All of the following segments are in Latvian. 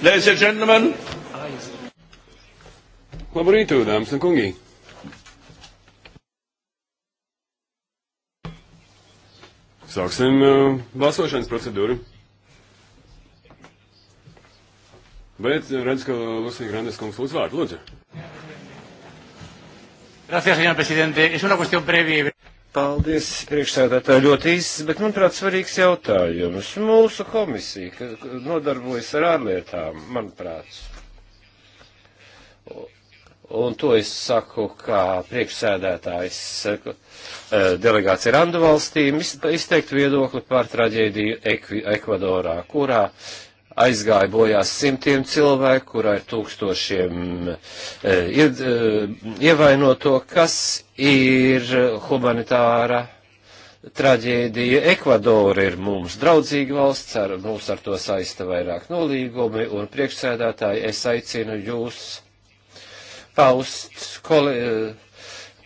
Ladies and gentlemen. Labrīt, dāmas un kungi. Sāksim uh, balsošanas procedūru. Bet uh, redz, ka Lūsija Grandes kungs lūdz vārdu. Lūdzu. Gracias, señor presidente. Es una cuestión previa. Paldies, priekšsēdētāji, ļoti īsts, bet, manuprāt, svarīgs jautājums. Mūsu komisija nodarbojas ar ārlietām, manuprāt. Un to es saku, kā priekšsēdētājs eh, eh, delegācija randu valstīm izteikt viedokli par traģēdiju Ekvadorā, kurā aizgāja bojās simtiem cilvēku, kurā ir tūkstošiem e, e, ievainoto, kas ir humanitāra traģēdija. Ekvadora ir mums draudzīga valsts, ar, mums ar to saista vairāk nolīgumi, un priekšsēdētāji es aicinu jūs paust kolēģi e,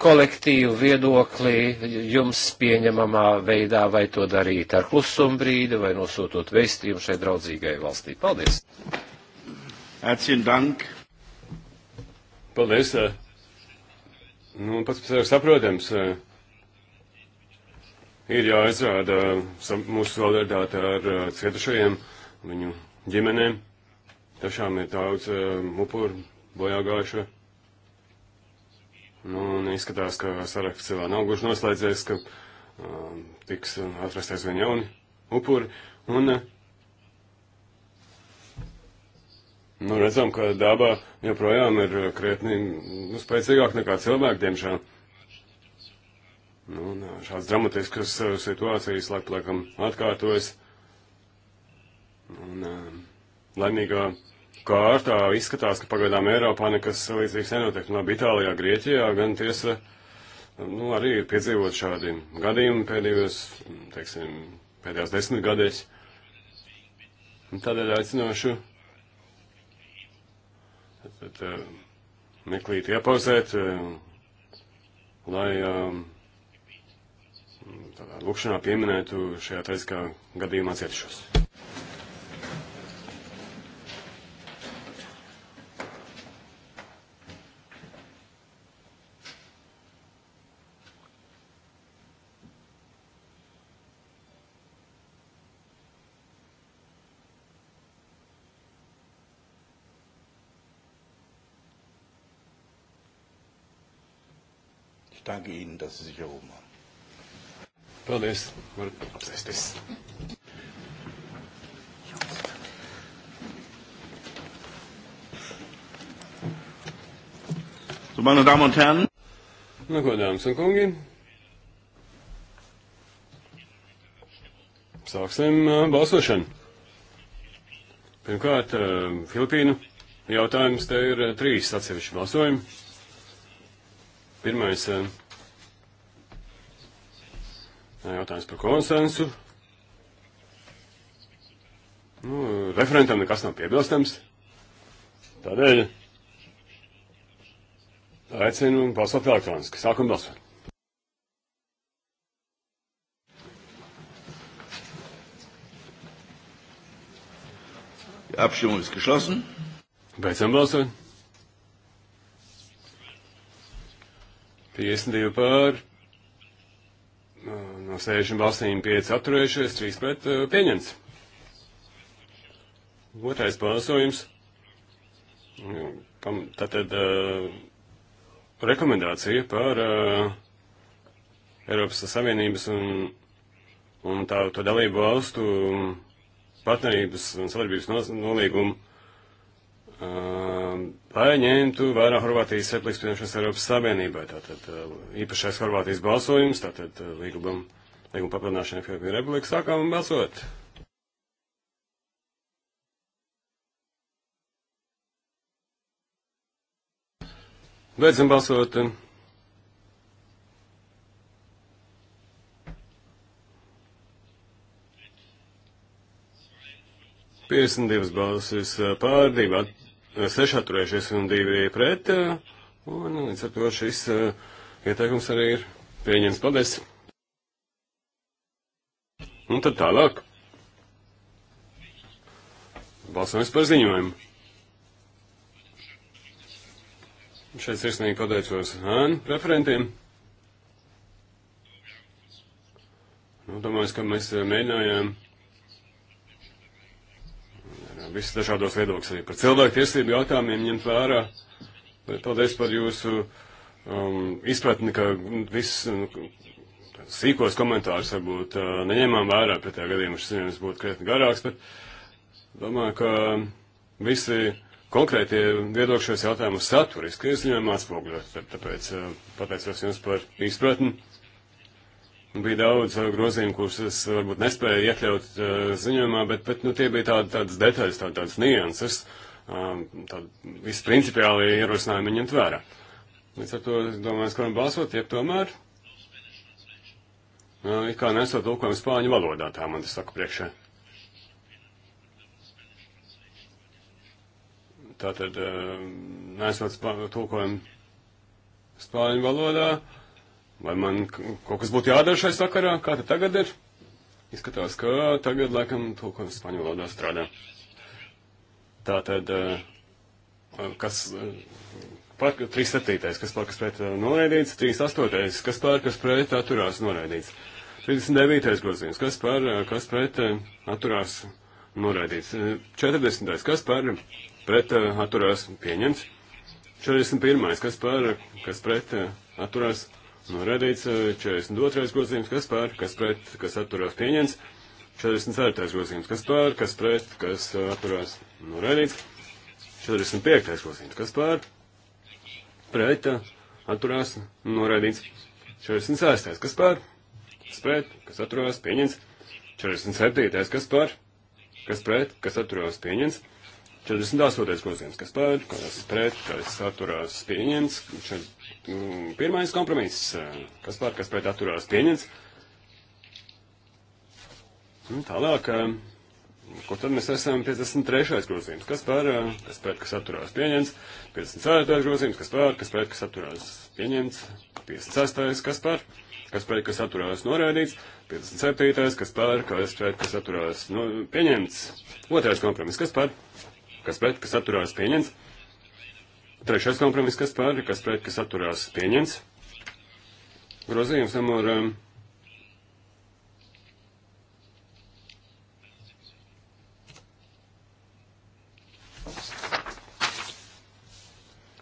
kolektīvu viedokli jums pieņemamā veidā, vai to darīt ar klusumu brīdi, vai nosūtot vēstījumu šai draudzīgai valstī. Paldies! Herzlichen Dank! Paldies! Eh, nu, pats par sevi saprotams, eh, ir jāizrāda eh, mūsu solidaritāte ar cietušajiem, viņu ģimenēm. Tiešām ir daudz upuru bojā gājušie. Nu, un izskatās, ka saraksts vēl nav gluži noslēdzies, ka uh, tiks um, atrast aizvien jauni upuri. Un, uh, nu, redzam, ka dabā joprojām ir krietni nu, spēcīgāk nekā cilvēki, diemžēl. Nu, uh, šāds dramatiskas uh, situācijas laik, laikam atkārtojas. Un, uh, laimīgā kārtā izskatās, ka pagaidām Eiropā nekas līdzīgs nenotiek. No nu, Itālijā, Grieķijā gan tiesa nu, arī ir piedzīvot šādi gadījumi pēdējos, teiksim, pēdējās desmit gadēs. Tādēļ aicinošu tad, tad, eh, meklīt iepauzēt, eh, lai eh, tādā lūkšanā pieminētu šajā taisiskā gadījumā cietušos. Ich danke Ihnen, dass Sie sich erhoben haben. Paldies. Varat apsēsties. So, meine Damen und Herren. Na gut, Dāmas un kungi. Sāksim uh, balsošanu. Pirmkārt, uh, Filipīnu jautājums te ir uh, trīs atsevišķi balsojumi. Pirmais eh, jautājums par konsensu. Nu, referentam nekas nav piebilstams. Tādēļ aicinu balsot elektroniski. Sākam balsot. Die Abstimmung ist geschlossen. Beidzam balsot. 52 pār, no 60 balsīm 5 atturējušies, 3 pret eh, pieņemts. Otrais balsojums. Tātad uh, rekomendācija par uh, Eiropas Savienības un, un tā, to dalību valstu partnerības un sadarbības nolīgumu lai ņemtu vērā Horvātijas republikas pieņemšanas Eiropas Savienībai. Tātad īpašais Horvātijas balsojums, tātad līguma, līguma papildināšana Filipu republiku sākām balsot. Beidzam balsot. Piecdesmit divas balsis pār, divi seši atturējušies un divi pret. Un līdz ar to šis eh, ieteikums arī ir pieņems. Paldies! Un tad tālāk. Balsojums par ziņojumu. Šeit sirsnīgi pateicos ēnu referentiem. Nu, domāju, ka mēs eh, mēģinājām visus dažādos viedokļus arī par cilvēktiesību jautājumiem ņemt vērā. Bet paldies par jūsu um, izpratni, ka nu, viss nu, sīkos komentārus varbūt uh, neņēmām vērā, pretējā gadījumā šis ziņojums būtu krietni garāks, bet domāju, ka visi konkrētie viedokļi šajos jautājumus saturiski ziņojumā atspoguļot. Tāpēc uh, pateicos jums par izpratni. Bija daudz uh, grozījumu, kurus es uh, varbūt nespēju iekļaut uh, ziņojumā, bet, bet nu, tie bija tādi, tādas detaļas, tādi, tādas nianses, um, tādi visprincipiāli ierosinājumi ņemt vērā. Līdz ar to, es domāju, ka varam balsot, ja tomēr, uh, it kā nesot tulkojumu spāņu valodā, tā man tas saka priekšē. Tātad, uh, nesot tulkojumu spāņu valodā. Uh, Vai man kaut kas būtu jādara šai sakarā? Kā te tagad ir? Izskatās, ka tagad, laikam, tulkojums spāņu valodā strādā. Tātad, eh, kas eh, par 37. kas par, kas pret eh, noraidīts, 38. kas par, kas pret atturās noraidīts, 39. grozījums, kas par, kas pret atturās noraidīts, 40. kas par, pret atturās pieņemts, 41. kas par, kas pret atturās noraidīts. Noraidīts nu, 42. Eh, grozījums, kas pār, kas pret, kas atturās pieņemts. 44. grozījums, kas pār, kas pret, kas eh, atturās noraidīts. Nu, 45. grozījums, kas pār, pret, eh, atturās noraidīts. Nu, 46. kas pār, kas pret, kas atturās pieņemts. 47. kas pār, kas pret, kas atturās pieņemts. 48. grozījums, kas pār, kas pret, kas atturās pieņemts. 40. Mm, Pirmais kompromiss, eh, kas pār, kas pret atturās pieņems. Tālāk, eh, ko tad mēs esam 53. grozījums, kas pār, eh, kas pret, kas atturās pieņems. 54. grozījums, kas pār, kas pret, kas atturās pieņems. 56. kas pār, kas pret, kas atturās norādīts. 57. kas pār, kas pret, kas atturās nu, pieņemts. Otrais kompromiss, kas pār, kas pret, kas atturās pieņems. Trešais kompromiss, kas par, kas pret, kas atturās, pieņemts. Grozījums numur um,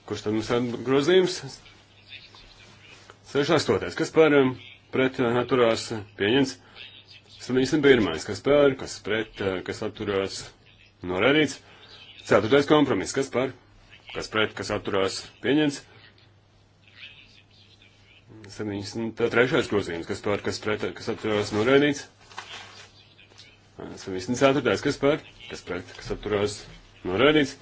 6. tad mums ir grozījums? 68. Kas par um, pret uh, atturās pieņems? 71. Kas par, kas pret, uh, kas atturās norādīts? 4. kompromiss. Kas par? kas pret, kas atturās pieņemts. 73. grozījums, kas par, kas pret, kas atturās noraidīts. 74. kas par, kas pret, kas atturās noraidīts.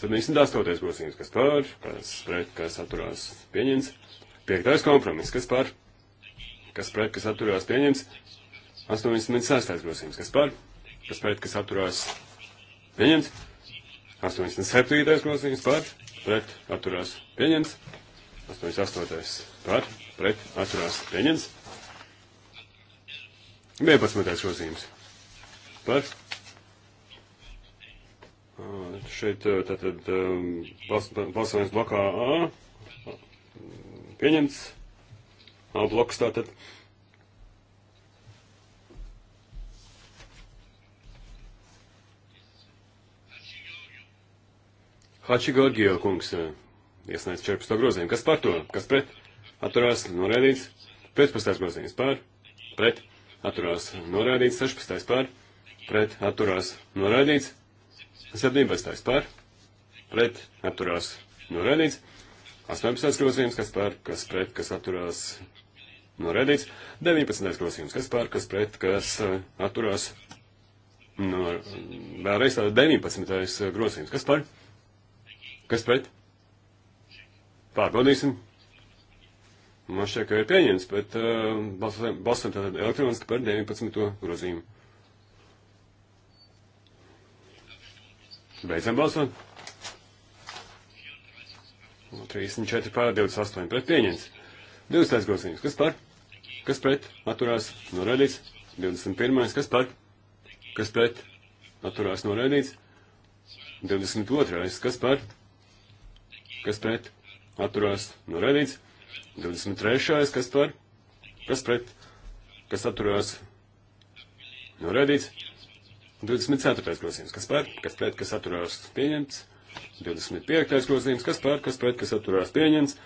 78. grozījums, kas par, kas pret, kas atturās pieņemts. 5. kompromiss, kas par, kas pret, kas atturās pieņemts. 86. grozījums, kas par, kas pret, kas atturās pieņemts. 87. grozījums par pret atturās pieņemts. 88. par pret atturās pieņemts. 11. grozījums par. Šeit tātad balsojums blokā A pieņemts. A bloks tātad. Hači Gorgijo kungs eh, iesniedz 14. grozījumu. Kas par to? Kas pret? Atturās norēdīts. 15. grozījums par. Pret. Atturās norēdīts. 16. par. Pret. Atturās norēdīts. 17. par. Pret. Atturās norēdīts. 18. grozījums. Kas par? Kas pret? Kas atturās norēdīts. 19. grozījums. Kas par? Kas pret? Kas eh, atturās norēdīts. No, vēlreiz tāda 19. Eh, grozījums. Kas par? Kas pret? Pārbaudīsim. Man šķiet, ka ir pieņems, bet uh, balsojam tātad elektroniski par 19. grozījumu. Beidzam balsot. 34 pār 28 pret pieņems. 20. grozījums. Kas par? Kas pret? Atturās. Noraidīts. 21. Kas par? Kas pret? Atturās. Noraidīts. 22. Kas par? kas pret, atturās noraidīts. 23. kas par, kas pret, kas atturās noraidīts. 24. grozījums, kas par, kas pret, kas atturās pieņemts. 25. grozījums, kas par, kas pret, kas atturās pieņemts.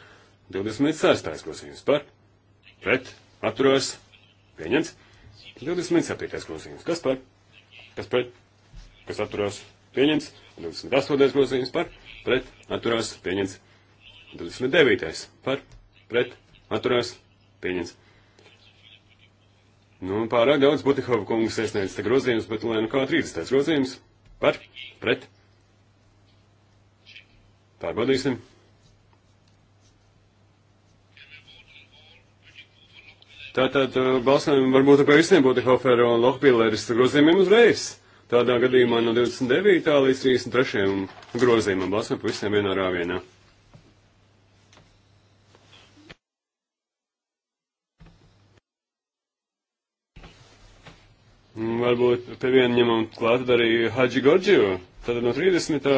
26. grozījums par, pret, atturās pieņemts. 27. grozījums, kas par, kas pret, kas atturās pieņemts. 28. grozījums par, pret, atturās, pieņemts. 29. par, pret, atturās, pieņemts. Nu, pārāk daudz Butihova kungas iesniedz te grozījums, bet lai nu kā 30. grozījums par, pret. Pārbaudīsim. Tātad uh, balsojumi varbūt par visiem Butihofera un Lohpilleris grozījumiem uzreiz. Tādā gadījumā no 29. līdz 33. grozījumam balsojam par visiem vienā rāvienā. Mm, varbūt pie viena ņemam klāt arī Hadži Gorģiju. Tad no 30.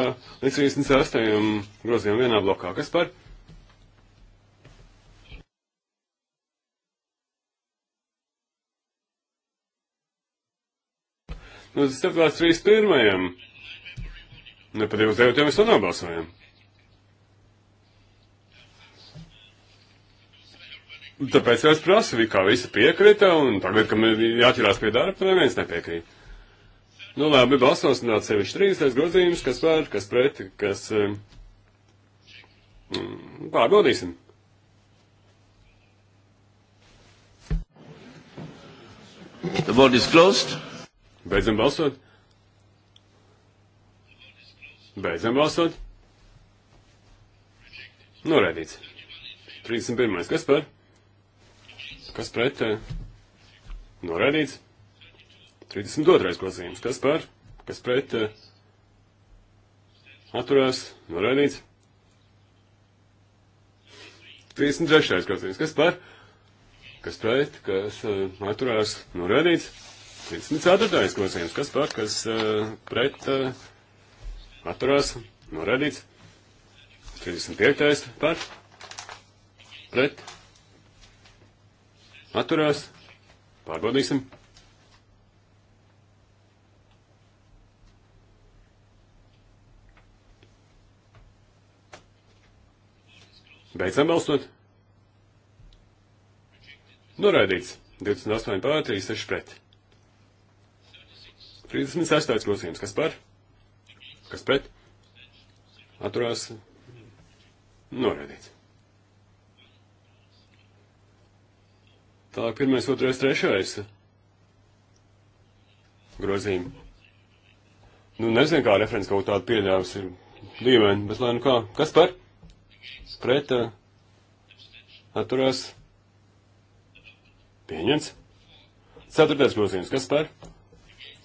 līdz 38. grozījumam vienā blokā. Kas par? Uz 7.31. Ne par 29. mēs vēl nobalsojam. Tāpēc es prasu, kā visi piekrita, un tagad, kam ir jāķerās pie darba, neviens nepiekrīt. Nu labi, balsosim atsevišķi 30. grozījums, kas var, kas pret, kas. Eh, mm, pārbaudīsim. The vote is closed. Beidzam balsot. Beidzam balsot. Noraidīts. 31. Kas par? Kas pret? Eh, noraidīts. 32. grozījums. Kas par? Kas pret? Eh, atturās. Noraidīts. 33. grozījums. Kas par? Kas pret? Kas eh, atturās? Noraidīts. 54. grozījums, nu, kas par, kas uh, pret uh, atturās, norādīts. 35. par, pret, atturās, pārbaudīsim. Beidzam balsot. Noraidīts. 28 pār 36 pret. 36. grozījums. Kas par? Kas pret? Atturās. Noraidīts. Tālāk pirmais, otrais, trešais grozījumi. Nu, nezinu, kā referents kaut tādu pieļāvis ir dīvaini, bet lai nu kā. Kas par? Pret uh, atturās pieņemts. Ceturtais grozījums. Kas par?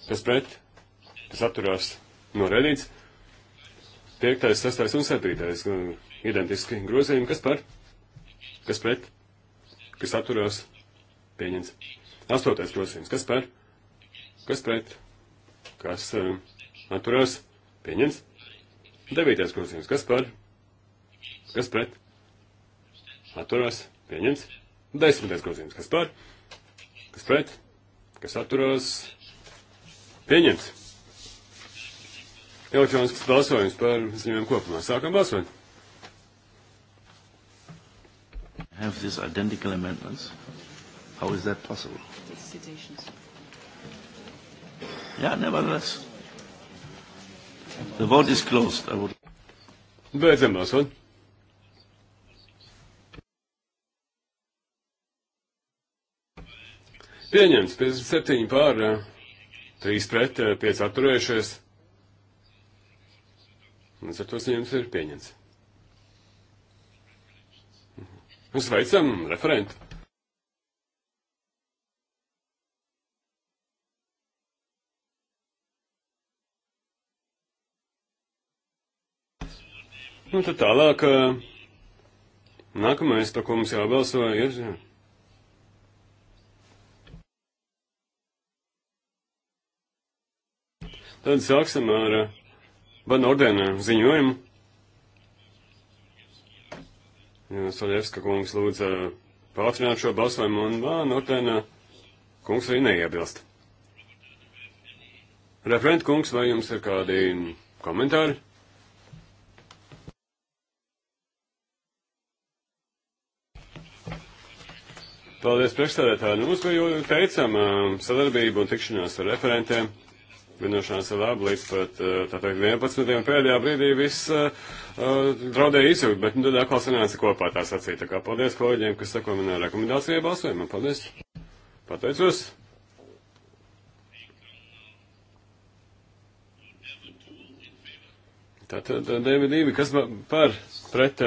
kas pret, kas atturās noraidīts. 5., 6. un 7. identiski grozījumi, kas par, kas pret, kas atturās pieņems. 8. grozījums, kas par, kas pret, kas uh, atturās pieņems. 9. grozījums, kas par, kas pret, atturās pieņems. 10. grozījums, kas par, kas pret, kas atturās pieņems Pieņemts. Elektronisks balsojums par ziņojumu kopumā. Sākam balsot. Have these identical amendments? How is that possible? It's citations. Yeah, nevertheless. The vote is closed. I would... Beidzam balsot. Pieņemts, 57 pār. Uh, 3 pret, 5 eh, atturējušies. Līdz ar to ziņojums ir pieņemts. Mēs veicam referentu. Nu, tad tālāk, eh, nākamais, par ko mums jābalso, ir Tad sāksim ar eh, Van Ordena ziņojumu. Saļevska kungs lūdza eh, pātrināt šo balsojumu, un Van Ordena kungs arī neiebilst. Referent kungs, vai jums ir kādi komentāri? Paldies priekšstādētāji. Nu, mums bija teicama eh, sadarbība un tikšanās ar referentiem vienošanās ar labu līdz pat eh, tātad 11. pēdējā brīdī viss uh, draudēja izjūt, bet nu, tad atkal sanāca kopā tā sacīt. Tā kā paldies kolēģiem, kas sako manā rekomendācijā balsojumā. Paldies! Pateicos! Tātad, Dēvidīvi, kas par pret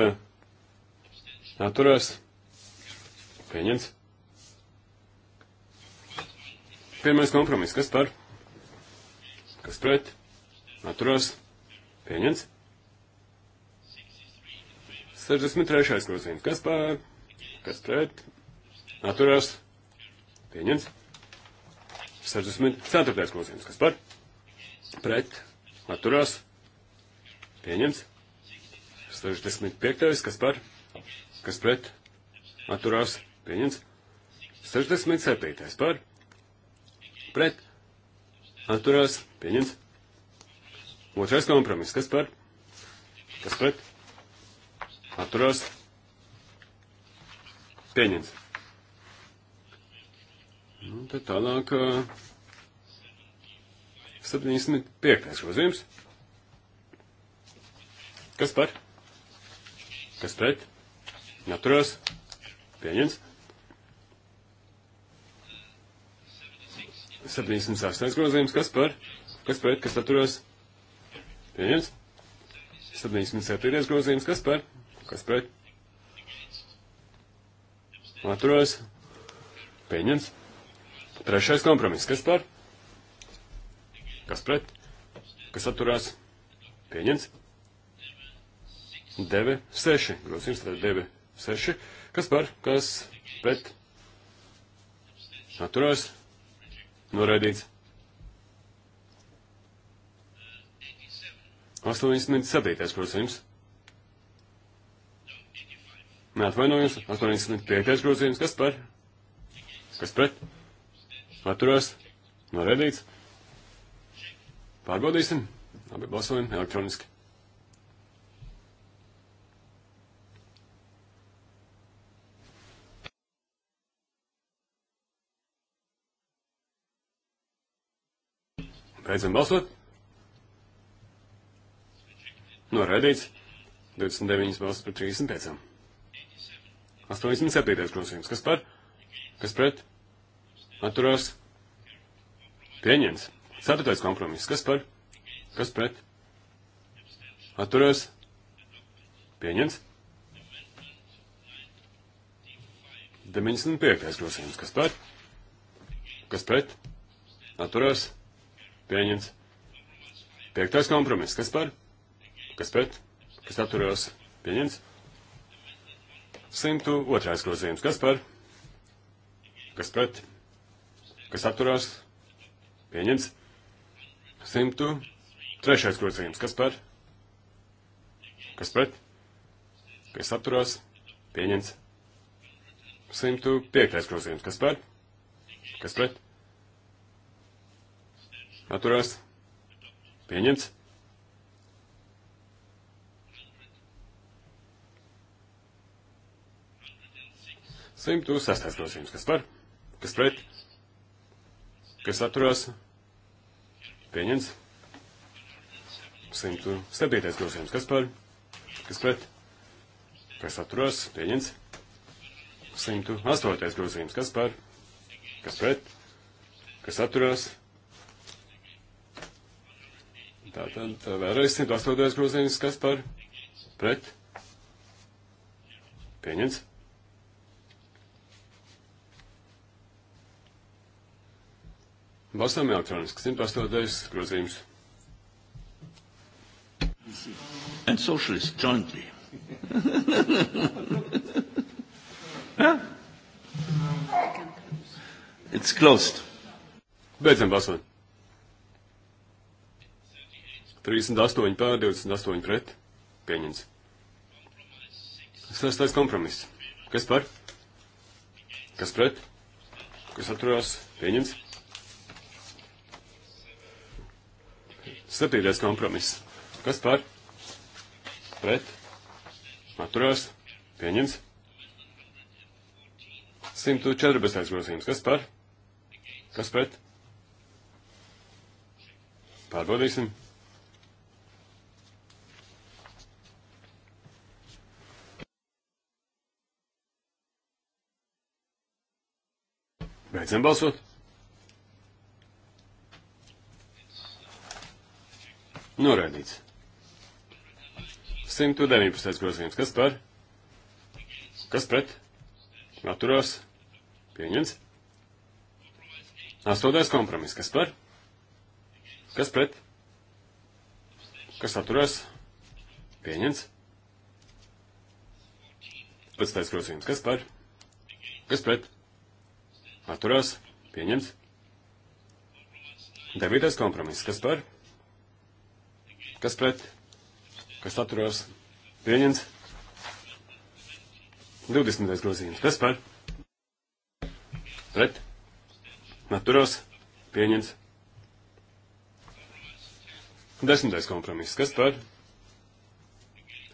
atturās? Pieņemts. Pirmais kompromiss, kas par? kas pret, atturās, pieņemts. 63. grozījums, kas pār, kas pret, atturās, pieņemts. 64. grozījums, kas par, pret, atturās, pieņemts. 65. kas par, kas pret, atturās, pieņemts. 67. par, pret, atturās, pieņemts. Otrais kompromiss, kas par? Kas pret? Atturās, pieņemts. Nu, tad tālāk 75. grozījums. Kas par? Kas pret? Atturās, pieņemts. 78. grozījums, kas par, kas pret, kas atturas, pieņems. 77. grozījums, kas par, kas pret, atturas, pieņems. Trešais kompromiss, kas par, kas pret, kas atturās, pieņems. 9, 6, grozījums, tad 9, 6, kas par, kas pret, atturās, pieņems. Noraidīts. 87. grozījums. Neatvainojos. 85. grozījums. Kas par? Kas pret? Atturās. Noraidīts. Pārbaudīsim. Abi balsojam elektroniski. Beidzam balsot. Noraidīts. 29 balsts par 35. 87. grozījums. Kas par? Kas pret? Atturās. Pieņems. 4. kompromiss. Kas par? Kas pret? Atturās. Pieņems. 95. grozījums. Kas par? Kas pret? Atturās. Pieņems. Pieņemts. Piektais kompromiss. Kas par? Kas pret? Kas atturējos? Pieņemts. 102. grozījums. Kas par? Kas pret? Kas atturās? Pieņemts. 103. grozījums. Kas par? Kas pret? Kas atturās? Pieņemts. 105. grozījums. Kas par? Kas pret? Atturās. Pieņemts. Simtu sastais grozījums. Kas par? Kas pret? Kas atturās? Pieņemts. Simtu septītais grozījums. Kas par? Kas pret? Kas atturās? Pieņemts. Simtu astotais grozījums. Kas par? Kas pret? Kas atturās? Pieņemts. Tātad vēlreiz 108. grozījums, kas par pret pieņems. Balsām elektroniski 108. grozījums. And socialists jointly. yeah? It's closed. Beidzam balsot. 38 pār 28 pret. Pieņems. Sestais kompromiss. Kas par? Kas pret? Kas atturās? Pieņems. Septītais kompromiss. Kas par? Pret? Atturās? Pieņems. 114. grozījums. Kas par? Kas pret? Pārbaudīsim. Beidzam balsot. Noraidīts. 119. grozījums. Kas par? Kas pret? Atturās. Pieņems. 8. kompromiss. Kas par? Kas pret? Kas atturās? Pieņems. 15. grozījums. Kas par? Kas pret? Atturās. Pieņemts. Devītais kompromiss. Kas par? Kas pret? Kas atturās? Pieņemts. 20. grozījums. Kas par? Pret? Atturās. Pieņemts. Desmitais kompromiss. Kas par?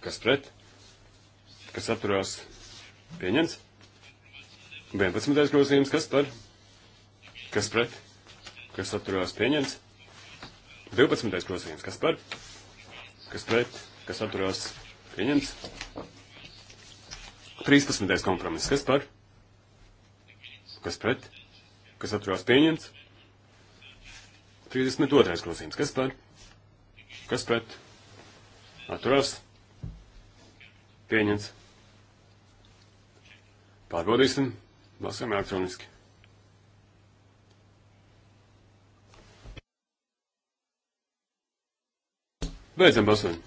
Kas pret? Kas atturās? Pieņemts. 11. grozījums, kas par, kas pret, kas atturās pieņemts. 12. grozījums, kas par, kas pret, kas atturās pieņemts. 13. kompromiss, kas par, kas pret, kas atturās pieņemts. 32. grozījums, kas par, kas pret, atturās pieņemts. Pārbaudīsim. Balsojam elektroniski. Beidzam balsojumu.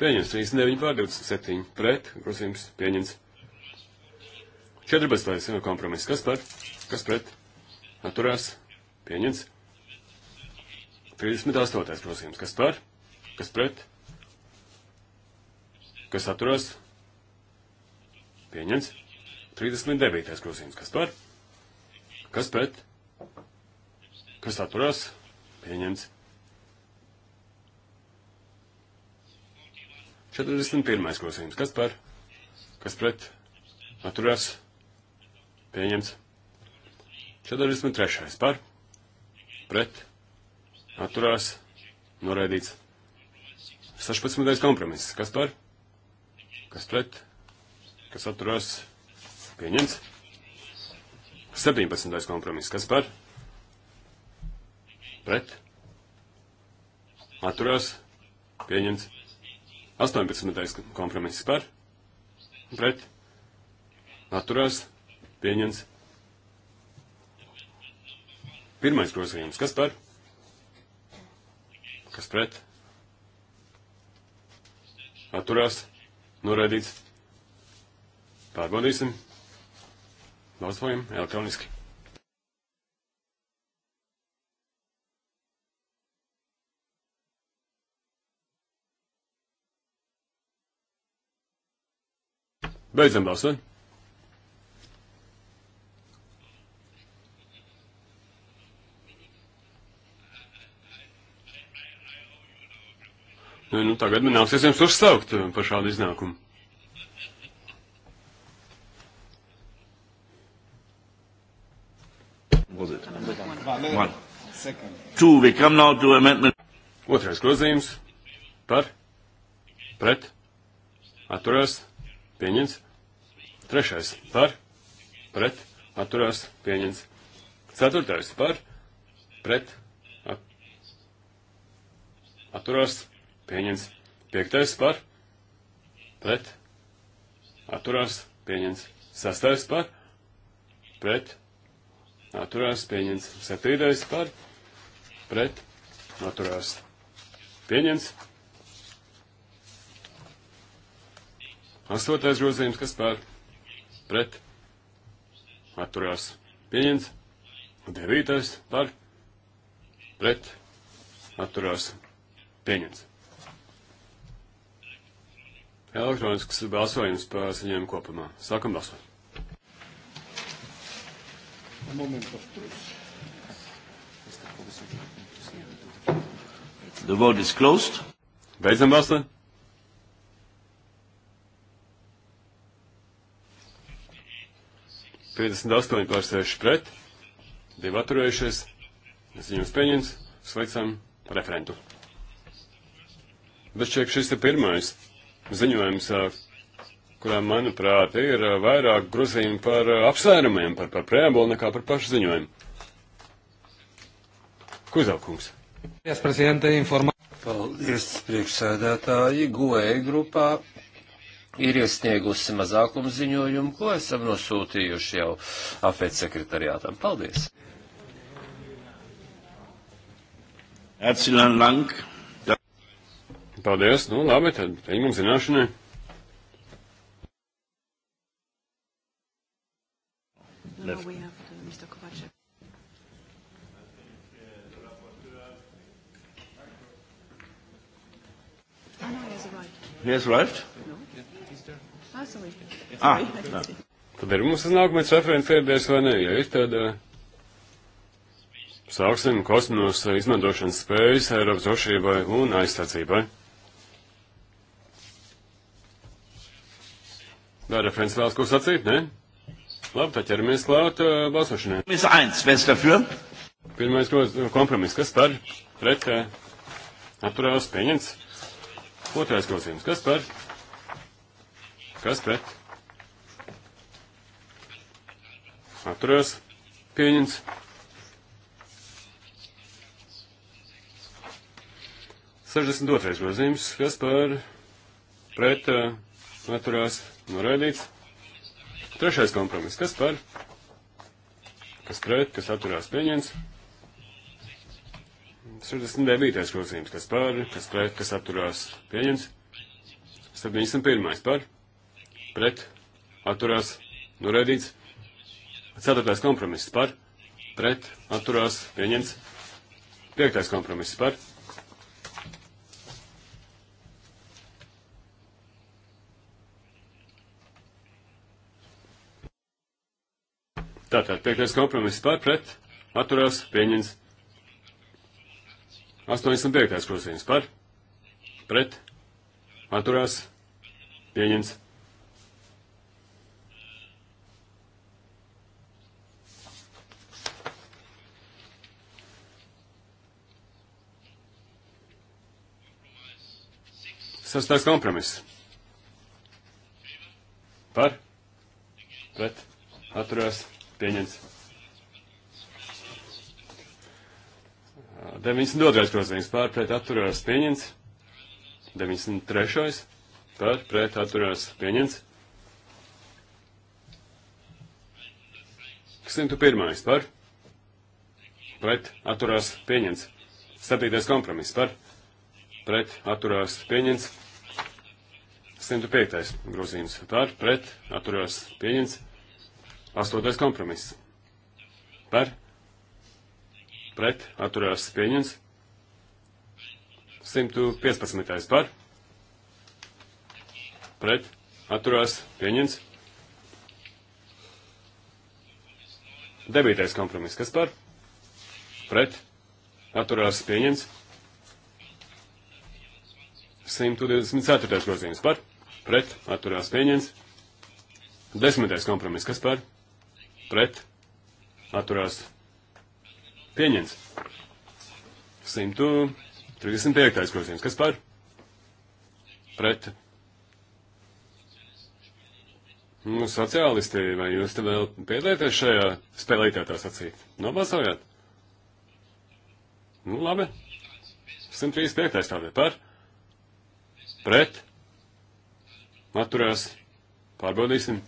Pieņems 39 pār 27 pret, grozījums pieņems 14. kompromiss. Kas par? Kas pret? Atturās. Pieņems. 38. grozījums. Kas par? Kas pret? Kas atturās? Pieņems. 39. grozījums. Kas par? Kas pret? Kas atturās? Pieņems. 41. grozījums. Kas par? Kas pret? Atturās? Pieņems. 43. par? Pret? Atturās? Noraidīts. 16. kompromiss. Kas par? Kas pret? kas atturās pieņemts. 17. kompromiss, kas par? Pret. Atturās pieņemts. 18. kompromiss par? Pret. Atturās pieņemts. Pirmais grozījums, kas par? Kas pret? Atturās. Norādīts. Pārbaudīsim. Balsojam elektroniski. Beidzam balsot. Nu, nu, tagad man nāksies jums uzsaukt par šādu iznākumu. One. Two, we come now to amendment. Otrais grozījums par, pret, atturās, pieņems. Trešais par, pret, atturās, pieņems. Ceturtais par, pret, atturās, pieņems. Piektais par, pret, atturās, pieņems. Sastais par, pret, atturās, pieņems. Septītais par, pret, atturās, pieņems. Astotais grozījums, kas par, pret, atturās, pieņems. Devītais par, pret, atturās, pieņems. Elektronisks balsojums par saņēmumu kopumā. Sākam balsot. Un momento, The vote is closed. Beidzam balsot. Piecdesmit astoņi pār seši pret, divi atturējušies, es viņus pieņems, sveicam referentu. Bet šķiet, šis ir pirmais ziņojums, kurā, manuprāt, ir uh, vairāk grozījumi par uh, apsvērumiem, par, par preambulu nekā par pašu ziņojumu. Kuzaukungs. Paldies, prezidenta informā. Paldies, priekšsēdētāji. GOE grupā ir iesniegusi mazākumu ziņojumu, ko esam nosūtījuši jau apēc sekretariātam. Paldies. Paldies, nu labi, tad ņemam zināšanai. left. No, we have to, uh, Mr. Kovacev. Oh, no, he has arrived. He has arrived? No. Yeah, he's there. Ah, sorry. Ah, sorry. Ah, Tad ir mums nākamais referents ieradies vai nē? Ja ir, tad uh, sāksim kosmosa izmantošanas spējas Eiropas drošībai un aizstācībai. Vai referents vēlas ko sacīt, ne? Labi, tad ķeramies klāt uh, balsošanai. Pirmais uh, kompromiss, kas par pret uh, atturējās pieņemts. Otrais klausījums, kas par? Kas pret? Atturējās pieņemts. Sešdesmit otrais grozījums, kas par pret uh, atturējās noraidīts. Trešais kompromiss. Kas par? Kas pret? Kas atturās pieņems? 69. grozījums. Kas par? Kas pret? Kas atturās pieņems? 71. par? Pret? Atturās? Noraidīts? 4. kompromiss par? Pret? Atturās pieņems? 5. kompromiss par? Tātad, piektais kompromiss par pret, atturās, pieņems. 85. krusījums par, pret, atturās, pieņems. Sastais kompromiss. Par, pret, atturās, pieņems. Pieņemts. 92. grozījums pār pret atturās pieņemts. 93. pār pret atturās pieņemts. 101. par pret atturās pieņemts. 7. kompromiss par pret atturās pieņemts. 105. grozījums par pret atturās pieņemts. Astotais kompromiss. Par, pret, atturējās pieņems. 115. par, pret, atturējās pieņems. 9. kompromiss. Kas par? Pret, atturējās pieņems. 124. grozījums par, pret, atturējās pieņems. Desmitais kompromiss, kas par? pret, atturās pieņemts. 135. grozījums. Kas par? Pret. Nu, sociālisti, vai jūs te vēl piedalīties šajā spēlītē tā sacīt? Nobalsojāt? Nu, labi. 135. tātad par. Pret. Atturās. Pārbaudīsim.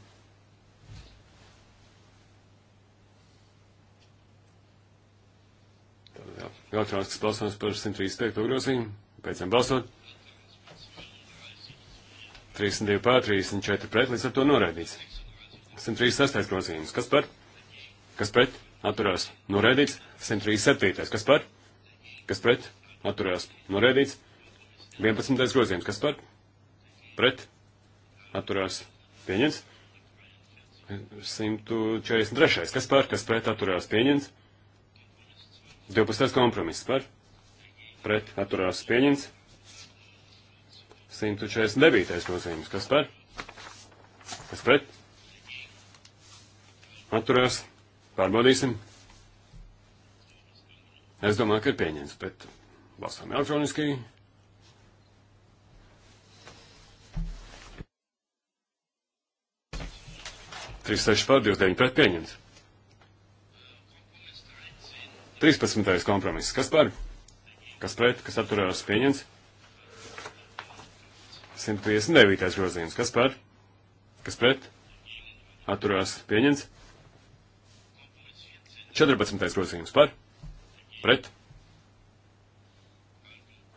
Elektronisks balsojums par 135. grozījumu. Beidzam balsot. 32 pār 34 pret, līdz ar to noraidīts. 136. grozījums. Kas par? Kas pret? Atturās. Noraidīts. 137. Kas par? Kas pret? Atturās. Noraidīts. 11. grozījums. Kas par? Pret? Atturās. Pieņems. 143. Kas par? Kas pret? Atturās. Pieņems. 12. kompromiss par pret atturās pieņemts. 149. nozīmes. Kas par? Kas pret? Atturās. Pārbaudīsim. Es domāju, ka ir pieņemts, bet balsām elektroniski. Trīs seši pār, divas deviņi pret pieņemts. 13. kompromiss. Kas par? Kas pret? Kas atturējās pieņems? 159. grozījums. Kas par? Kas pret? Atturējās pieņems? 14. grozījums. Par? Pret?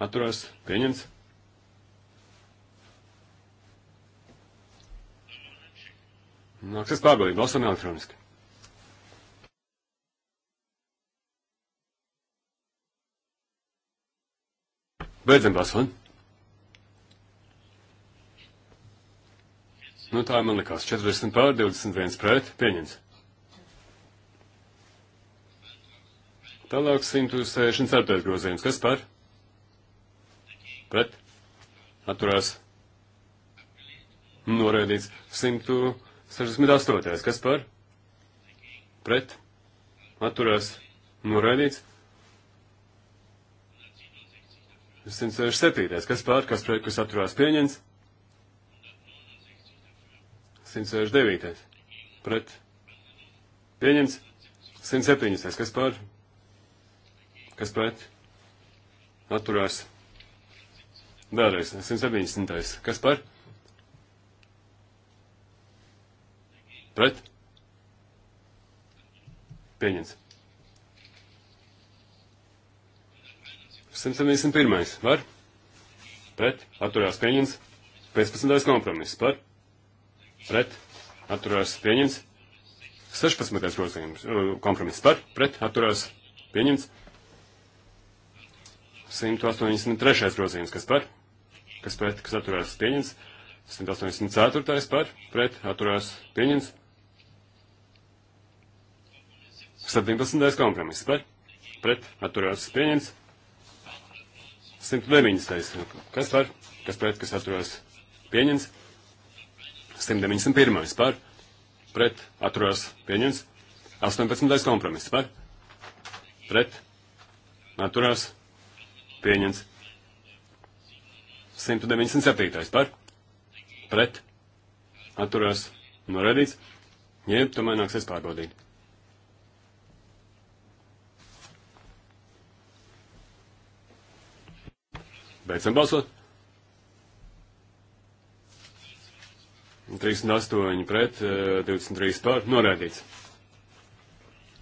Atturējās pieņems? Nāksies pārbaudīt, balsam elektroniski. Beidzam balsot. Nu, tā man likās 40 pār 21 pret, pieņems. Tālāk 164. grozījums. Kas par? Pret? Atturās. Noraidīts. 168. Kas par? Pret? Atturās. Noraidīts. 167. Kas pār, kas pret, kas atturās pieņems? 169. Pret. Pieņems. 170. Kas pār? Kas pret? Atturās. Vēlreiz. 170. Kas par? Pret. Pieņems. 171. Var? Pret. Atturās pieņems. 15. kompromiss. Par? Pret. Atturās pieņems. 16. grozījums. Uh, kompromiss. Par? Pret. Atturās pieņems. 183. grozījums. Kas par? Kas pret? Kas atturās pieņems. 184. par? Pret. Atturās pieņems. 17. kompromiss. Par? Pret. Atturās pieņems. 109. Kas par? Kas pret? Kas atturās? Pieņems. 191. par? Pret? Atturās? Pieņems. 18. kompromiss par? Pret? Atturās? Pieņems. 197. par? Pret? Atturās? Noredīts. Jeb, tomēr nāksies pārbaudīt. Beidzam balsot. 38 pret, 23 eh, pār, norēdīts.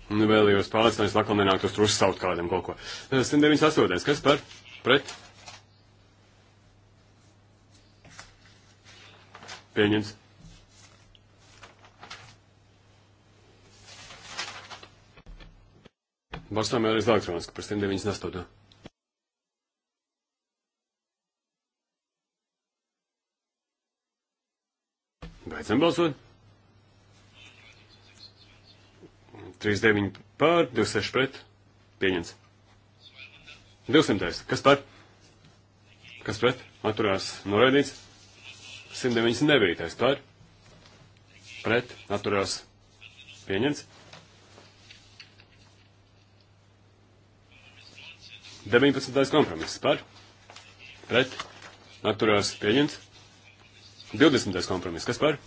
Nu, vēlējos pārliecināt, lai nenāktu uz trūsu saut kādam kaut ko. 198. Eh, Kas par? Pret? Pieņems. Balsām vēlreiz elektroniski par 198. Beidzam balsot. 39 pār, 26 pret. Pieņems. 200. Kas par? Kas pret? Atturās noraidīts. 199. par. Pret. Atturās pieņems. 19. kompromiss par. Pret. Atturās pieņems. 20. kompromiss. Kas par?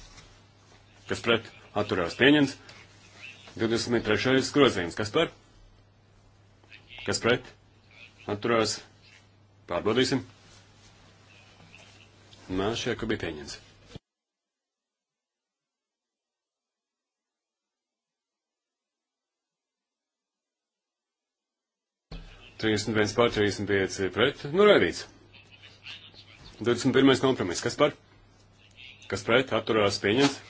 kas pret atturās pieņemts. 23. grozījums, kas par, kas pret atturās pārbaudīsim. Nā, šie, ka bija pieņemts. Trīsdesmit viens pār trīsdesmit pieci pret, nu redzīts. 21. kompromiss. Kas par? Kas pret? Atturās pieņems.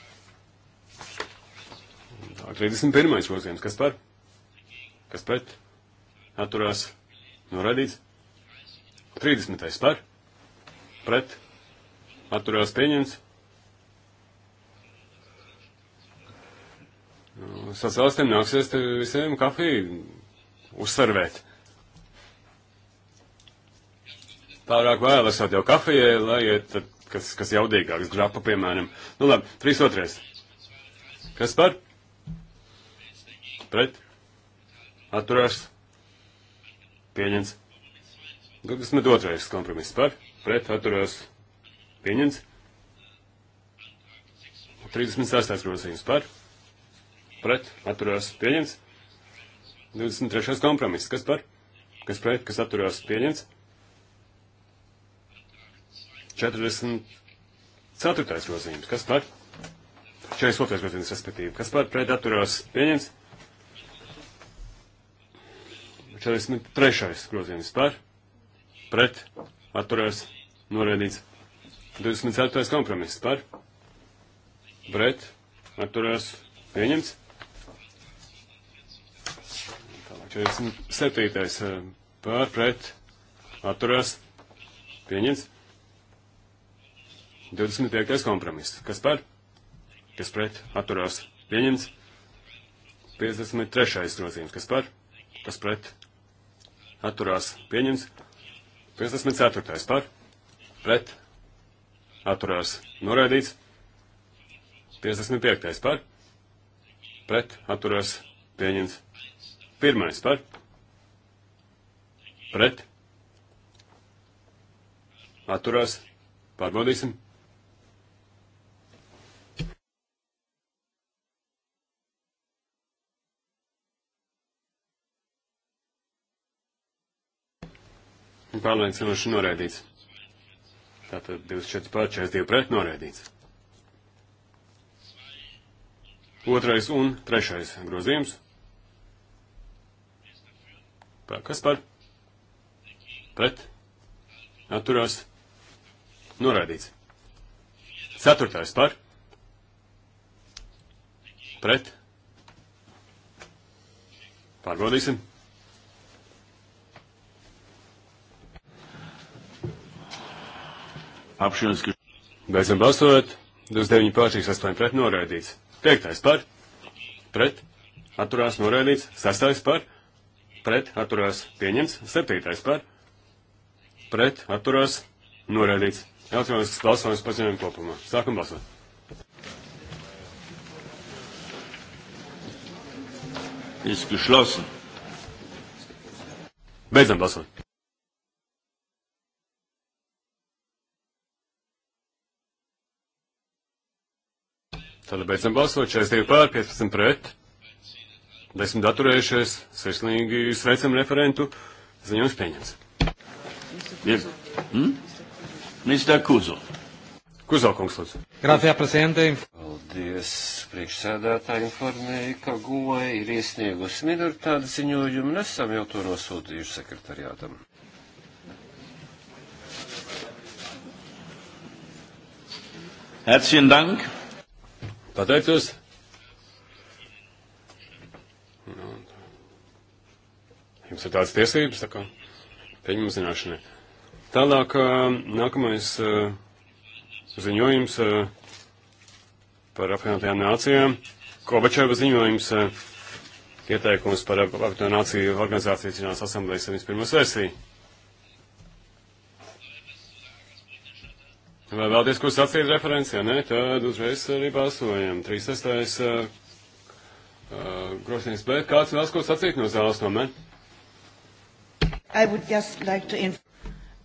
31. grozījums, kas par? Kas pret? Atturās. Norādīts. 30. par? Pret? Atturās pieņemts. Nu, Sacēlstiem nāksies te visiem kafiju uzsarvēt. Pārāk vēl esat jau kafijai, lai iet, kas, kas jaudīgāks, grapa, piemēram. Nu labi, trīs otrais. Kas par? pret, atturās, pieņems. 22. kompromiss par, pret, atturās, pieņems. 36. grozījums par, pret, atturās, pieņems. 23. kompromiss, kas par, kas pret, kas atturās, pieņems. 44. grozījums, kas par, 42. grozījums, respektīvi, kas par, pret, atturās, pieņems. 43. grozījums par, pret, atturējās, norēdīts. 24. kompromiss par, pret, atturējās, pieņemts. Tālāk 47. Eh, par, pret, atturējās, pieņemts. 25. kompromiss. Kas par? Kas pret? Atturās. Pieņemts. 53. grozījums. Kas par? Kas pret? atturās pieņems. 54. par, pret, atturās noraidīts. 55. par, pret, atturās pieņems. 1. par, pret, atturās, pārbaudīsim. Pārliecinoši noraidīts. Tātad 24 pār 42 pret noraidīts. Otrais un trešais grozījums. Par, kas par? Pret? Atturās? Noraidīts. Ceturtais par? Pret? Pārbaudīsim. Apšanas, ka... Beidzam balsot. 29 pār 38 pret noraidīts. 5. par. Pret. Atturās noraidīts. 6. par. Pret. Atturās pieņemts. 7. par. Pret. Atturās noraidīts. Elektronisks balsojums paziņojam kopumā. Sākam balsot. Ist geschlossen. Beidzam balsot. Tad beidzam balsot 42 pār 15 pret. 10 atturējušies. Sirsnīgi sveicam referentu. Ziņojums pieņems. Bien. Hmm? Mr. Kuzo. Kuzo, kungs, lūdzu. Grācijā, prezidentei. Paldies. Priekšsēdētāji informēja, ka GOE ir iesniegusi minoritāte ziņojumu un esam jau to nosūtījuši sekretariātam. Herzlichen Dank pateicos. Nu, jums ir tādas tiesības, tā kā pieņem zināšanai. Tālāk, nākamais ziņojums par apvienotajām nācijām. Kobačeva ziņojums ieteikums par apvienotajām nāciju organizācijas asamblējas 71. versiju. Vai vēlties, ko sacīt referencijā? Nē, tad uzreiz arī balsojam. 36. Uh, eh, eh, grozījums, bet kāds vēlas ko sacīt no zāles no ne? Like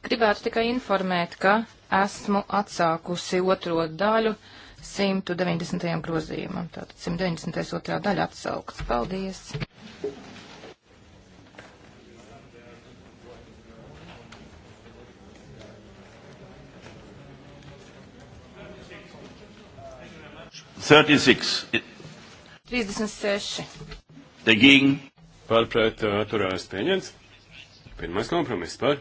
Gribētu tikai informēt, ka esmu atsākusi otro daļu 190. grozījumam. Tātad 192. daļa atsaukts. Paldies! 36. 36. Dagegen. Par pret atturās pieņemts. Pirmais kompromiss par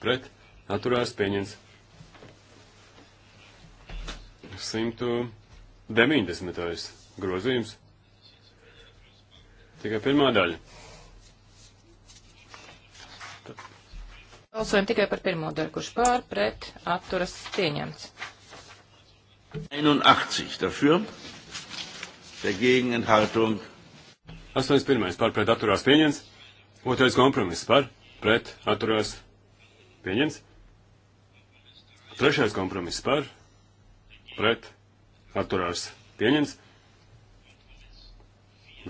pret atturās pieņemts. 190. grozījums. Tikai pirmā daļa. Balsojam tikai par pirmo daļu, kurš pār pret atturas pieņemts. 81 dafür, dagegen Enthaltung. 81 par pret atturās pieņems, otrais kompromiss par pret atturās pieņems, trešais kompromiss par pret atturās pieņems,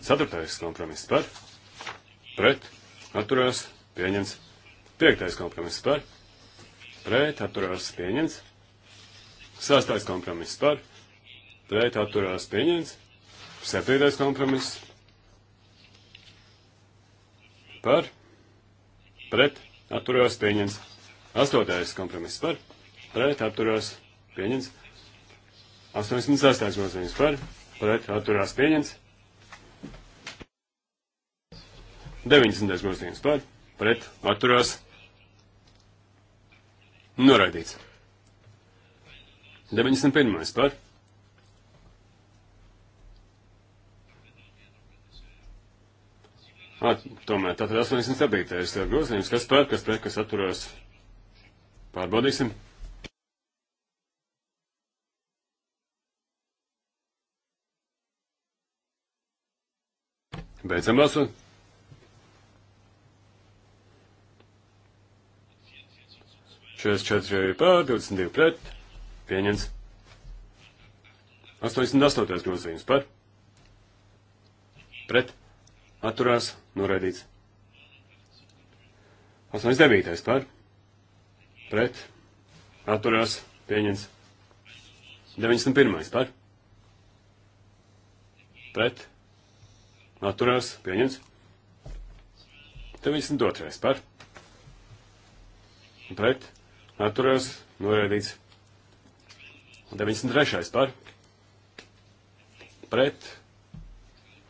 ceturtais kompromiss par pret atturās pieņems, piektais kompromiss par pret atturās pieņems. Sastais kompromiss par, pret atturās pieņemts. Septītais kompromiss par, pret atturās pieņemts. Astotais kompromiss par, pret atturās pieņemts. 86. nozīmes par, pret atturās pieņemts. 90. grozījums par, pret, atturās, noraidīts. 91. par. At, tomēr tātad 87. grozījums, kas par, kas pret, kas atturās. Pārbaudīsim. Beidzam balsot. Šeit 4 pār, 22 pret. Pieņems. 88. grozījums par. Pret. Atturās. Noraidīts. 89. par. Pret. Atturās. Pieņems. 91. par. Pret. Atturās. Pieņems. 92. par. Pret. Atturās. Noraidīts. 93. par pret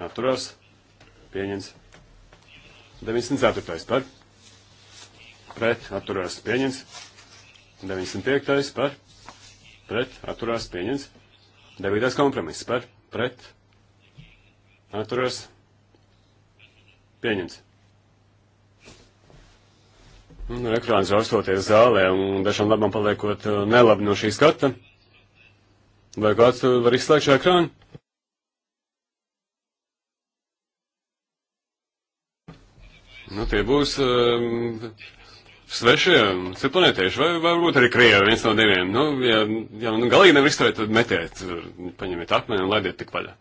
atturās pieņems. 94. par pret atturās pieņems. 95. par pret atturās pieņems. 9. kompromiss par pret atturās pieņems. Un nu, ekrāns raustoties zālē un dažam labam paliekot uh, nelabi no šī skata. Vai kāds var izslēgt šo ekrānu? Nu, tie būs um, svešie, um, ciklonētieši, vai varbūt arī krievi, viens no diviem. Nu, ja, ja nu, galīgi nevar izturēt, tad metiet, paņemiet akmeni un laidiet tik vaļā.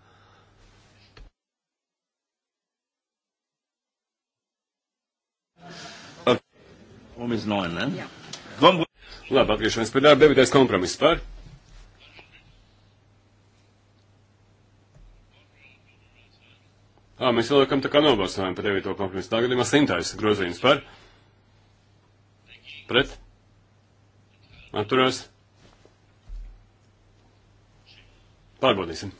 Um iz 9, ne? Jā. Labi, atgriežamies pie darba, devītais kompromiss par. Ā, mēs ieliekam tā kā nobalsojam par 9. kompromisu. Tā gadījumā simtais grozījums par. Pret. Atturās. Pārbaudīsim.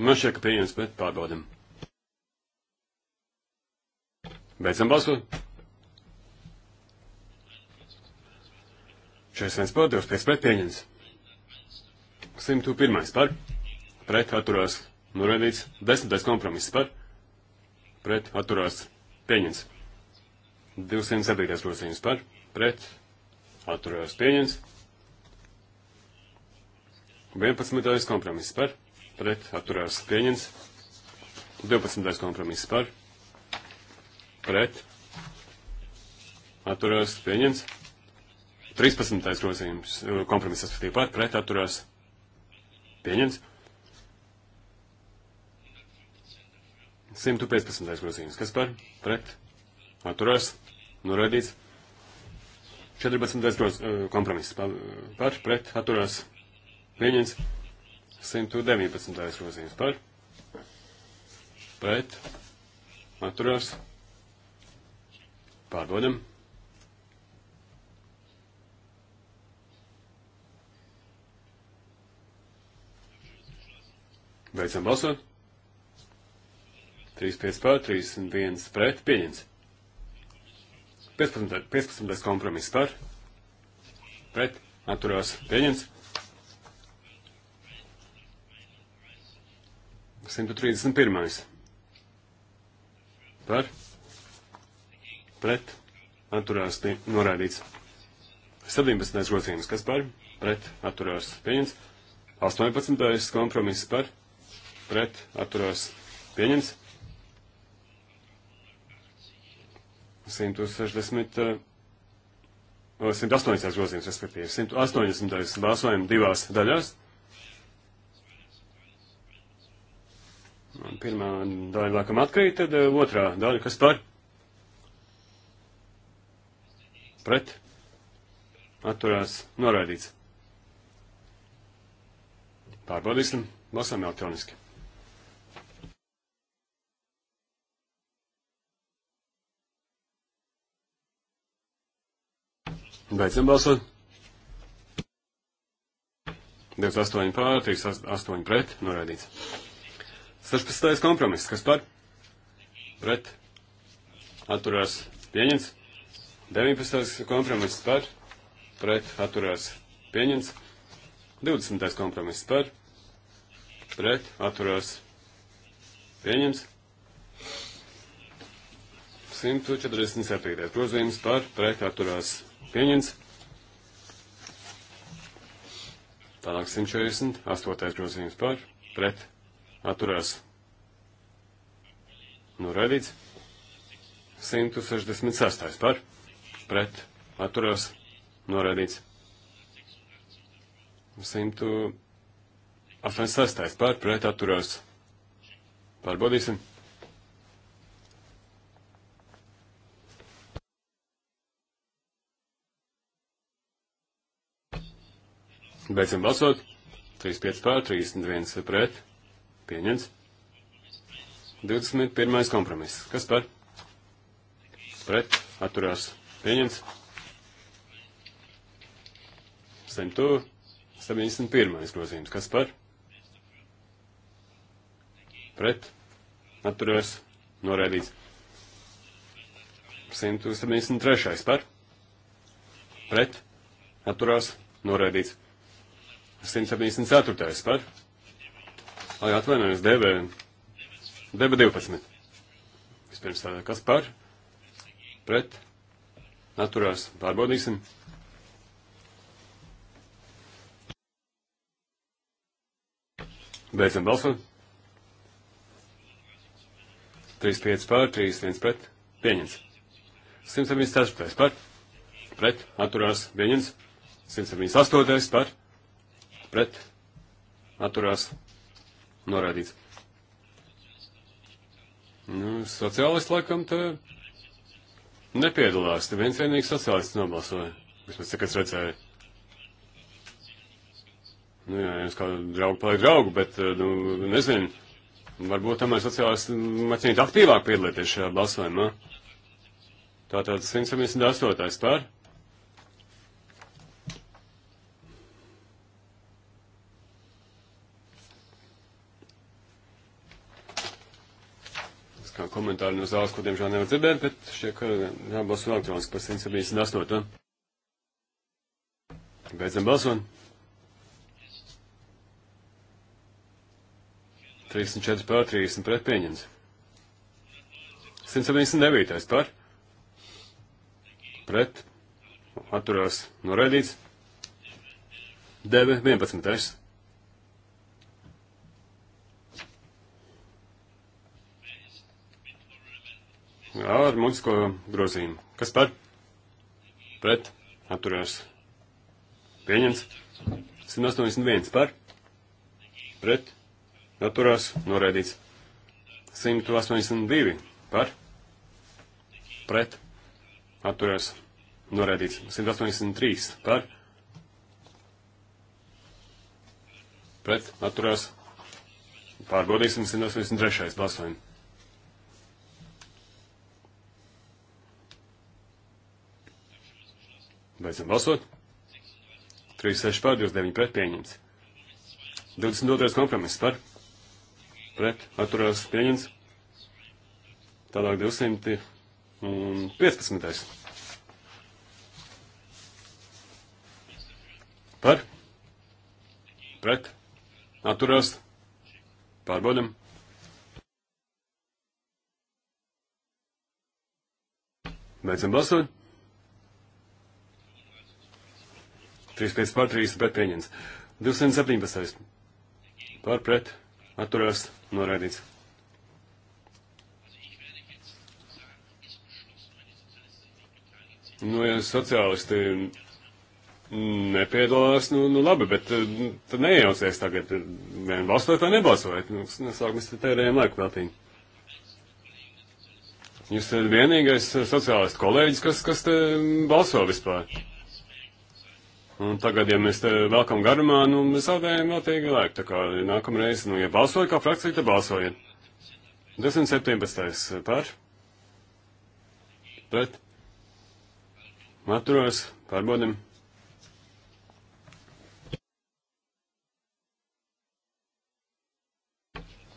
Man šķiet, ka pieņems, bet pārbaudam. Beidzam balsot. 41 pārdevis, 5 pret pieņems. 101 par. Pret atturās. Noraidīts. Desmitais kompromiss par. Pret. Atturās. Pieņems. 207. grozījums par. Pret. Atturās. Pieņems. 11. kompromiss par. Pret. Atturās. Pieņems. 12. kompromiss par. Pret. Atturās. Pieņems. 13. grozījums. Kompromiss atskatīja par. Pret. Atturās. Pieņems. 115. grozījums. Kas par? Pret. Atturās. Norādīts. 14. Groz, eh, kompromiss. Par. Pret. Atturās. Pieņems. 119. grozījums. Par. Pret. Atturās. Pārdodam. Beidzam balsot. 35 pār, 31 pret, pieņems. 15, 15. kompromiss par, pret, atturās, pieņems. 131. Par, pret, atturās, norādīts. 17. grozījums, kas par, pret, atturās, pieņems. 18. kompromiss par, pret, atturās, pieņems. 160. 180. Eh, grozījums, respektīvi. 180. balsojam divās daļās. Un pirmā daļa laikam atkrīt, tad eh, otrā daļa, kas par? Pret? Atturās noraidīts. Pārbaudīsim, lasām elektroniski. Beidzam balsot. 28 pār, 38 pret, noraidīts. 16. kompromiss, kas par? Pret. Atturās pieņemts. 19. kompromiss par. Pret. Atturās pieņemts. 20. kompromiss par. Pret. Atturās pieņemts. 147. grozījums par. Pret. Atturās pieņemts pieņemts. Tālāk 148. grozījums par, pret, atturās. Nu, redzīts. 166. par, pret, atturās, norādīts. 186. par, pret, atturās. Pārbaudīsim. 186. Beidzam balsot. 35 pār, 31 pret. Pieņemts. 21. kompromiss. Kas par? Pret. Atturās. Pieņemts. 171. grozījums. Kas par? Pret. Atturās. Noraidīts. 173. par? Pret. Atturās. Noraidīts. 174. par. Lai atvainojas, DB, DB 12. Vispirms tādā, kas par? Pret. Naturās. Pārbaudīsim. Beidzam balsot. 35 pār, 31 pret. Pieņems. 174 par. Pret. Atturās. Pieņems. 178 par pret atturās norādīts. Nu, sociālisti laikam te nepiedalās, te viens vienīgs sociālists nobalsoja, vismaz cik es redzēju. Nu, jā, jums kā draugi paliek draugi, bet, eh, nu, nezinu, varbūt tomēr sociālās maķinīt aktīvāk piedalīties šajā balsojumā. Tātad 178. par, komentāru no zāles, ko diemžēl nevar dzirdēt, bet šie, ka jābalso elektroniski par 178. Beidzam balsot. 34 pār 30 pret pieņems. 179 par. Pret. Atturās norēdīts. 9, 11. ar mūzisko grozījumu. Kas par? Pret. Atturās. Pieņems. 181 par. Pret. Atturās. Noraidīts. 182 par. Pret. Atturās. Noraidīts. 183 par. Pret. Atturās. Pārbaudīsim 183. balsojumu. Beidzam balsot. 36 pār, 29 pret pieņemts. 22. kompromiss par. Pret atturās pieņemts. Tālāk 200 un 15. Par. Pret. Atturās. Pārbaudam. Beidzam balsot. 35 pār 3 pret pieņems. 217. Pār pret atturās noraidīts. Nu, ja sociālisti nepiedalās, nu, nu labi, bet eh, nu, tad neiejaucies tagad. Vien balsot vai nebalsot. Nu, nesāk mēs te tērējam laiku veltīt. Jūs esat vienīgais eh, sociālistu kolēģis, kas, kas te mm, balso vispār. Un tagad, ja mēs vēlkam garumā, nu, mēs zaudējam veltīgi laiku. Tā kā nākamreiz, nu, ja balsoju kā frakcija, tad balsojiet. 217. Eh, par. Pret. Atturos. Pārbaudam.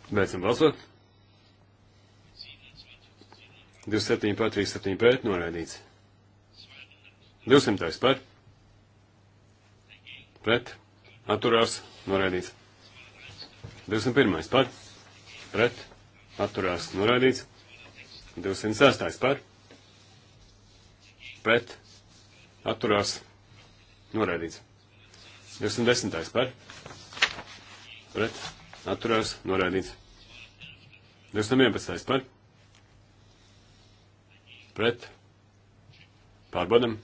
Beidzam balsot. 27 pār 37 pret noraidīts. 200 par pret, atturās, norēdīts. 201. par, pret, atturās, norēdīts. 206. par, pret, atturās, norēdīts. 210. par, pret, atturās, norēdīts. 211. par, pret, pārbaudam,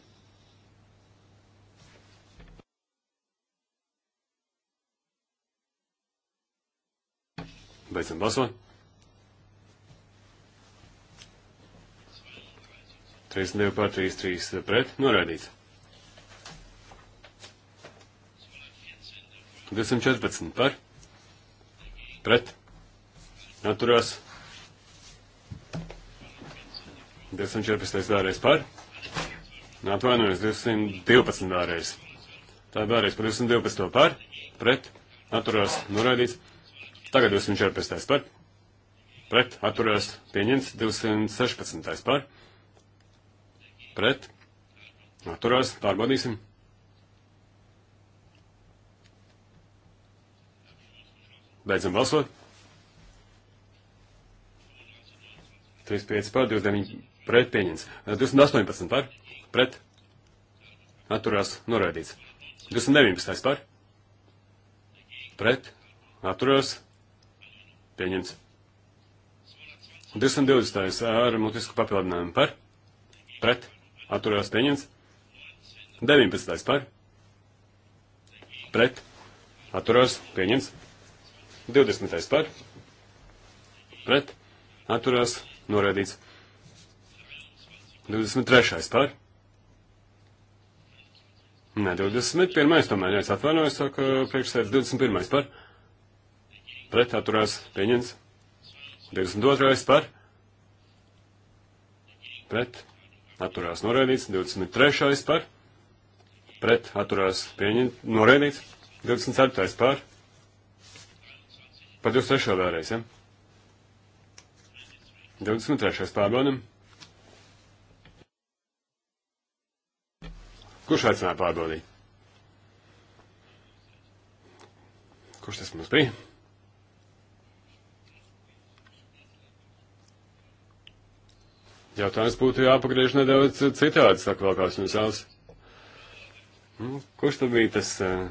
Beidzam balsot. 32 pār 33 pret. Norādīts. 214 par. Pret. Naturās. 214 vēlreiz par. Atvainojos, 212 vēlreiz. Tā vēlreiz par 212 par. Pret. Naturās. Norādīts. Tagad 214. par. Pret atturās pieņemts 216. par. Pret atturās pārbaudīsim. Beidzam balsot. 35 par, 29 pret pieņems. 218 par, pret. Atturās noraidīts. 219 par, pret. Atturās Pieņemts. 220. ar mutisku papildinājumu par. Pret. Atturās pieņemts. 19. par. Pret. Atturās pieņemts. 20. par. Pret. Atturās norādīts. 23. par. Nē, 21. tomēr, ja es atvainojos, saka priekšsēdus 21. par pret atturās pieņems. 22. par pret atturās noraidīts. 23. par pret atturās pieņems noraidīts. 24. par par 23. vēlreiz, ja? 23. pārbaudam. Kurš aicināja pārbaudīt? Kurš tas mums bija? Jautājums būtu jāpagriež nedaudz citādi, saka vēl kāds no savas. Nu, kurš tad bija tas eh,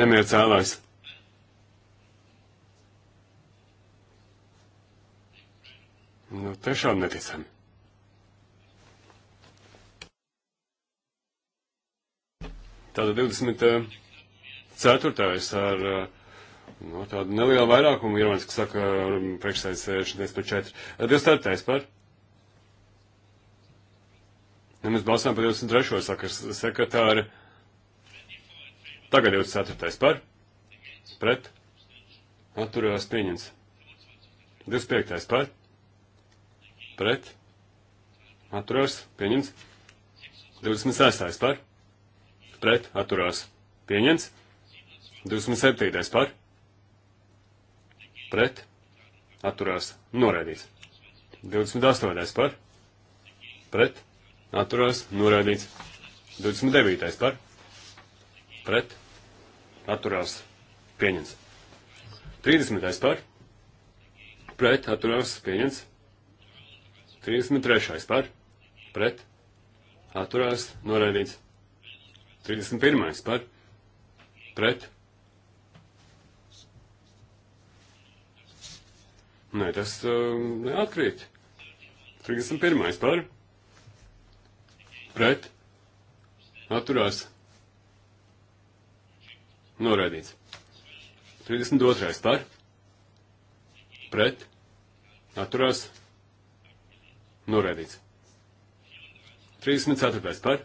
nemieru cēlājs? Nu, tiešām neticami. Tāda eh, 24. ar eh, no, nu, tādu nelielu vairākumu, Irmāns, kas saka, priekšsēdētājs 64. 24. par. Ja mēs balsām par 23. sakars sekretāri, tagad 24. par, pret, atturējās pieņems. 25. par, pret, atturējās pieņems. 26. par, pret, atturējās pieņems. 27. par, pret, atturējās noraidīts. 28. par, pret, atturējās pieņems atturās, norādīts. 29. par, pret, atturās, pieņems. 30. par, pret, atturās, pieņems. 33. par, pret, atturās, norādīts. 31. par, pret. Nē, tas uh, neatkrīt. 31. par, pret pret, atturās, noraidīts. 32. par, pret, atturās, noraidīts. 34. par,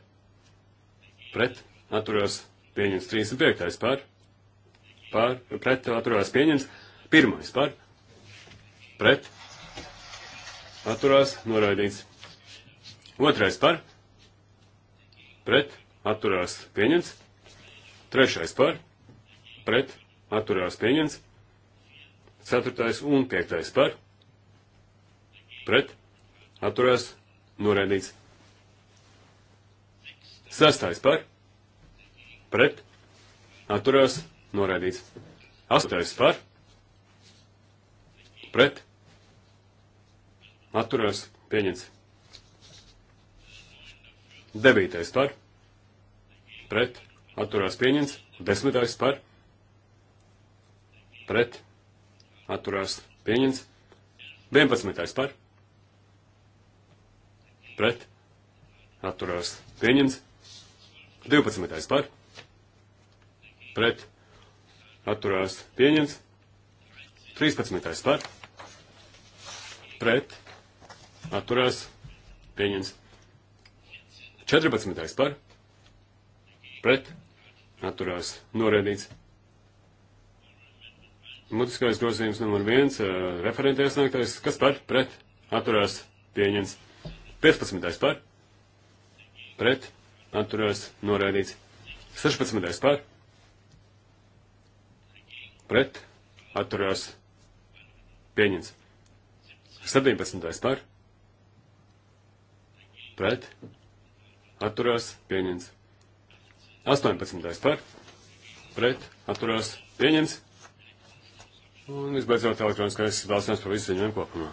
pret, atturās, pieņems. 35. par, par, pret, atturās, pieņems. 1. par, pret, atturās, noraidīts. 2. par, pret, pret, atturās pieņemts. Trešais par, pret, atturās pieņemts. Ceturtais un piektais par, pret, atturās norēdīts. Sestais par, pret, atturās norēdīts. Astotais par, pret, atturās pieņemts. Devītais par. Pret. Atturās pieņemts. Desmitais par. Pret. Atturās pieņemts. Vienpadsmitais par. Pret. Atturās pieņemts. Divpadsmitais par. Pret. Atturās pieņemts. 13. par. Pret. Atturās. Pieņems. 14. par, pret, atturās, norēdīts. Mutiskais grozījums numur 1, referentē iesniegtais, kas par, pret, atturās, pieņems. 15. par, pret, atturās, norēdīts. 16. par, pret, atturās, pieņems. 17. par, pret, atturās, pieņems. 18. par, pret, atturās, pieņems. Un visbeidzot elektroniskais balsojums par visu ziņojumu kopumā.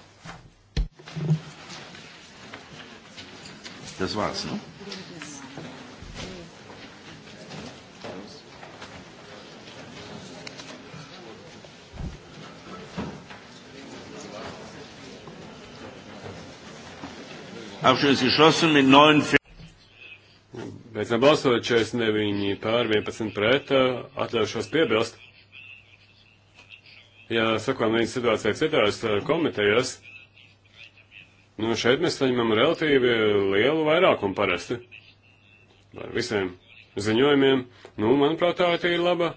Tas vārds, nu? Abschluss geschlossen mit 49. Aicinām balsot 49 pār 11 pret, atļaušos piebilst. Ja sakām līdz situācijai citās komitejas, nu šeit mēs saņemam relatīvi lielu vairākumu parasti. Ar visiem ziņojumiem. Nu, manuprāt, tā ir laba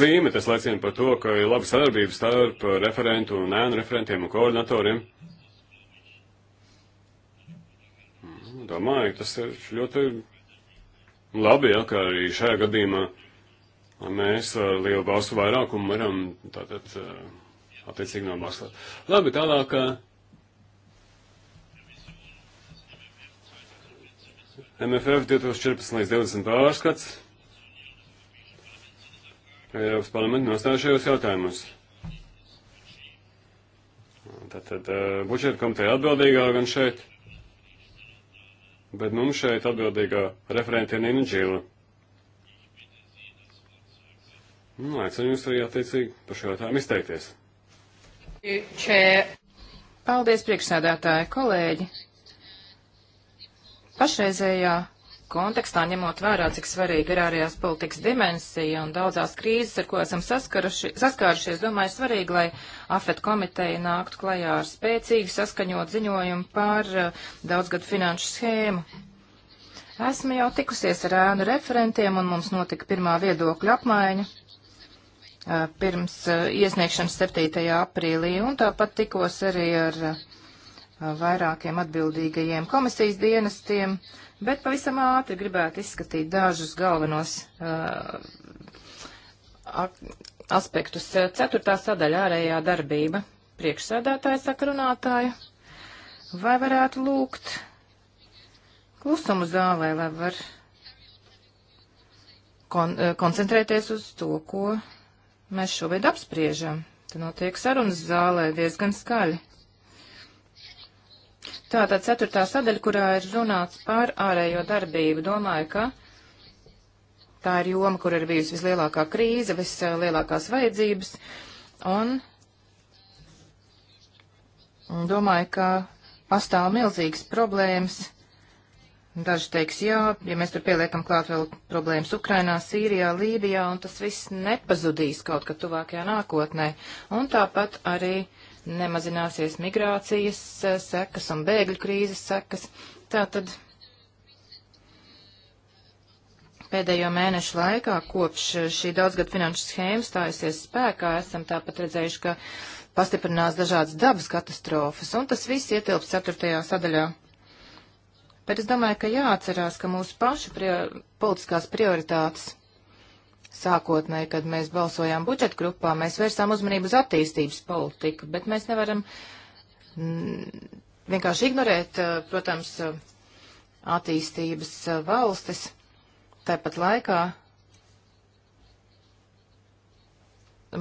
zīme. Tas liecina par to, ka ir laba sadarbība starp referentu un ēnu referentiem un koordinatoriem. Domāju, tas ir ļoti labi, ja, ka arī šajā gadījumā mēs uh, lielu balsu vairākumu varam tātad uh, attiecīgi nobalsot. Labi, tālāk. Uh, MFF 2014 līdz 20 pārskats. Eiropas parlamenta nostājušajos jautājumus. Tātad budžeta komiteja atbildīgā gan šeit. Bet mums šeit atbildīgā referente ir Nina Džila. Nu, aicinu jūs arī attiecīgi par šo jautājumu izteikties. Čē. Paldies, priekšsēdētāji, kolēģi. Pašreizējā kontekstā, ņemot vērā, cik svarīga ir ārējās politikas dimensija un daudzās krīzes, ar ko esam saskārušies, domāju, svarīgi, lai AFET komiteja nāktu klajā ar spēcīgu saskaņot ziņojumu par uh, daudzgadu finanšu schēmu. Esmu jau tikusies ar ēnu referentiem un mums notika pirmā viedokļa apmaiņa uh, pirms uh, iesniegšanas 7. aprīlī un tāpat tikos arī ar vairākiem atbildīgajiem komisijas dienestiem. Uh, bet pavisam ātri gribētu izskatīt dažus galvenos uh, aspektus. Ceturtā sadaļa ārējā darbība. Priekšsēdētāja saka runātāja. Vai varētu lūgt klusumu zālē, lai var kon eh, koncentrēties uz to, ko mēs šobrīd apspriežam? Te notiek sarunas zālē diezgan skaļi. Tātad ceturtā sadaļa, kurā ir runāts par ārējo darbību, domāju, ka tā ir joma, kur ir bijusi vislielākā krīze, vislielākās vajadzības, un domāju, ka pastāv milzīgas problēmas. Daži teiks, jā, ja mēs tur pieliekam klāt vēl problēmas Ukrainā, Sīrijā, Lībijā, un tas viss nepazudīs kaut kad tuvākajā nākotnē. Un tāpat arī uh, nemazināsies migrācijas eh, sekas un bēgļu krīzes sekas. Tātad pēdējo mēnešu laikā, kopš šī daudzgad finanšu schēma stājusies spēkā, esam tāpat redzējuši, ka pastiprinās dažādas dabas katastrofas, un tas viss ietilps 4. sadaļā. Bet es domāju, ka jāatcerās, ka mūsu pašu prior politiskās prioritātes Sākotnēji, kad mēs balsojām budžeta grupā, mēs vērsām uzmanību uz attīstības politiku, bet mēs nevaram mm, vienkārši ignorēt, eh, protams, eh, attīstības eh, valstis. Tāpat laikā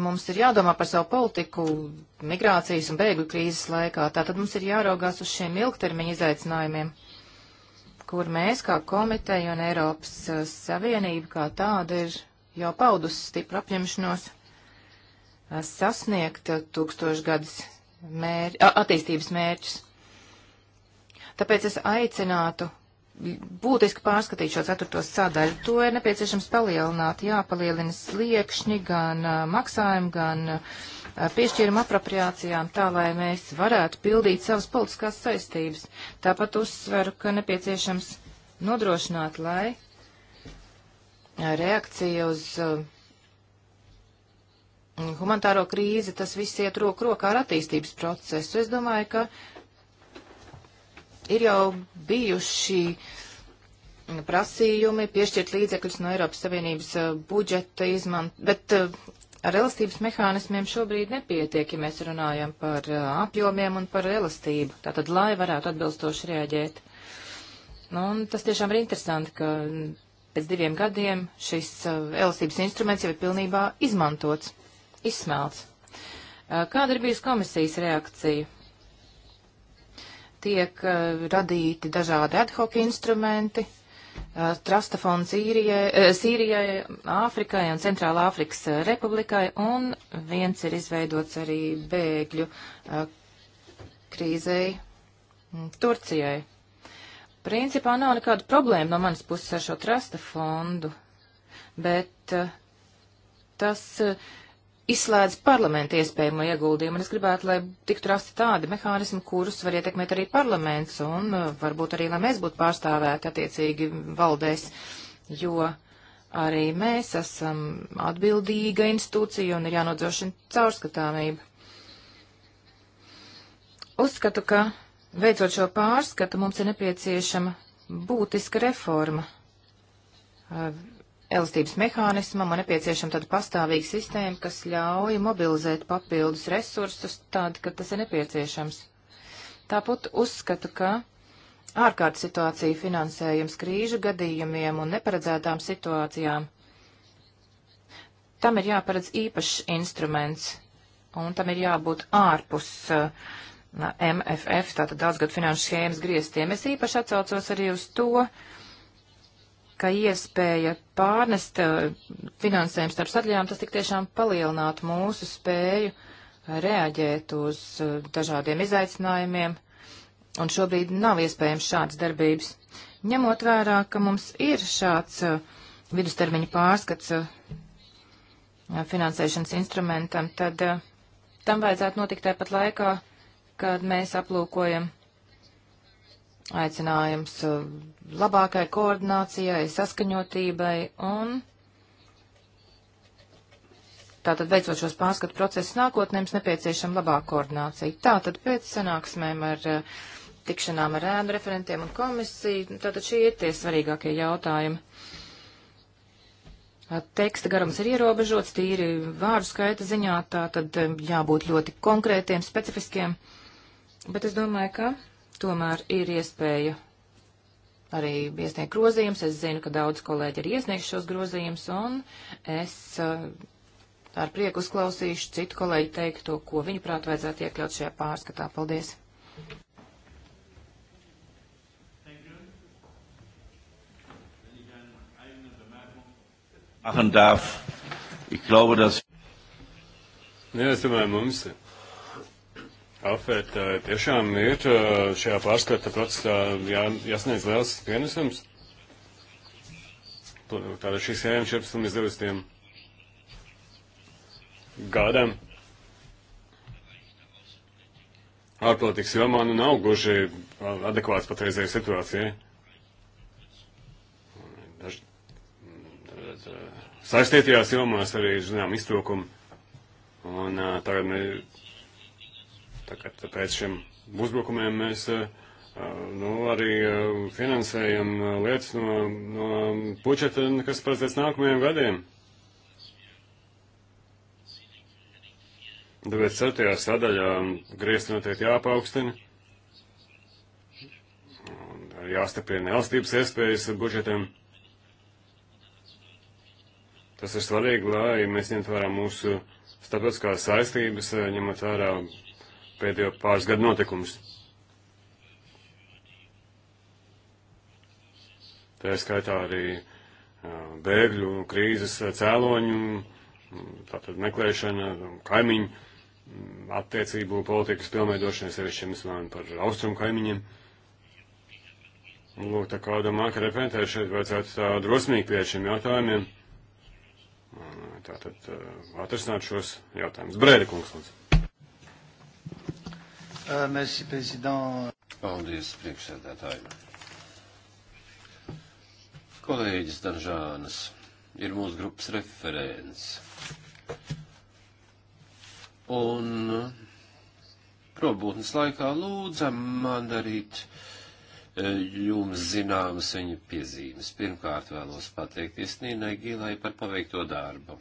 mums ir jādomā par savu politiku migrācijas un bēgļu krīzes laikā. Tātad mums ir jāraugās uz šiem ilgtermiņa izaicinājumiem, kur mēs kā komiteja un Eiropas Savienība kā tāda ir jau paudusi stipru apņemšanos eh, sasniegt eh, tūkstošgadus mērķi, attīstības mērķus. Tāpēc es aicinātu būtiski pārskatīt šo ceturto sadaļu. To ir nepieciešams palielināt, jāpalielina sliekšņi gan eh, maksājumi, gan piešķīruma apropriācijām, tā lai mēs varētu pildīt savas politiskās saistības. Tāpat uzsveru, ka nepieciešams nodrošināt, lai reakcija uz uh, humanitāro krīzi, tas viss iet roku rokā ar attīstības procesu. Es domāju, ka ir jau bijuši prasījumi piešķirt līdzekļus no Eiropas Savienības uh, budžeta izmant, bet uh, ar elastības mehānismiem šobrīd nepietiek, ja mēs runājam par apjomiem un par elastību. Tātad, lai varētu atbilstoši rēģēt. Nu, un tas tiešām ir interesanti, ka pēc diviem gadiem šis uh, elastības instruments jau ir pilnībā izmantots, izsmelts. Uh, kāda ir bijusi komisijas reakcija? Tiek uh, radīti dažādi ad hoc instrumenti, Trusta fonds Sīrijai, Sīrijai, Āfrikai un Centrāla Āfrikas Republikai, un viens ir izveidots arī bēgļu krīzei mm, Turcijai. Principā nav nekāda problēma no manas puses ar šo trasta fondu, bet eh, tas eh, izslēdz parlamentu iespējamo ieguldījumu, un es gribētu, lai tiktu rasti tādi mehānismi, kurus var ietekmēt arī parlaments, un eh, varbūt arī, lai mēs būtu pārstāvēti attiecīgi valdēs, jo arī mēs esam atbildīga institūcija un ir jānodrošina caurskatāmība. Uzskatu, ka Veicot šo pārskatu, mums ir nepieciešama būtiska reforma elastības mehānismam un nepieciešama tāda pastāvīga sistēma, kas ļauj mobilizēt papildus resursus tad, kad tas ir nepieciešams. Tāpat uzskatu, ka ārkārtas situācija finansējums krīžu gadījumiem un neparedzētām situācijām. Tam ir jāparedz īpašs instruments, un tam ir jābūt ārpus uh, MFF, tātad daudzgad finanšu schēmas grieztiem. Es īpaši atcaucos arī uz to, ka iespēja pārnest uh, finansējumu starp sadaļām, tas tik tiešām palielinātu mūsu spēju reaģēt uz uh, dažādiem izaicinājumiem, un šobrīd nav iespējams šāds darbības. Ņemot vērā, ka mums ir šāds uh, vidustermiņa pārskats finansēšanas instrumentam, tad tam vajadzētu notikt tāpat laikā kad mēs aplūkojam aicinājums uh, labākai koordinācijai, saskaņotībai un tātad veicot šos pārskatu procesus nākotnē, mums nepieciešama labāka koordinācija. Tātad pēc sanāksmēm ar uh, tikšanām ar ēnu referentiem un komisiju, tātad šie ir tie svarīgākie jautājumi. Uh, teksta garums ir ierobežots, tīri vārdu skaita ziņā, tātad um, jābūt ļoti konkrētiem, specifiskiem. Bet es domāju, ka tomēr ir iespēja arī iesniegt grozījumus. Es zinu, ka daudz kolēģi ir iesnieguši šos grozījumus, un es uh, ar prieku uzklausīšu citu kolēģi teikto, ko viņu prāt vajadzētu iekļaut šajā pārskatā. Paldies! machen darf. Ich glaube, dass. Ja, es domāju, mums Afet eh, tiešām ir eh, šajā pārskata procesā jā, jāsniedz liels pienesums. Tāda šī sēma 14 līdz 20 gadam. Ārpolitikas jomā nu nav guži eh, adekvāts patreizējai situācijai. Daž, tad, saistītajās jomās arī, zinām, iztrūkumi. Un tagad mēs Tagad pēc šiem uzbrukumiem mēs eh, eh, nu, arī eh, finansējam lietas no, no budžeta, nu, kas paredzēts nākamajiem gadiem. Tāpēc ceturtajā sadaļā griezti noteikti jāpaukstina. Jāstiprina elastības iespējas budžetam. Tas ir svarīgi, lai mēs ņemtu vērā mūsu starptautiskās saistības, ņemot vērā pēdējo pāris gadu notikumus. Tā skaitā arī bēgļu krīzes cēloņu, tātad meklēšana, kaimiņu attiecību politikas pilnveidošana, sevišķi mēs runājam par austrumu kaimiņiem. Lūk, tā kā domāju, ka referentē šeit vajadzētu tā drosmīgi pie šiem jautājumiem. Tātad atrisināt šos jautājumus. Brēdi, kungs, lūdzu. Euh, merci, prezident. Paldies, priekšsēdētāji. Kolēģis Danžānas ir mūsu grupas referents. Un probūtnes laikā lūdzam man darīt E, jums zināmas viņa piezīmes. Pirmkārt vēlos pateikties Nīnai Gīlai par paveikto darbu.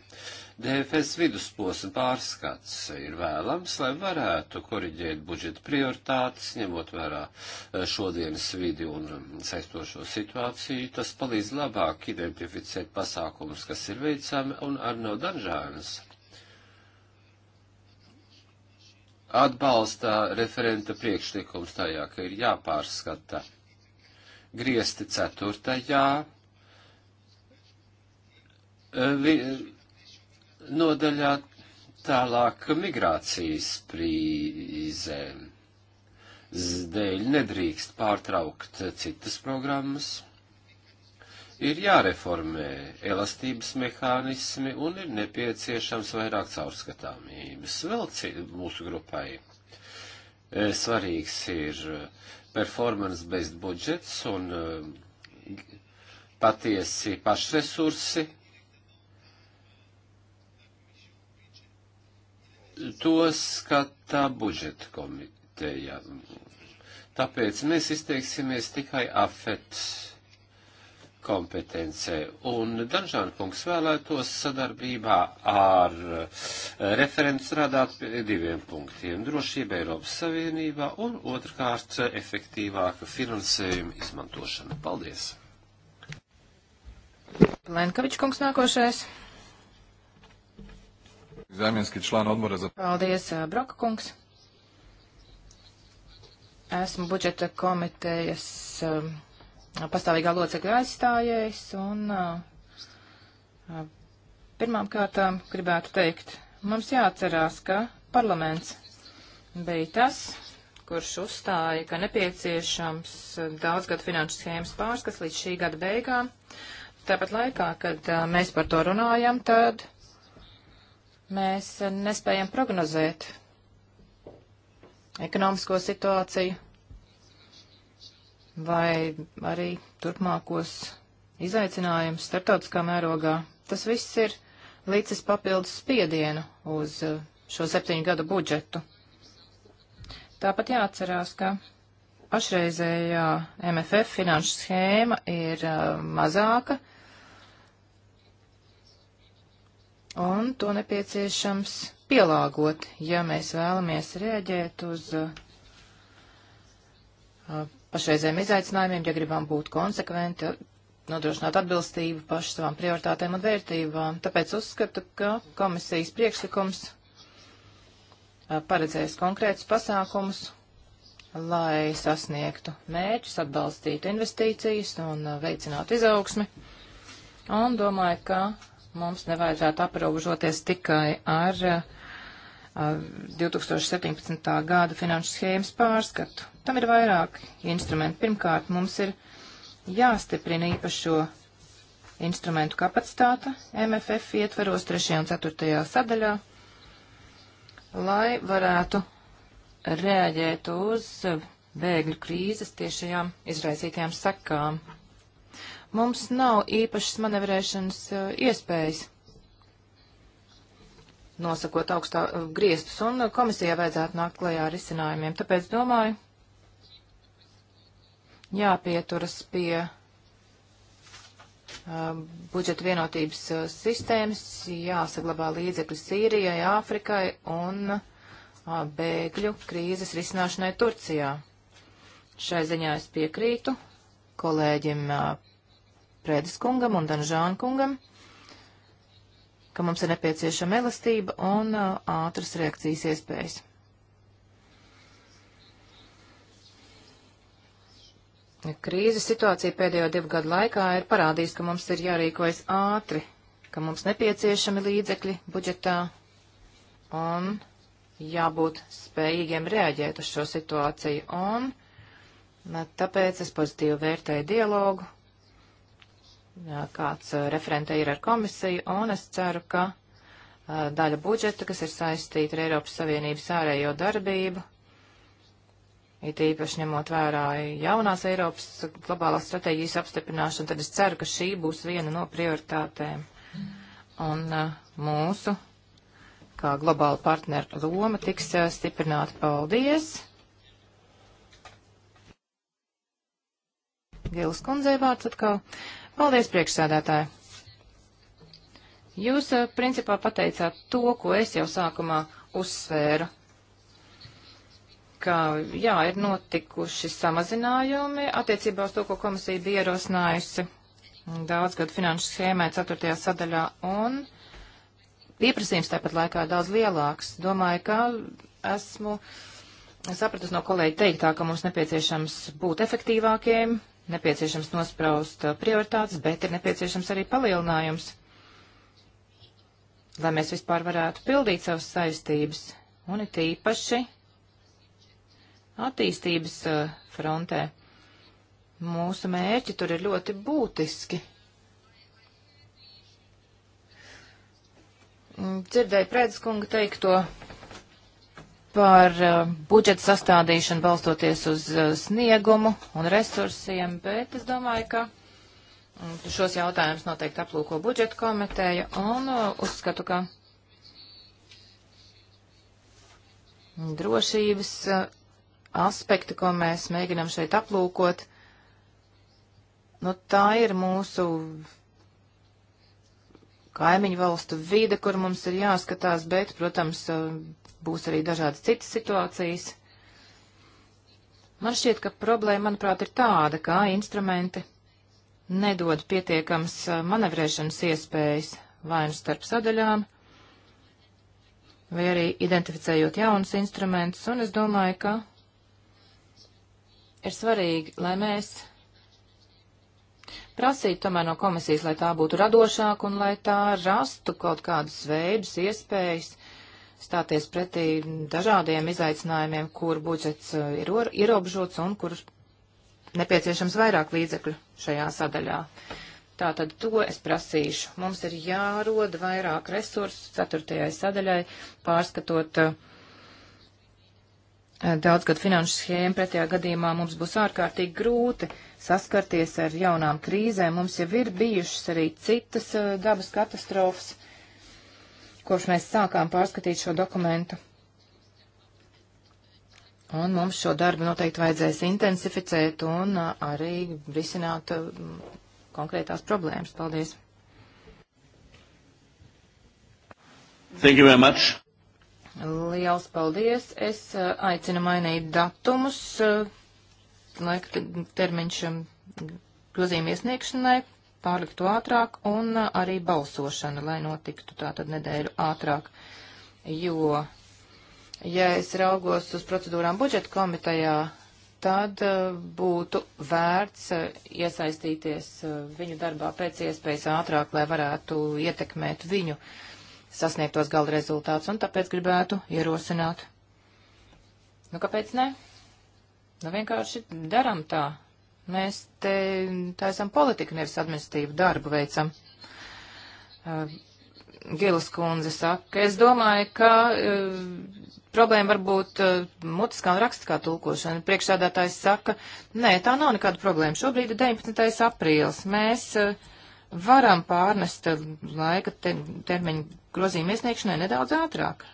DFS vidusposma pārskats ir vēlams, lai varētu koriģēt budžeta prioritātes, ņemot vērā e, šodienas vidi un saistošo situāciju. Tas palīdz labāk identificēt pasākumus, kas ir veicami un ar nav danžānas. Atbalsta referenta priekšlikums tajā, ka ir jāpārskata griezti ceturtajā eh, vi, nodaļā tālāk migrācijas prīzēm dēļ nedrīkst pārtraukt citas programmas. Ir jāreformē elastības mehānismi un ir nepieciešams vairāk caurskatāmības vēl mūsu grupai. Eh, svarīgs ir performance-based budžets un eh, patiesi pašresursi. To skata budžeta komiteja. Tāpēc mēs izteiksimies tikai afets kompetencē. Un Danžāna kungs vēlētos sadarbībā ar eh, referents strādāt pie diviem punktiem - drošība Eiropas Savienībā un otrkārt eh, efektīvāka finansējuma izmantošana. Paldies! Lenkavičs kungs nākošais. Zamjenski član odbora za... Paldies, eh, Broka kungs. Esmu budžeta komitejas um, pastāvīgā locekļa aizstājējs. Un pirmām kārtām gribētu teikt, mums jāatcerās, ka parlaments bija tas, kurš uzstāja, ka nepieciešams daudzgadu finanšu schēmas pārskats līdz šī gada beigām. Tāpat laikā, kad a, mēs par to runājam, tad mēs a, nespējam prognozēt ekonomisko situāciju vai arī turpmākos izaicinājumus starptautiskā mērogā. Tas viss ir līdzis papildus spiedienu uz uh, šo septiņu gadu budžetu. Tāpat jāatcerās, ka pašreizējā MFF finanšu schēma ir uh, mazāka, un to nepieciešams pielāgot, ja mēs vēlamies rēģēt uz uh, pašreizējiem izaicinājumiem, ja gribam būt konsekventi, nodrošināt atbilstību pašu savām prioritātēm un vērtībām. Tāpēc uzskatu, ka komisijas priekšlikums paredzēs konkrētus pasākumus, lai sasniegtu mērķus, atbalstītu investīcijas un veicinātu izaugsmi. Un domāju, ka mums nevajadzētu aprobežoties tikai ar uh, 2017. Uh, gada finanšu schēmas pārskatu. Tam ir vairāki instrumenti. Pirmkārt, mums ir jāstiprina īpašo instrumentu kapacitāte MFF ietveros 3. un 4. sadaļā, lai varētu reaģēt uz bēgļu krīzes tiešajām izraisītajām sekām. Mums nav īpašas manevrēšanas uh, iespējas nosakot augstā eh, griestus, un komisijai vajadzētu nākt klajā ar izcinājumiem. Tāpēc domāju, jāpieturas pie uh, budžeta vienotības uh, sistēmas, jāsaglabā līdzekļi Sīrijai, Āfrikai un uh, bēgļu krīzes risināšanai Turcijā. Šai ziņā es piekrītu kolēģim Prēdiskungam un Danžānkungam. kungam ka mums ir nepieciešama elastība un uh, ātras reakcijas iespējas. Krīzes situācija pēdējo divu gadu laikā ir parādījusi, ka mums ir jārīkojas ātri, ka mums nepieciešami līdzekļi budžetā un jābūt spējīgiem reaģēt uz šo situāciju. Un tāpēc es pozitīvi vērtēju dialogu kāds referentē ir ar komisiju, un es ceru, ka daļa budžeta, kas ir saistīta ar Eiropas Savienības ārējo darbību, it īpaši ņemot vērā jaunās Eiropas globālās stratēģijas apstiprināšanu, tad es ceru, ka šī būs viena no prioritātēm. Un mūsu, kā globāla partnera loma, tiks stiprināta. Paldies! Gilas kundzei vārds atkal. Uh, Paldies, priekšsēdētāji! Jūs eh, principā pateicāt to, ko es jau sākumā uzsvēru, ka, jā, ir notikuši samazinājumi attiecībā uz to, ko komisija bija ierosinājusi daudzgadu finanšu schēmai 4. sadaļā, un pieprasījums tāpat laikā daudz lielāks. Domāju, ka esmu sapratusi no kolēģi teiktā, ka mums nepieciešams būt efektīvākiem, nepieciešams nospraust uh, prioritātes, bet ir nepieciešams arī palielinājums, lai mēs vispār varētu pildīt savas saistības, un it īpaši attīstības uh, frontē. Mūsu mērķi tur ir ļoti būtiski. Mm, dzirdēju prēdiskunga teikto par eh, budžeta sastādīšanu balstoties uz eh, sniegumu un resursiem, bet es domāju, ka mm, šos jautājumus noteikti aplūko budžeta komiteja un eh, uzskatu, ka drošības aspekti, ko mēs mēģinam šeit aplūkot, nu tā ir mūsu kaimiņu valstu vide, kur mums ir jāskatās, bet, protams, būs arī dažādas citas situācijas. Man šķiet, ka problēma, manuprāt, ir tāda, kā instrumenti nedod pietiekams manevrēšanas iespējas vai nu starp sadaļām, vai arī identificējot jaunus instrumentus, un es domāju, ka ir svarīgi, lai mēs prasīt tomēr no komisijas, lai tā būtu radošāka un lai tā rastu kaut kādus veidus, iespējas stāties pretī dažādiem izaicinājumiem, kur budžets eh, ir ierobežots un kur nepieciešams vairāk līdzekļu šajā sadaļā. Tātad to es prasīšu. Mums ir jāroda vairāk resursu ceturtajai sadaļai, pārskatot uh, daudzgad finanšu schēmu, pretējā gadījumā mums būs ārkārtīgi grūti uh, saskarties ar jaunām krīzēm. Mums jau ir bijušas arī citas eh, dabas katastrofas, kopš mēs sākām pārskatīt šo dokumentu. Un mums šo darbu noteikti vajadzēs intensificēt un eh, arī risināt eh, konkrētās problēmas. Paldies! Thank you very much. Liels paldies! Es aicinu mainīt datumus laika termiņš um, grozījuma iesniegšanai pārliktu ātrāk un uh, arī balsošana, lai notiktu tā tad nedēļu ātrāk. Jo, ja es raugos uz procedūrām budžeta komitejā, tad uh, būtu vērts uh, iesaistīties viņu darbā pēc iespējas ātrāk, lai varētu ietekmēt viņu sasniegtos gala rezultātus, un tāpēc gribētu ierosināt. Nu, kāpēc ne? Nu, vienkārši daram tā. Mēs te taisam politiku, nevis administratīvu darbu veicam. Uh, Gilas kundze saka, es domāju, ka uh, problēma var būt uh, mutiskā un rakstiskā tulkošana. Priekšsādātājs saka, nē, tā nav nekāda problēma. Šobrīd ir 19. aprīlis. Mēs uh, varam pārnest uh, laika te, termiņu grozījumu iesniegšanai nedaudz ātrāk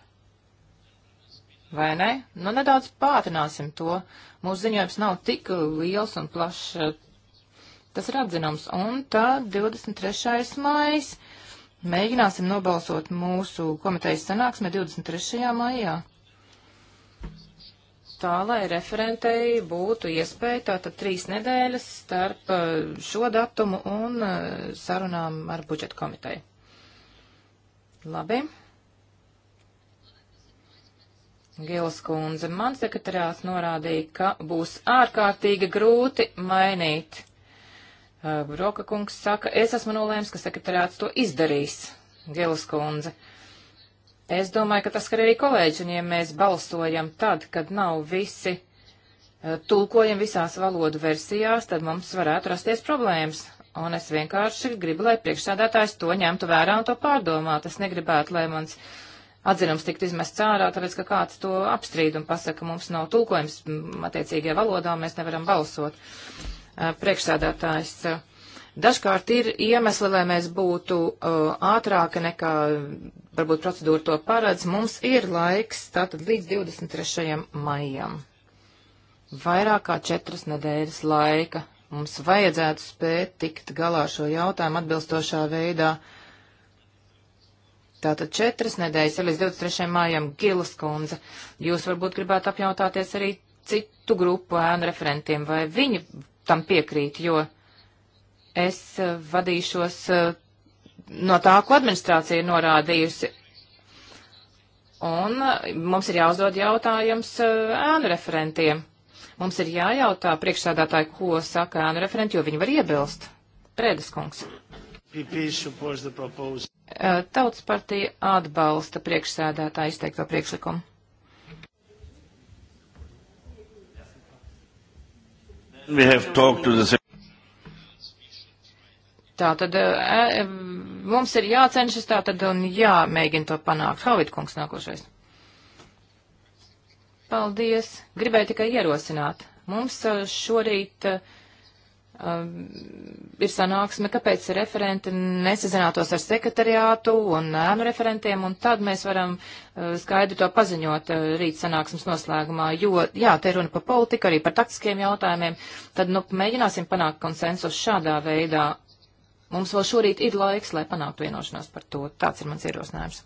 vai ne? Nu, nedaudz pātrināsim to. Mūsu ziņojums nav tik liels un plašs. Tas ir atzinums. Un tad 23. maijs. Mēģināsim nobalsot mūsu komitejas sanāksmē 23. maijā. Tā, lai referentei būtu iespēja tātad trīs nedēļas starp eh, šo datumu un eh, sarunām ar budžeta komiteju. Labi. Gilas kundze. Man sekretariāts norādīja, ka būs ārkārtīgi grūti mainīt. Uh, eh, Roka kungs saka, es esmu nolēms, ka sekretariāts to izdarīs. Gilas kundze. Es domāju, ka tas skar arī kolēģi, un ja mēs balsojam tad, kad nav visi uh, tulkojam visās valodu versijās, tad mums varētu rasties problēmas. Un es vienkārši gribu, lai priekšsādātājs to ņemtu vērā un to pārdomā. Es negribētu, lai mans uh, atzinums tiktu izmests ārā, tāpēc, ka kāds to apstrīd un pasaka, mums nav tulkojums mm, attiecīgajā valodā, mēs nevaram balsot. Priekšsēdētājs. Dažkārt ir iemesli, lai mēs būtu uh, ātrāki nekā varbūt procedūra to paredz. Mums ir laiks tātad līdz 23. maijam. Vairāk kā četras nedēļas laika mums vajadzētu spēt tikt galā šo jautājumu atbilstošā veidā. Uh, Tātad četras nedēļas ir līdz 23. mājam Gilas kundze. Jūs varbūt gribētu apjautāties arī citu grupu ēnu referentiem, vai viņi tam piekrīt, jo es eh, vadīšos eh, no tā, ko administrācija norādījusi. Un eh, mums ir jāuzdod jautājums ēnu referentiem. Mums ir jājautā priekšsādātāji, ko saka ēnu referenti, jo viņi var iebilst. Prēdas kungs. PP supports the proposal. Eh, Tautas partija atbalsta priekšsēdētā izteikto priekšlikumu. The... Tā tad e, eh, mums ir jācenšas tā tad un jāmēģina to panākt. Havid kungs nākošais. Paldies. Gribēju tikai ierosināt. Mums eh, šorīt uh, Um, ir sanāksme, kāpēc referenti nesazinātos ar sekretariātu un ēnu referentiem, un tad mēs varam uh, skaidri to paziņot uh, rīt sanāksmes noslēgumā, jo, jā, te runa par politiku, arī par taktiskiem jautājumiem, tad, nu, mēģināsim panākt konsensus šādā veidā. Mums vēl šorīt ir laiks, lai panāktu vienošanos par to. Tāds ir mans ierosinājums.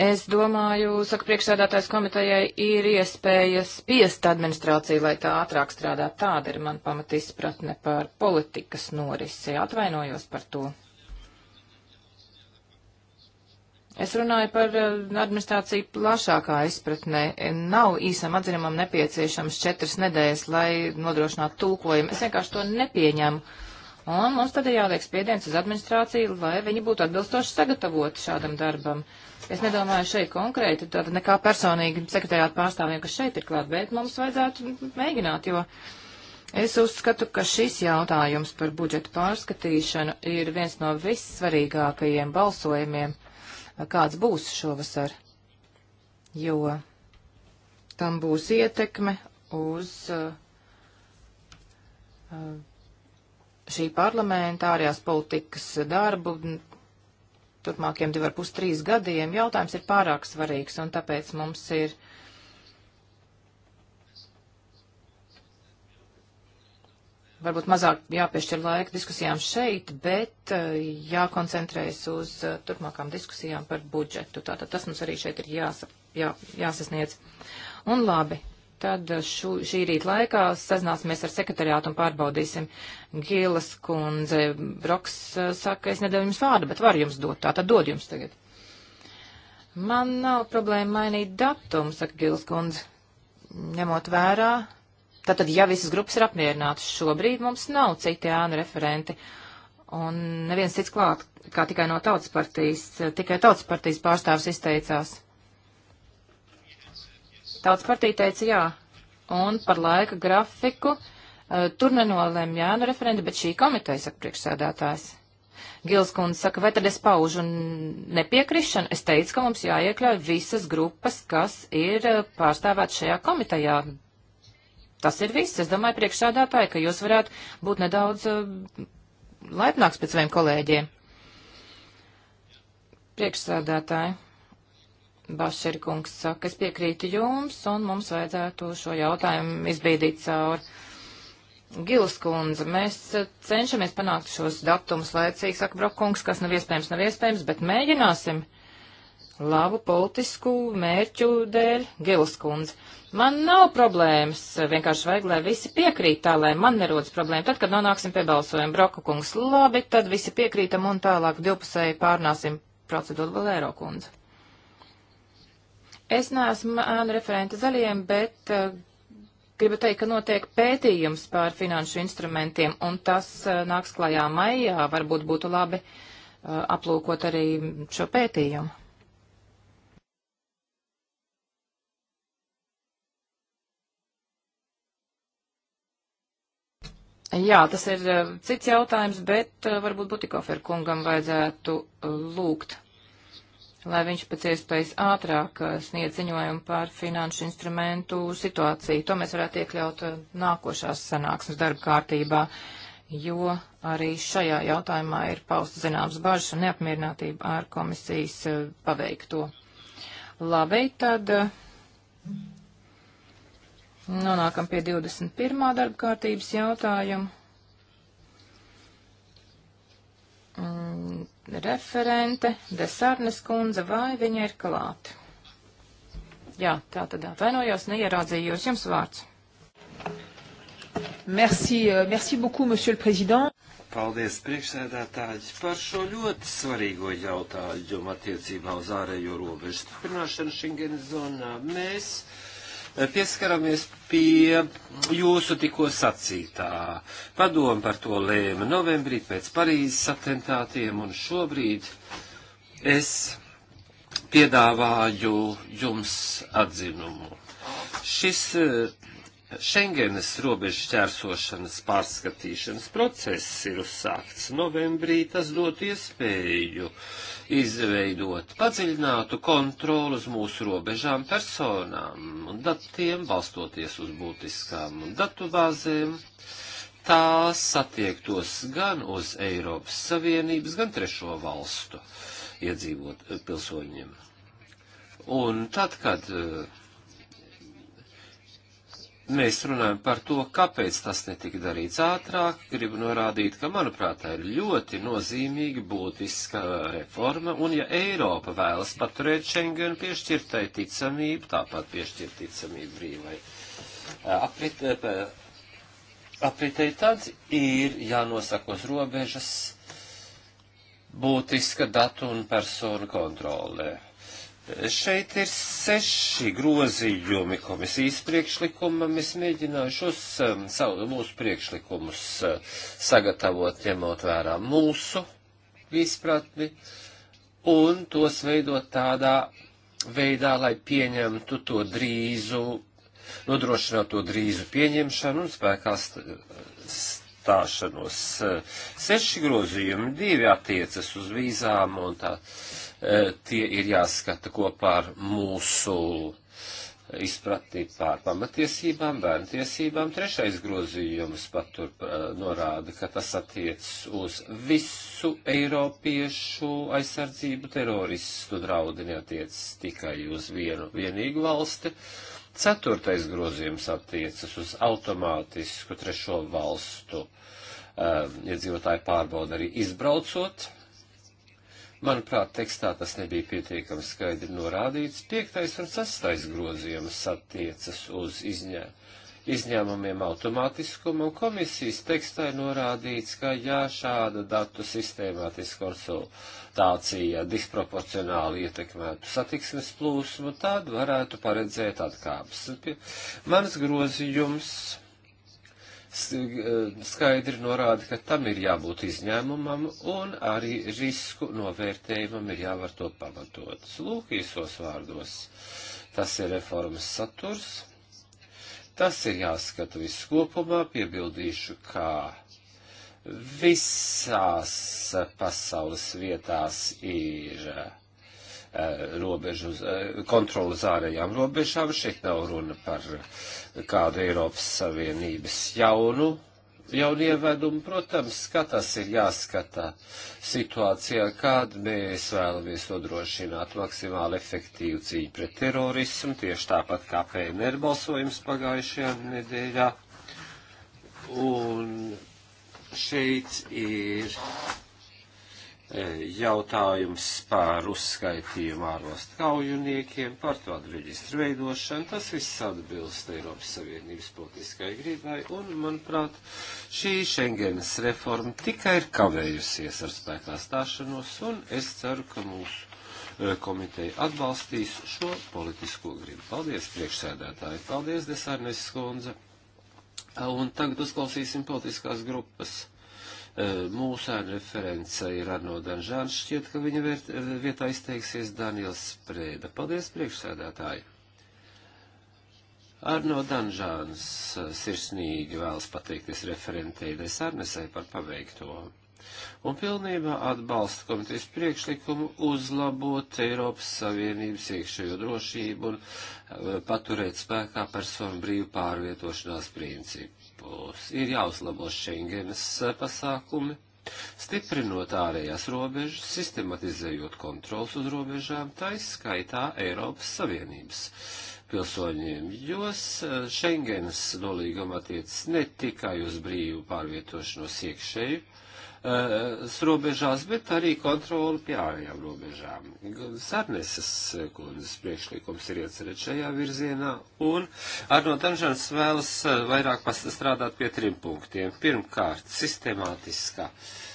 Es domāju, saka priekšsēdātājs komitejai, ir iespējas piest administrāciju, lai tā ātrāk strādā. Tāda ir man pamat izpratne par politikas norisi. Atvainojos par to. Es runāju par eh, administrāciju plašākā izpratnē. Nav īsam atzinumam nepieciešams četras nedēļas, lai nodrošinātu tulkojumu. Es vienkārši to nepieņemu. Un mums tad ir jāliek spiediens uz administrāciju, lai viņi būtu atbilstoši sagatavoti šādam darbam. Uh, Es nedomāju šeit konkrēti, tātad nekā personīgi sekretariāta pārstāvjiem, kas šeit ir klāt, bet mums vajadzētu mēģināt, jo es uzskatu, ka šis jautājums par budžetu pārskatīšanu ir viens no vissvarīgākajiem balsojumiem, kāds būs šovasar, jo tam būs ietekme uz uh, uh, šī parlamentārajās politikas darbu turpmākiem divi ar pus trīs gadiem, jautājums ir pārāk svarīgs, un tāpēc mums ir varbūt mazāk jāpiešķir laika diskusijām šeit, bet eh, jākoncentrējas uz eh, turpmākām diskusijām par budžetu. Tātad tas mums arī šeit ir jāsa, jā, jāsasniedz. Un labi, tad šu, šī rīta laikā sazināsimies ar sekretariātu un pārbaudīsim. Gīlas kundze, Broks eh, saka, es nedevu jums vārdu, bet varu jums dot, tā tad dod jums tagad. Man nav problēma mainīt datumu, saka Gīlas kundze, ņemot vērā. Tātad, ja visas grupas ir apmierinātas, šobrīd mums nav citi ēnu referenti. Un neviens cits klāt, kā tikai no tautas partijas, tikai tautas partijas pārstāvs izteicās. Tautas partija teica jā, un par laika grafiku uh, tur nenolēma jā, nu referendi, bet šī komiteja, saka priekšsēdētājs. Gils kundze saka, vai tad es paužu nepiekrišanu? Es teicu, ka mums jāiekļauj visas grupas, kas ir eh, pārstāvētas šajā komitejā. Tas ir viss. Es domāju, priekšsādātāji, ka jūs varētu būt nedaudz uh, laipnāks pēc saviem kolēģiem. Priekšsādātāji. Bašerkungs saka, es piekrītu jums, un mums vajadzētu šo jautājumu izbīdīt cauri. Gils kundze, mēs cenšamies panākt šos datumus laicīgi, saka Brokungs, kas nav iespējams, nav iespējams, bet mēģināsim labu politisku mērķu dēļ, Gils kundze. Man nav problēmas, vienkārši vajag, lai visi piekrīt tā, lai man nerodas problēma. Tad, kad nonāksim pie balsojuma, Broku kungs, labi, tad visi piekrītam un tālāk divpusēji pārnāsim procedūru Valēro kundze. Es neesmu ēnu referente zaļiem, bet uh, gribu teikt, ka notiek pētījums pār finanšu instrumentiem, un tas uh, nāks klajā maijā. Varbūt būtu labi uh, aplūkot arī šo pētījumu. Jā, tas ir cits jautājums, bet varbūt Butikofer kungam vajadzētu lūgt lai viņš pēc iespējas ātrāk uh, sniedz ziņojumu par finanšu instrumentu situāciju. To mēs varētu iekļaut uh, nākošās sanāksmes darba kārtībā, jo arī šajā jautājumā ir pausta zināms bažas un neapmierinātība ar komisijas uh, paveikto. Labi, tad nonākam pie 21. darba kārtības jautājumu. Mm, referente Desarnes kundze, vai viņa ir klāt? Jā, tā tad atvainojos, neierādzījos jums vārds. Merci, euh, merci beaucoup, monsieur le président. Paldies priekšsēdētājs par šo ļoti svarīgo jautājumu attiecībā uz ārējo robežu stiprināšanu Schengen zonā. Mēs pieskaramies pie jūsu tikko sacītā. Padomu par to lēma novembrī pēc Parīzes atentātiem, un šobrīd es piedāvāju jums atzinumu. Šis eh, Šengenes robežu šķērsošanas pārskatīšanas process ir uzsākts novembrī, tas dot iespēju izveidot padziļinātu kontrolu uz mūsu robežām personām un datiem, balstoties uz būtiskām datu bāzēm. Tās attiektos gan uz Eiropas Savienības, gan trešo valstu iedzīvot pilsoņiem. Un tad, kad uh, mēs runājam par to, kāpēc tas netika darīts ātrāk, gribu norādīt, ka, manuprāt, tā ir ļoti nozīmīga, būtiska reforma, un ja Eiropa vēlas paturēt Schengen piešķirtai ticamību, tāpat piešķirt ticamību brīvai apritē, apritē, tad ir jānosakos robežas būtiska datu un personu kontrolē Šeit ir seši grozījumi komisijas priekšlikumam. Es mēģināju šos um, savu, mūsu priekšlikumus uh, sagatavot, ņemot vērā mūsu izpratni un tos veidot tādā veidā, lai pieņemtu to drīzu, nodrošinātu to drīzu pieņemšanu un spēkā stāšanos. Uh, seši grozījumi, divi attiecas uz vīzām un tā E, tie ir jāskata kopā ar mūsu izpratni pār pamatiesībām, bērnu tiesībām. Trešais grozījums patur e, norāda, ka tas attiec uz visu eiropiešu aizsardzību teroristu draudi, neatiec tikai uz vienu vienīgu valsti. Ceturtais grozījums attiecas uz automātisku trešo valstu um, iedzīvotāju pārbaudu arī izbraucot Manuprāt, tekstā tas nebija pietiekami skaidri norādīts. Piektais un sastais grozījums attiecas uz izņē, izņēmumiem automātiskumu, un komisijas tekstā ir norādīts, ka jā, šāda datu sistēmātiska konsultācija disproporcionāli ietekmētu satiksmes plūsmu, tad varētu paredzēt atkāpes. Mans grozījums E, skaidri norāda, ka tam ir jābūt izņēmumam un arī risku novērtējumam ir jāvar to pamatot. Lūk, īsos vārdos. Tas ir reformas saturs. Tas ir jāskata viss kopumā, piebildīšu, kā visās pasaules vietās ir robežu eh, kontroli uz ārējām robežām. Šeit nav runa par kādu Eiropas Savienības jaunu jaunievedumu. Protams, ka tas ir jāskata situācijā, kad mēs vēlamies nodrošināt maksimāli efektīvu cīņu pret terorismu, tieši tāpat kā PNR balsojums pagājušajā nedēļā. Un šeit ir E, jautājums par uzskaitījumu ārvalstu kaujiniekiem, par tādu reģistru veidošanu. Tas viss atbilst Eiropas Savienības politiskai gribai, un, manuprāt, šī Schengenas reforma tikai ir kavējusies ar spēkā stāšanos, un es ceru, ka mūsu e, komiteja atbalstīs šo politisko gribu. Paldies, priekšsēdētāji! Paldies, Desarnes skundze! Un tagad uzklausīsim politiskās grupas Eh, mūsu ēnu reference ir Arno Danžāns, šķiet, ka viņa viet, eh, vietā izteiksies Daniels Sprēda. Paldies, priekšsēdētāji! Arno Danžāns eh, sirsnīgi vēlas pateikties referentei Desarnesai par paveikto un pilnībā atbalsta komitejas priekšlikumu uzlabot Eiropas Savienības iekšējo drošību un paturēt spēkā personu brīvu pārvietošanās principu ārpus. Ir jāuzlabo Schengenes e, pasākumi, stiprinot ārējās robežas, sistematizējot kontrols uz robežām, tā izskaitā Eiropas Savienības pilsoņiem, jo eh, Schengens nolīguma attiecas ne tikai uz brīvu pārvietošanos iekšēju uh, eh, robežās, bet arī kontroli pie ārējām robežām. Sarneses eh, kundzes priekšlikums ir iecerēt šajā virzienā, un Arno Danžans vēlas vairāk strādāt pie trim punktiem. Pirmkārt, sistemātiskā. Uh,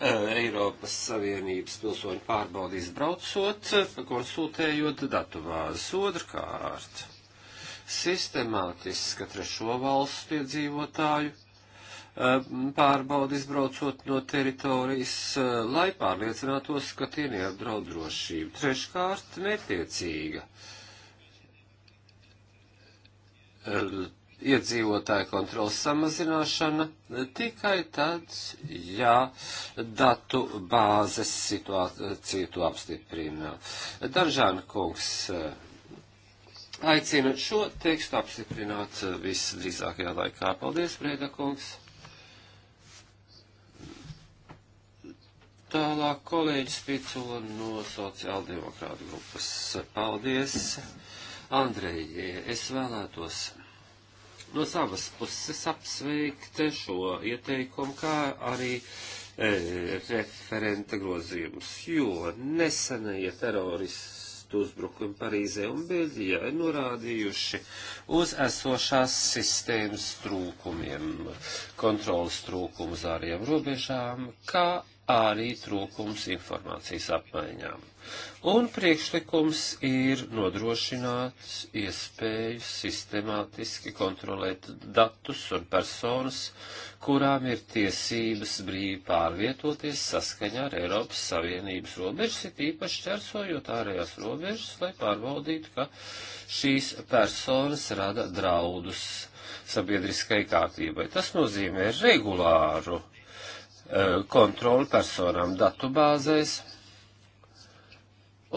Eh, Eiropas Savienības pilsoņu pārbaudīs braucot, konsultējot datubāzes. Otrkārt, sistemātiska trešo valstu iedzīvotāju eh, pārbaudīs braucot no teritorijas, eh, lai pārliecinātos, ka tie neapdraud drošību. Treškārt, netiecīga iedzīvotāju kontrolas samazināšana tikai tad, ja datu bāzes situācija to apstiprina. Daržāna kungs eh, aicina šo tekstu apstiprināt eh, visdrīzākajā laikā. Paldies, Brēda kungs! Tālāk kolēģis Picula no sociāldemokrāta grupas. Paldies, Andrejie! Es vēlētos no savas puses apsveikt šo ieteikumu, kā arī e, referenta grozījumus, jo nesenie teroristu uzbrukumi Parīzē un Beļģijā ir norādījuši uz esošās sistēmas trūkumiem, kontrolas trūkumu uz āriem robežām, kā arī trūkums informācijas apmaiņām. Un priekšlikums ir nodrošināts iespēju sistemātiski kontrolēt datus un personas, kurām ir tiesības brīvi pārvietoties saskaņā ar Eiropas Savienības robežas, ir īpaši ķersojot ārējās robežas, lai pārbaudītu, ka šīs personas rada draudus sabiedriskai kārtībai. Tas nozīmē regulāru Eh, kontroli personām datubāzēs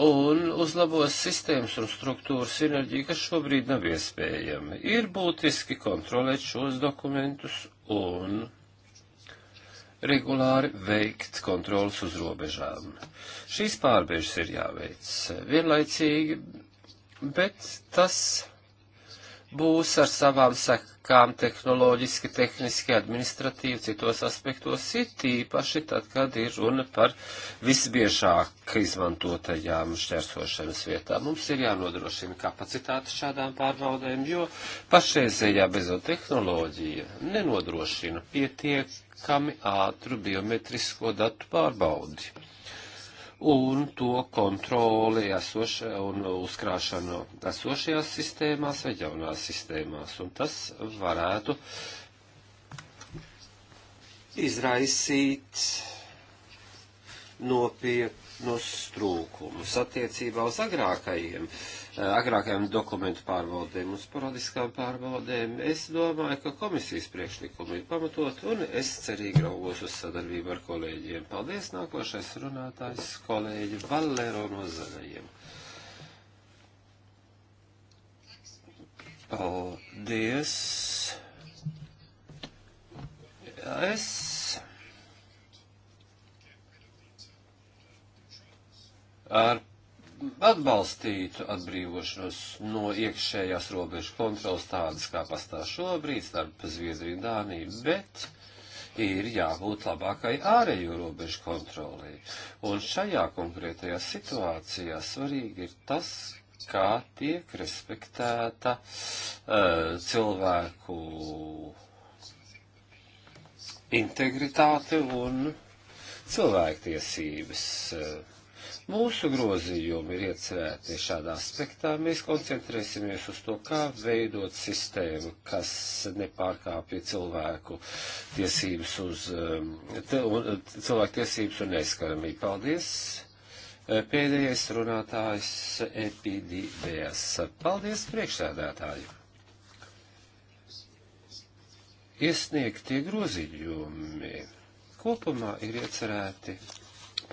un uzlabos sistēmas un struktūras sinerģiju, kas šobrīd nav iespējama. Ir būtiski kontrolēt šos dokumentus un regulāri veikt kontrolas uz robežām. Šīs pārbežas ir jāveic vienlaicīgi, bet tas būs ar savām sekām sekām tehnoloģiski, tehniski, administratīvi, citos aspektos ir tīpaši tad, kad ir runa par visbiežāk izmantotajām šķērsošanas vietām. Mums ir jānodrošina kapacitāte šādām pārbaudēm, jo pašreizējā bezo tehnoloģija nenodrošina pietiekami ātru biometrisko datu pārbaudi un to kontroli esoša un uzkrāšanu esošajās sistēmās vai jaunās sistēmās. Un tas varētu izraisīt nopietnus trūkumus attiecībā uz agrākajiem uh, agrākajām dokumentu pārbaudēm un sporadiskām pārbaudēm, es domāju, ka komisijas priekšlikumi ir pamatot, un es cerīgi raugos uz sadarbību ar kolēģiem. Paldies, nākošais runātājs, kolēģi Valero no Zaļajiem. Paldies. Es ar atbalstītu atbrīvošanos no iekšējās robežu kontrolas tādas, kā pastāv šobrīd starp Zviedriju un Dāniju, bet ir jābūt labākai ārējo robežu kontrolē. Un šajā konkrētajā situācijā svarīgi ir tas, kā tiek respektēta uh, cilvēku integritāte un cilvēktiesības. Uh, Mūsu grozījumi ir iecerēti šādā aspektā. Mēs koncentrēsimies uz to, kā veidot sistēmu, kas nepārkāpja cilvēku tiesības uz, um, cilvēku tiesības un neskaramību. Paldies! Uh, pēdējais runātājs epidējas. Paldies priekšsēdētāju! Iesniegtie grozījumi kopumā ir iecerēti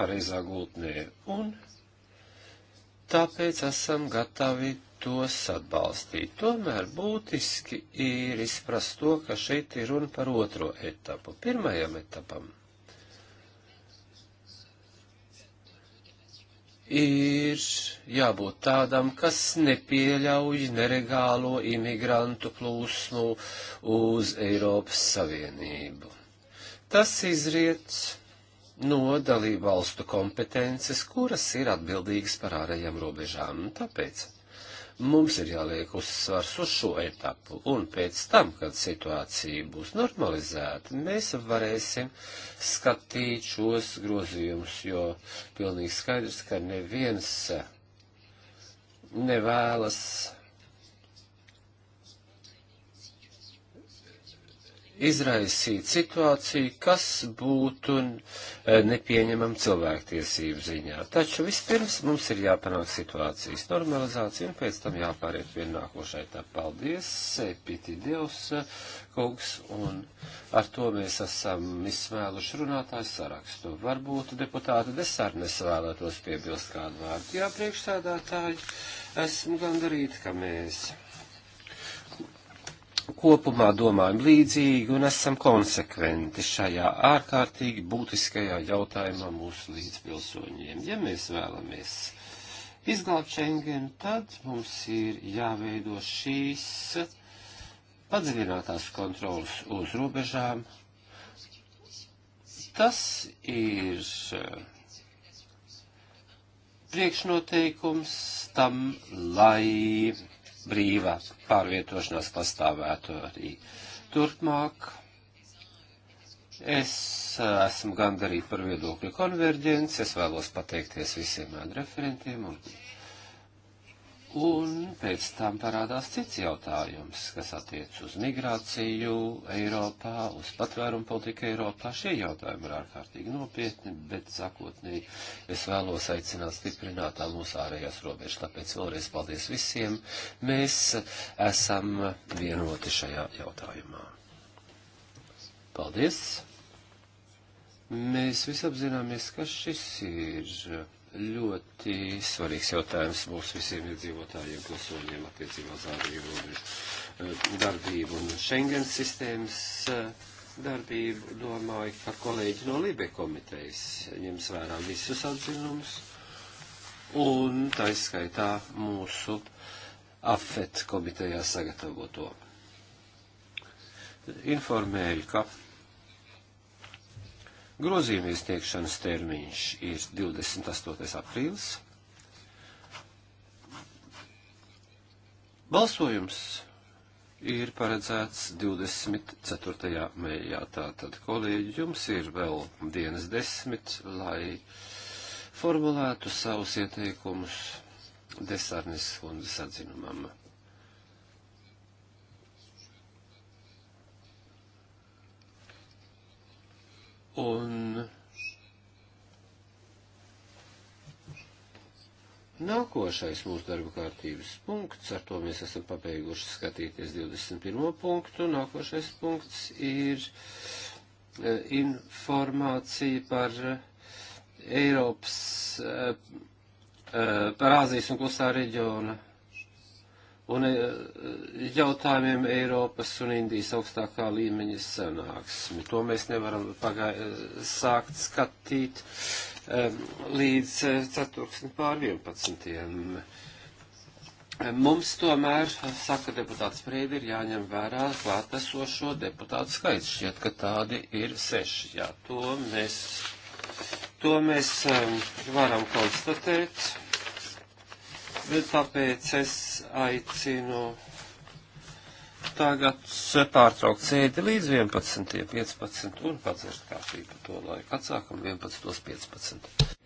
pareizā gultnē, un tāpēc esam gatavi tos atbalstīt. Tomēr būtiski ir izprast to, ka šeit ir runa par otro etapu. Pirmajam etapam ir jābūt tādam, kas nepieļauj neregālo imigrantu plūsmu uz Eiropas Savienību. Tas izriets no dalību valstu kompetences, kuras ir atbildīgas par ārējām robežām. Tāpēc mums ir jāliek uzsvars uz šo etapu, un pēc tam, kad situācija būs normalizēta, mēs varēsim skatīt šos grozījumus, jo pilnīgi skaidrs, ka neviens nevēlas izraisīt situāciju, kas būtu eh, nepieņemama cilvēktiesību ziņā. Taču vispirms mums ir jāpanāk situācijas normalizācija un pēc tam jāpāriet pie nākošai tā. Paldies, piti Dievs, eh, kungs, un ar to mēs esam izsmēluši runātājs sarakstu. Varbūt deputāta Desarnes vēlētos piebilst kādu vārdu. Jā, priekšsēdētāji, esmu gandarīti, ka mēs kopumā domājam līdzīgi un esam konsekventi šajā ārkārtīgi būtiskajā jautājumā mūsu līdzpilsoņiem. Ja mēs vēlamies izglābt Schengen, tad mums ir jāveido šīs padziļinātās kontrolas uz robežām. Tas ir eh, priekšnoteikums tam, lai brīvā pārvietošanās pastāvētu arī turpmāk. Es eh, esmu gandarīti par viedokļu konverģenci, es vēlos pateikties visiem referentiem un Un pēc tam parādās cits jautājums, kas attiec uz migrāciju Eiropā, uz patvērumu politiku Eiropā. Šie jautājumi ir ārkārtīgi nopietni, bet sākotnēji es vēlos aicināt stiprināt mūsu ārējās robežas. Tāpēc vēlreiz paldies visiem. Mēs esam vienoti šajā jautājumā. Paldies! Mēs visi apzināmies, ka šis ir ļoti svarīgs jautājums mūsu visiem iedzīvotājiem, pilsoņiem attiecībā uz ārēju robežu eh, darbību un Schengen sistēmas eh, darbību. Domāju, ka kolēģi no Libe komitejas ņems vērā visus atzinumus un tā izskaitā mūsu AFET komitejā sagatavoto. Informēju, ka Grozījuma iesniegšanas termiņš ir 28. aprīlis. Balsojums ir paredzēts 24. maijā. Tātad, kolēģi, jums ir vēl dienas desmit, lai formulētu savus ieteikumus desarnes kundzes atzinumam. Un Nākošais mūsu darba kārtības punkts, ar to mēs esam pabeiguši skatīties 21. punktu. Nākošais punkts ir eh, informācija par eh, Eiropas, eh, par Āzijas un Klusā reģiona un eh, jautājumiem Eiropas un Indijas augstākā līmeņa sanāksmi. To mēs nevaram pagai, eh, sākt skatīt eh, līdz 4. pār 11. Mums tomēr, saka deputāts Prēdi, ir jāņem vērā klātesošo deputātu skaits. Šķiet, ka tādi ir seši. Jā, to mēs, to mēs varam konstatēt. Tāpēc es aicinu tagad pārtraukt sēdi līdz 11.15 un padzert kārtību to laiku. Atsākam 11.15.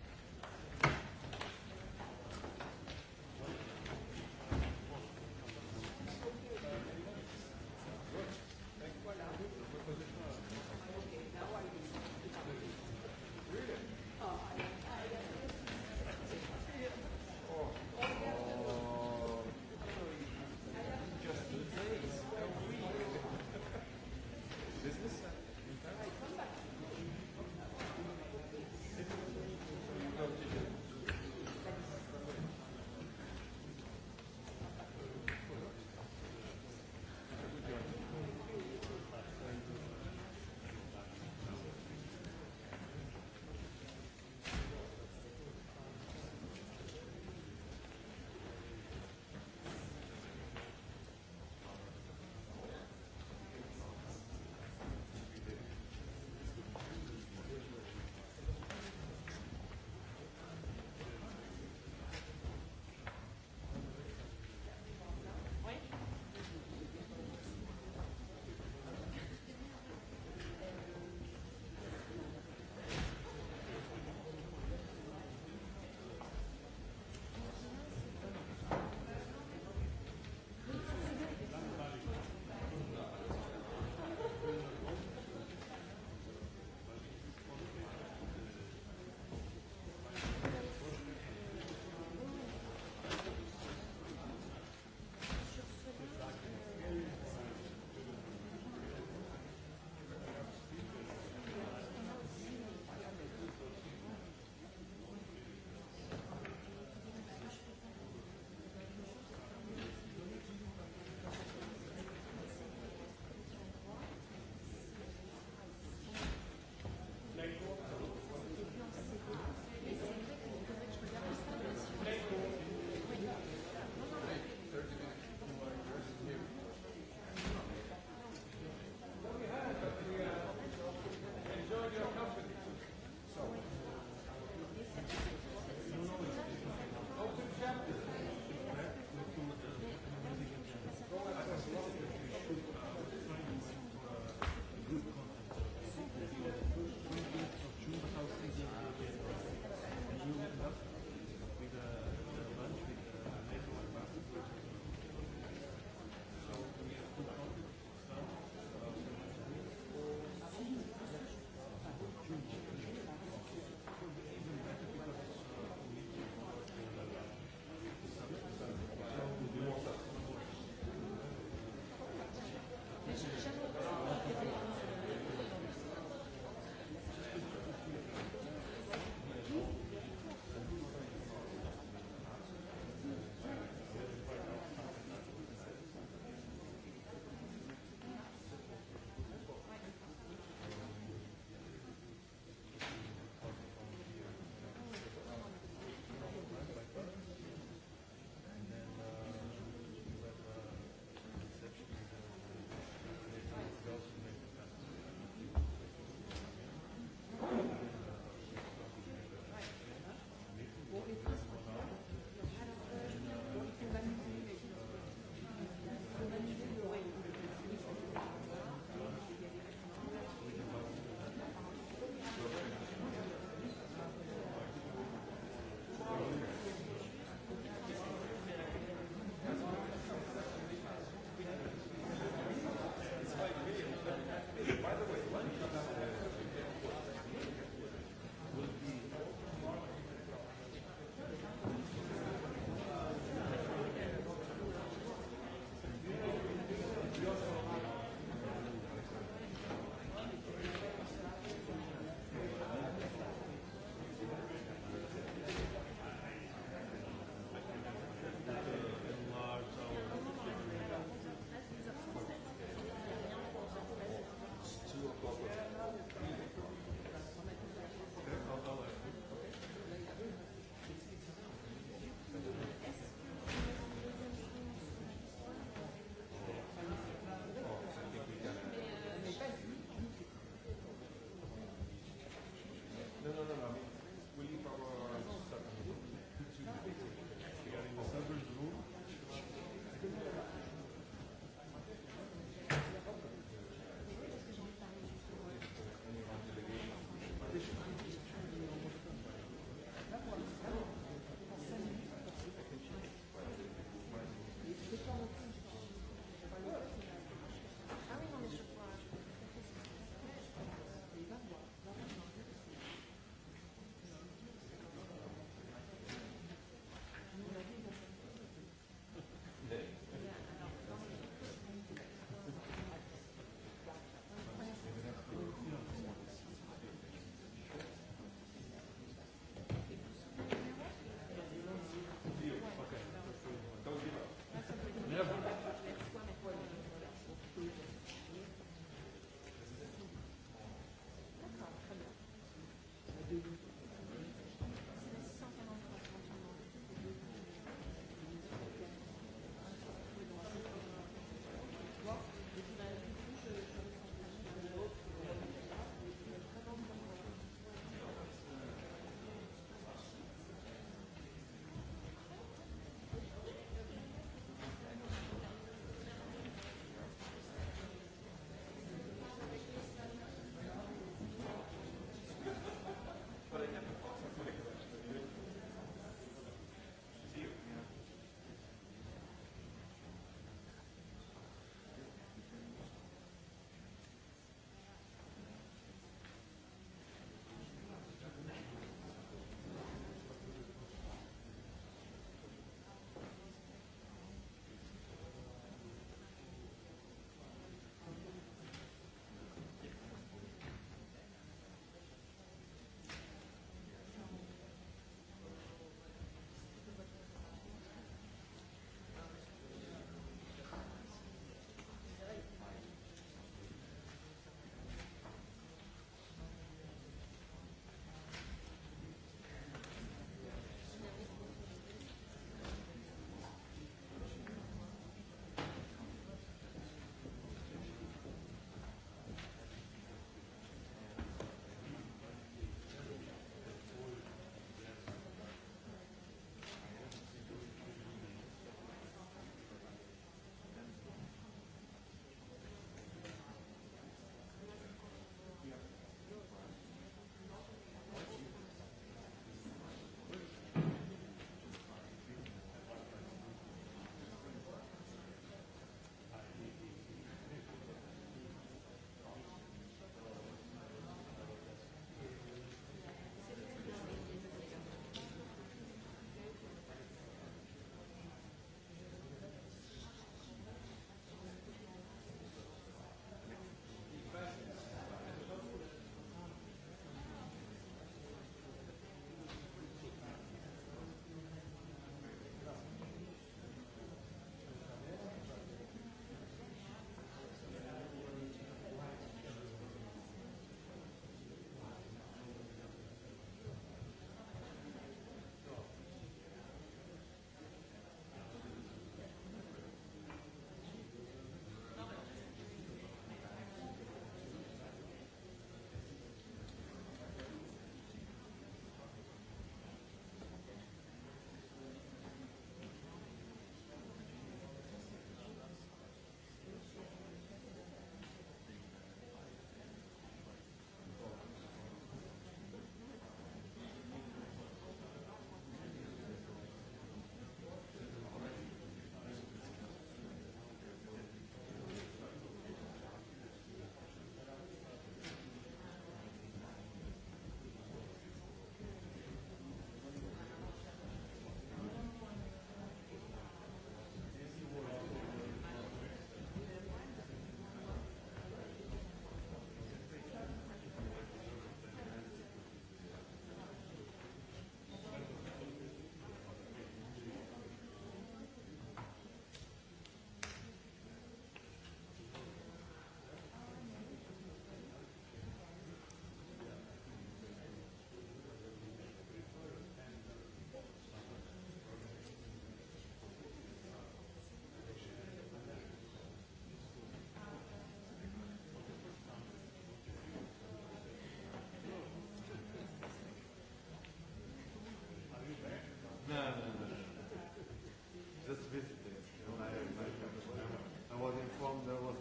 was visited. You know, I, I, I was informed there was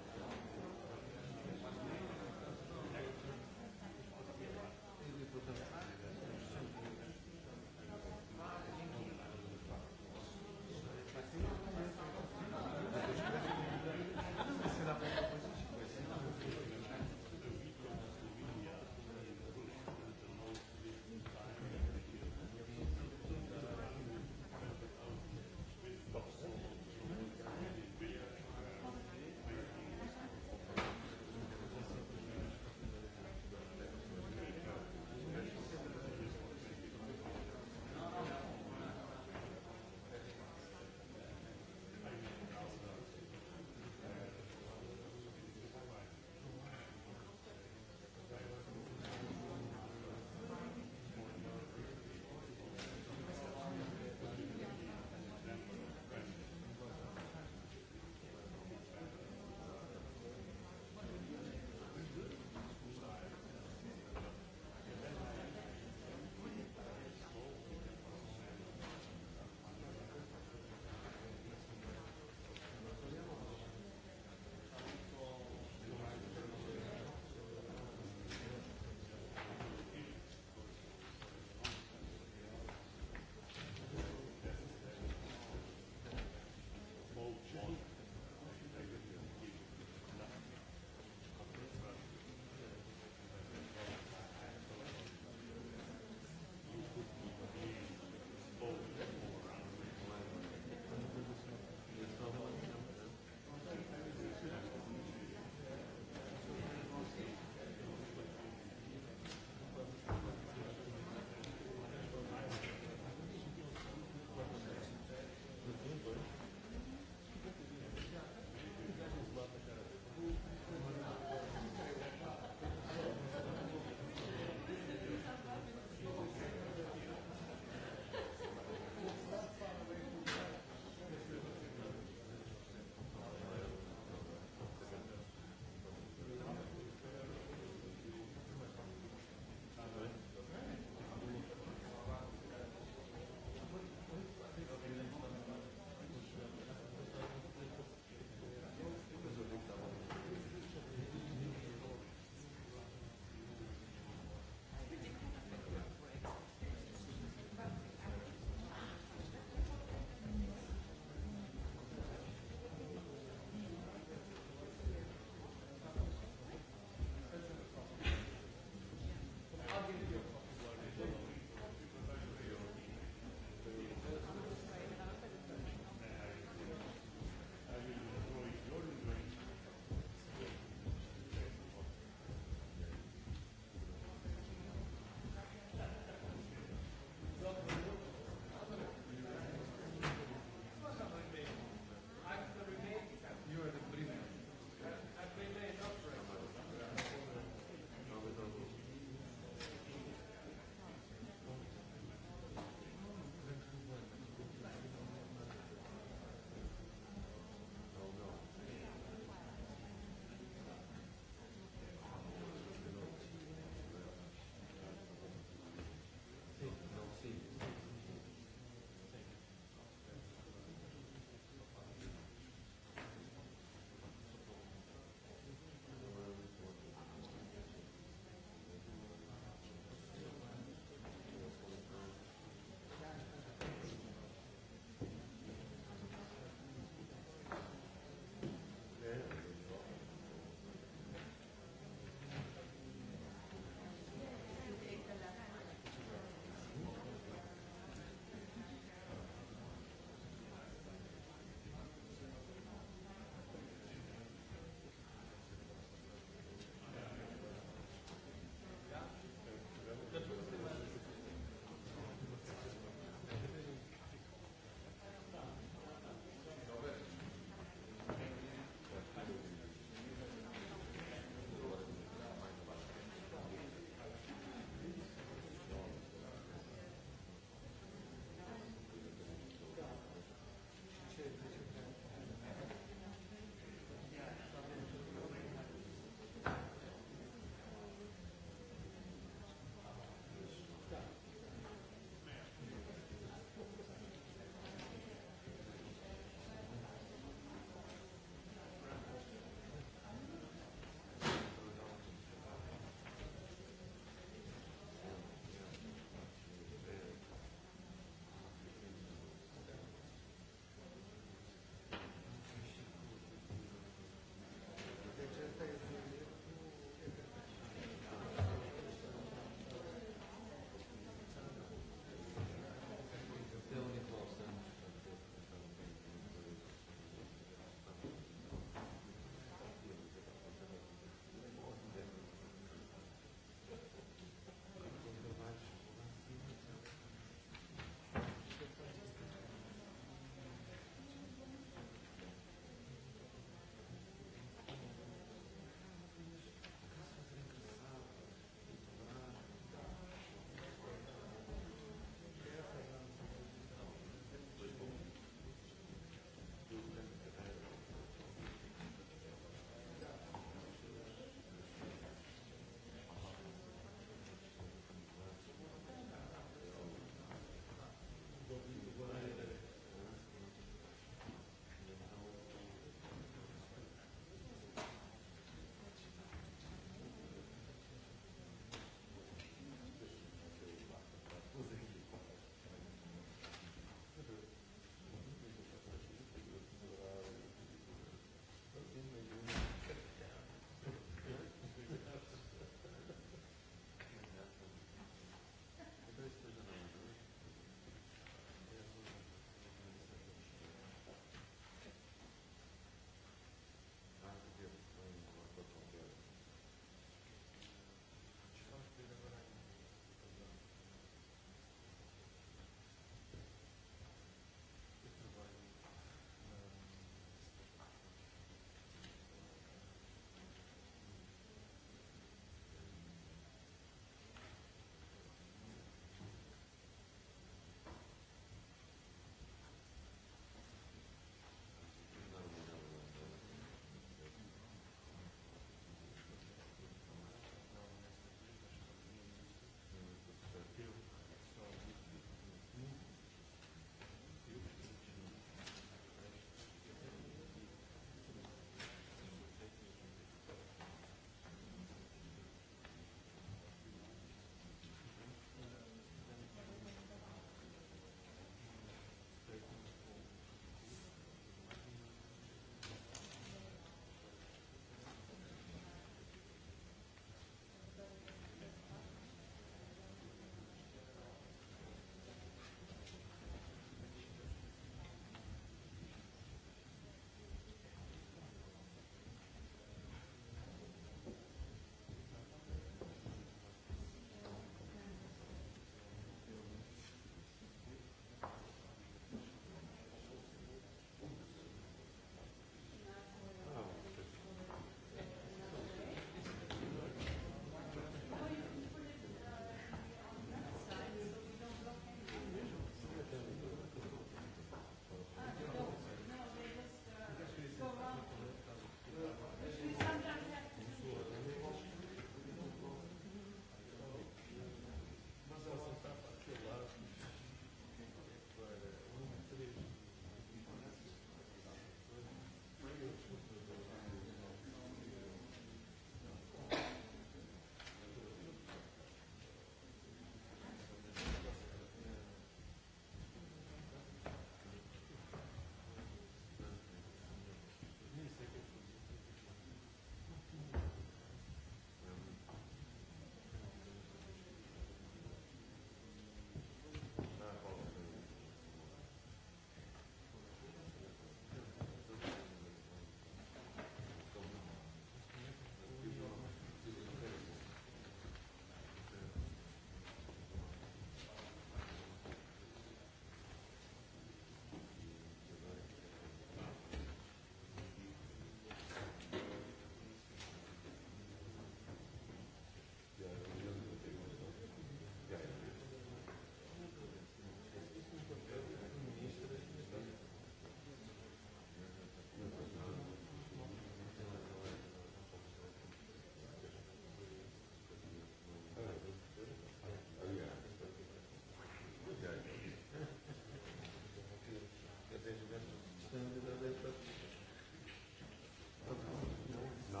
No.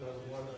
No.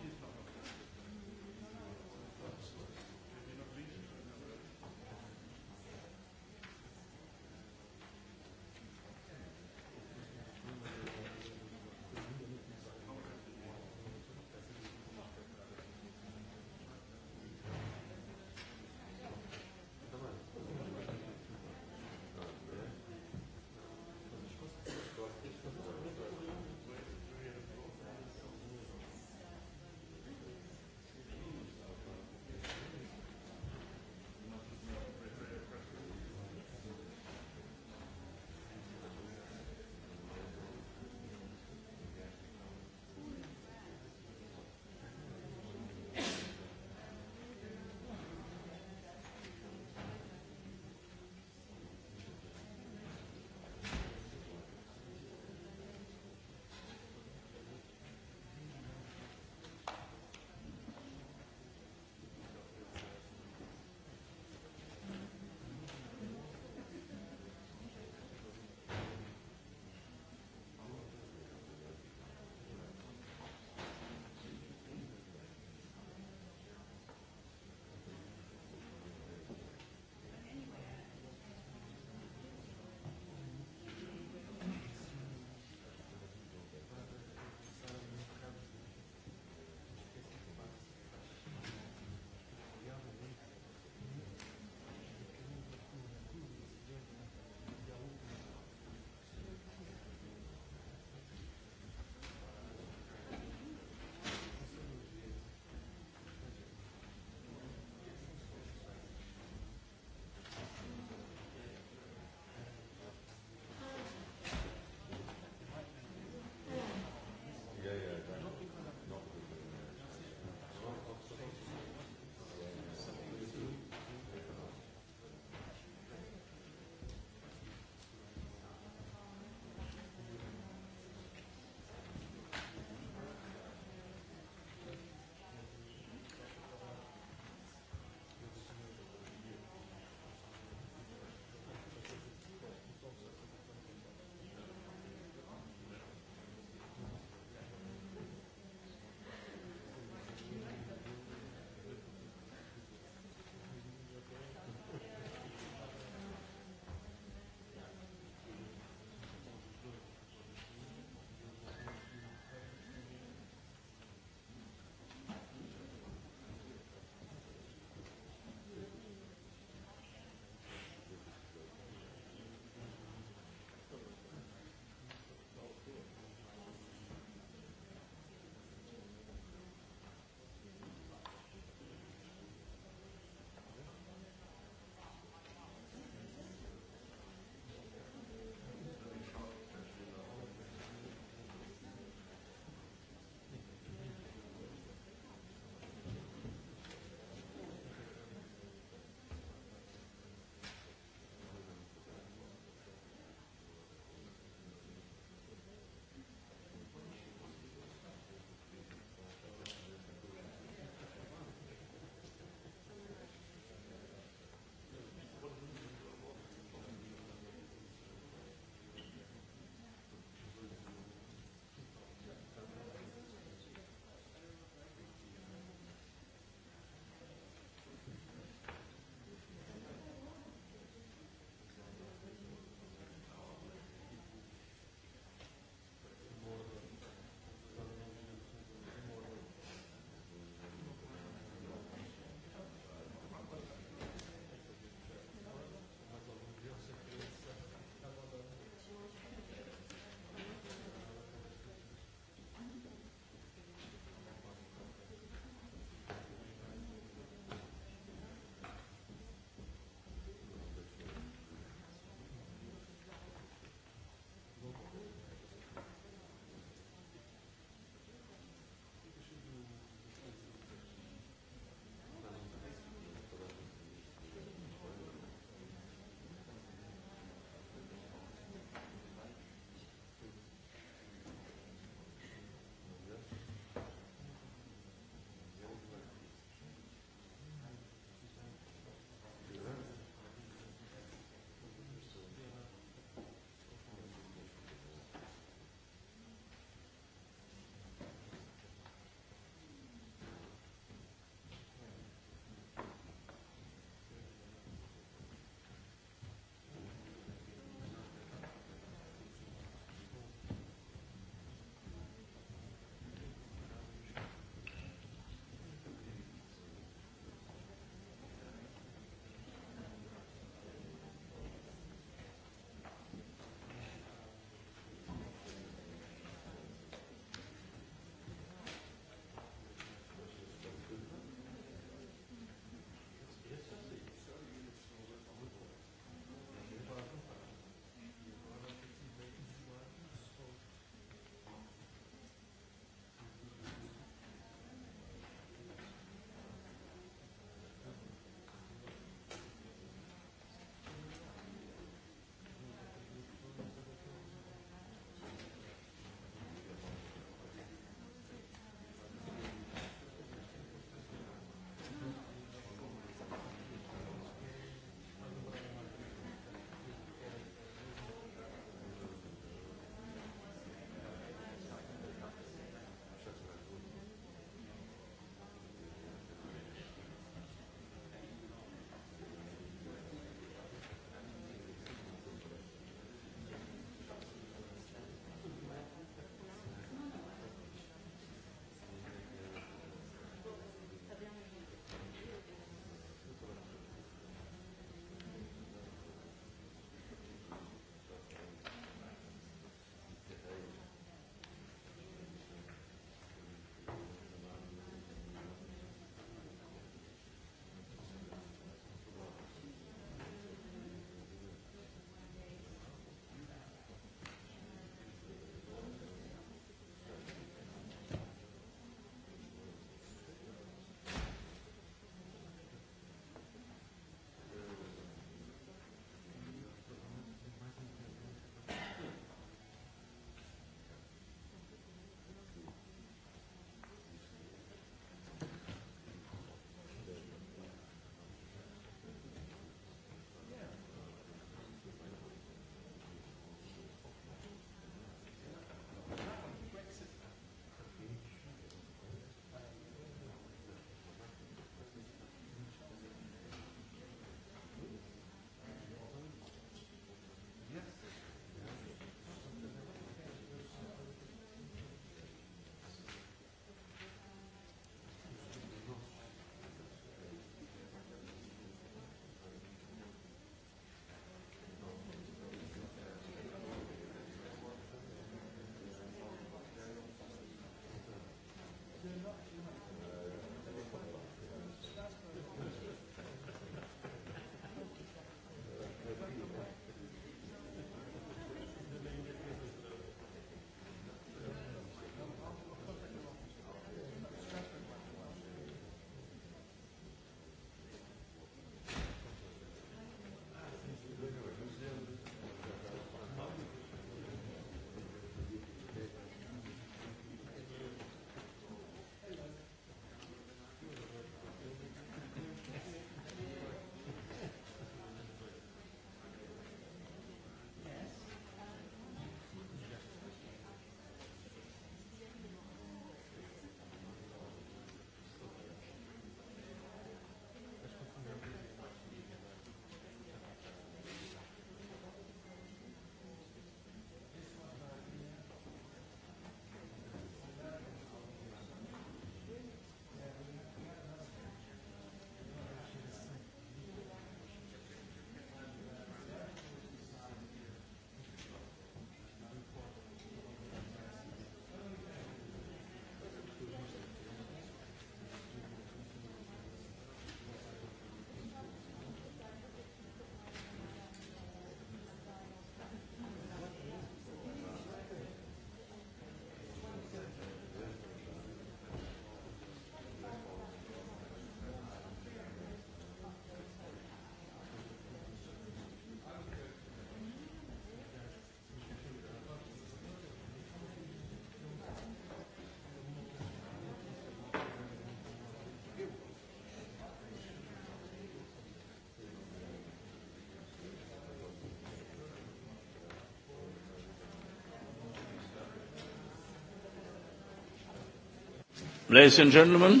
Ladies and gentlemen,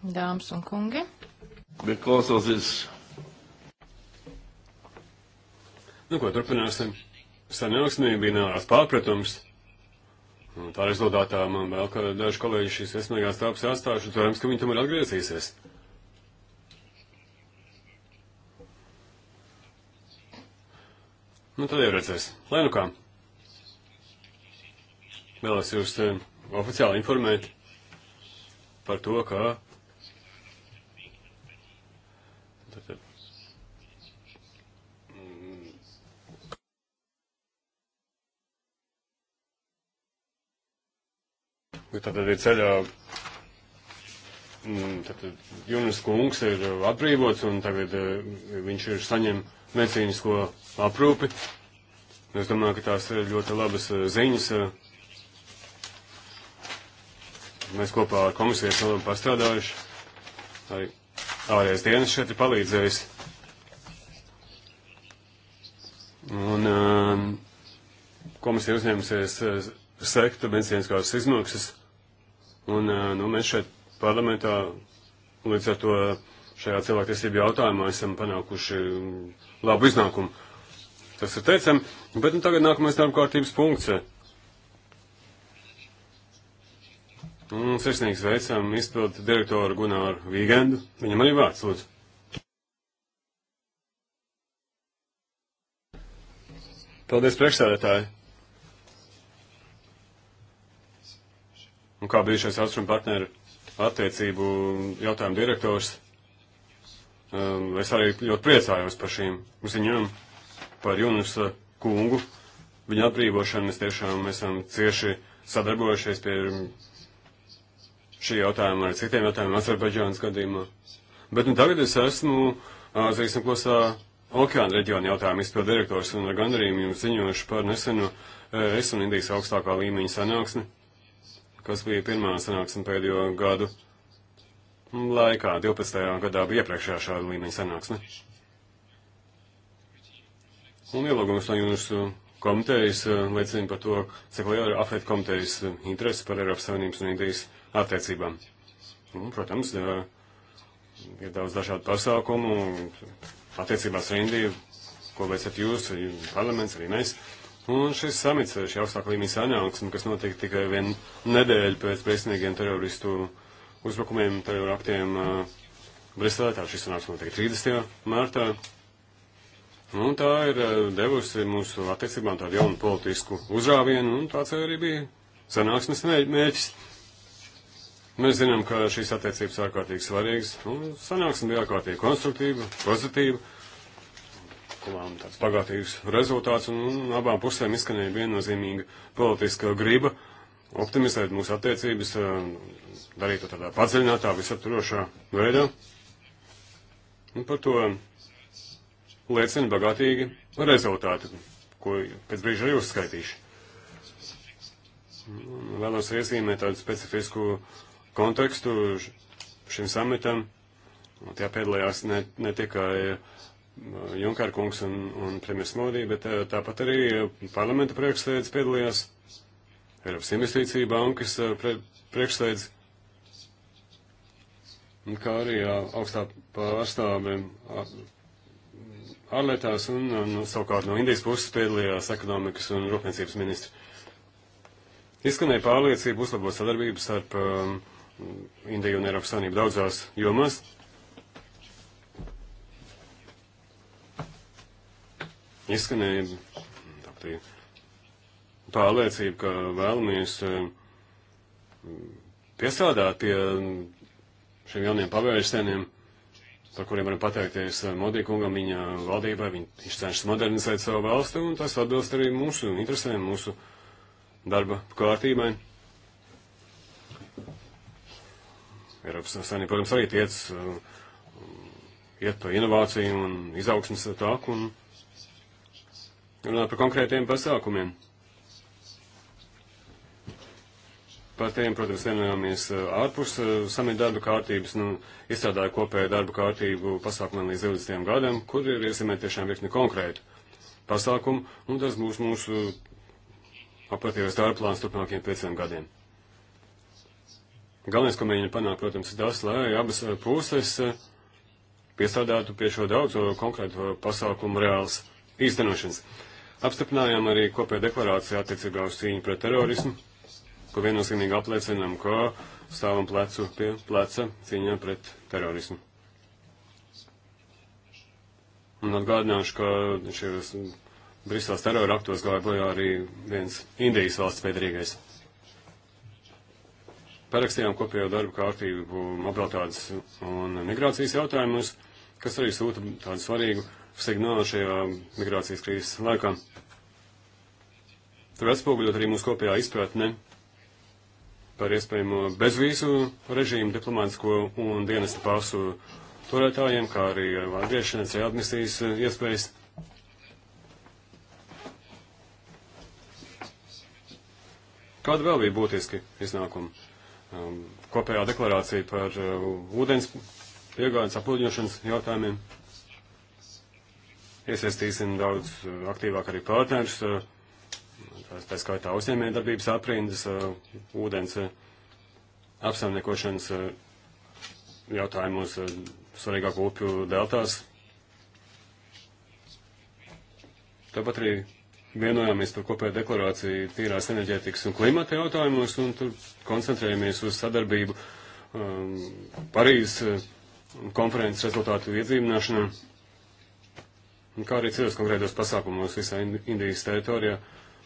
Dāmas un kungi, because of this. Nu, ko turpināsim? Sanāksmē bija nāras pārpratums. Un tā rezultātā man vēl, ka daži kolēģi šīs iesmīgās tāpas atstājuši, cerams, ka viņi tomēr atgriezīsies. Nu, tad jau redzēs. Lai nu kā. Vēlos jūs eh, oficiāli informēt, par to, ka Tātad nu, ir ceļā, tātad mm, Junis kungs ir atbrīvots un tagad eh, viņš ir saņem medicīnisko aprūpi. Es domāju, ka tās ir ļoti labas eh, ziņas eh, Mēs kopā ar komisiju esam pastrādājuši. Arī ārējais dienas šeit ir palīdzējis. Un um, komisija uzņēmusies uh, sektu benzīniskās izmaksas. Un uh, nu, mēs šeit parlamentā līdz ar to šajā cilvēktiesību jautājumā esam panākuši labu iznākumu. Tas ir teicam, bet nu, tagad nākamais darba kārtības punkts. Un sirsnīgi sveicam izpildu direktoru Gunāru Vīgendu. Viņam arī vārds, lūdzu. Paldies, priekšsēdētāji. Un kā bijušais austrumu partneru attiecību jautājumu direktors, um, es arī ļoti priecājos par šīm ziņām, par Junus kungu. Viņa atbrīvošanu mēs tiešām esam cieši sadarbojušies pie šī jautājuma ar citiem jautājumiem Azerbaidžānas gadījumā. Bet nu, tagad es esmu, zīsim, kosā okeāna reģiona jautājumu izpildu direktors un ar gandarījumu jums ziņojuši par nesenu es un Indijas augstākā līmeņa sanāksmi, kas bija pirmā sanāksme pēdējo gadu laikā, 12. gadā bija iepriekšējā šāda līmeņa sanāksme. Un ielūgums no jūsu komitejas liecina par to, cik liela ir afēta komitejas interese par Eiropas Savienības un Indijas attiecībām. Un, nu, protams, ir daudz dažādu pasākumu attiecībās ar Indiju, ko veicat jūs, parlaments, arī mēs. Un šis samits, šī augstākā līmeņa sanāksme, kas notiek tikai vienu nedēļu pēc briesmīgiem teroristu uzbrukumiem, terora aktiem uh, Briselē, tā šis sanāksme notiek 30. martā. Un nu, tā ir uh, devusi mūsu attiecībām tādu jaunu politisku uzrāvienu, un tāds arī bija sanāksmes mērķis. Mēģ Mēs zinām, ka šīs attiecības ir ārkārtīgi svarīgas. Nu, sanāksim bija ārkārtīgi konstruktīva, pozitīva. Guvām tāds bagātīgs rezultāts un, un abām pusēm izskanēja viennozīmīga politiska griba optimizēt mūsu attiecības, eh, darīt to tādā padziļinātā, visapturošā veidā. Un par to liecina bagātīgi rezultāti, ko pēc brīža arī uzskaitīšu. Nu, vēlos iezīmēt tādu specifisku kontekstu šim samitam. Tajā piedalījās ne, ne tikai eh, Junkara kungs un, un premjeras Modī, bet eh, tāpat arī parlamenta priekšsēdz piedalījās, Eiropas investīcija bankas eh, pre, priekšsēdz, kā arī augstā pārstāve ārlietās un, un savukārt no Indijas puses piedalījās ekonomikas un rūpniecības ministri. Izskanēja pārliecība uzlabot sadarbības starp um, Indiju un Eiropas Savienību daudzās jomās. Izskanēja tāpatī pārliecība, ka vēlamies eh, piesādāt pie šiem jauniem pavērsieniem, par kuriem varam pateikties Modīkungam, viņa valdībai, viņš cenšas modernizēt savu valsti, un tas atbilst arī mūsu interesēm, mūsu darba kārtībai. Eiropas Savienība, protams, arī tiec, uh, iet pa inovāciju un izaugsmas tāku un runā par konkrētiem pasākumiem. Par tiem, protams, vienojāmies uh, ārpus uh, samita darba kārtības, nu, izstrādāja kopēju darba kārtību pasākumiem līdz 20. gadam, kur ir iesimēt tiešām virkni konkrētu pasākumu, un tas būs mūsu operatīvais darba plāns turpmākajiem pieciem gadiem. Galvenais, ko mēģina panākt, protams, ir tas, lai abas eh, puses eh, piesādātu pie šo daudzo konkrēto eh, pasākumu reāls īstenošanas. Apstiprinājām arī kopēju deklarāciju attiecībā uz cīņu pret terorismu, ko viennozīmīgi apliecinām, ka stāvam plecu pie pleca cīņā pret terorismu. Un atgādināšu, ka šajos Briseles terora aktos gāja bojā arī viens Indijas valsts pēdīgais parakstījām kopējo darbu kārtību mobilitātes un migrācijas jautājumus, kas arī sūta tādu svarīgu signālu šajā migrācijas krīzes laikā. Tur atspoguļot arī mūsu kopējā izpratne par iespējamo bezvīzu režīmu diplomātsko un dienesta pasu turētājiem, kā arī atgriešanās readmisijas iespējas. Kāda vēl bija būtiski iznākuma? um, kopējā deklarācija par uh, ūdens piegādes aplūģināšanas jautājumiem. Iesaistīsim daudz uh, aktīvāk arī partnerus, uh, tā skaitā uzņēmējdarbības aprindas, uh, ūdens uh, apsaimniekošanas uh, jautājumus uh, svarīgāku upju deltās. Tāpat arī vienojāmies par kopēju deklarāciju tīrās enerģētikas un klimata jautājumos, un tur koncentrējamies uz sadarbību um, Parīzes um, konferences rezultātu iedzīvināšanā, kā arī citos konkrētos pasākumos visā Indijas teritorijā,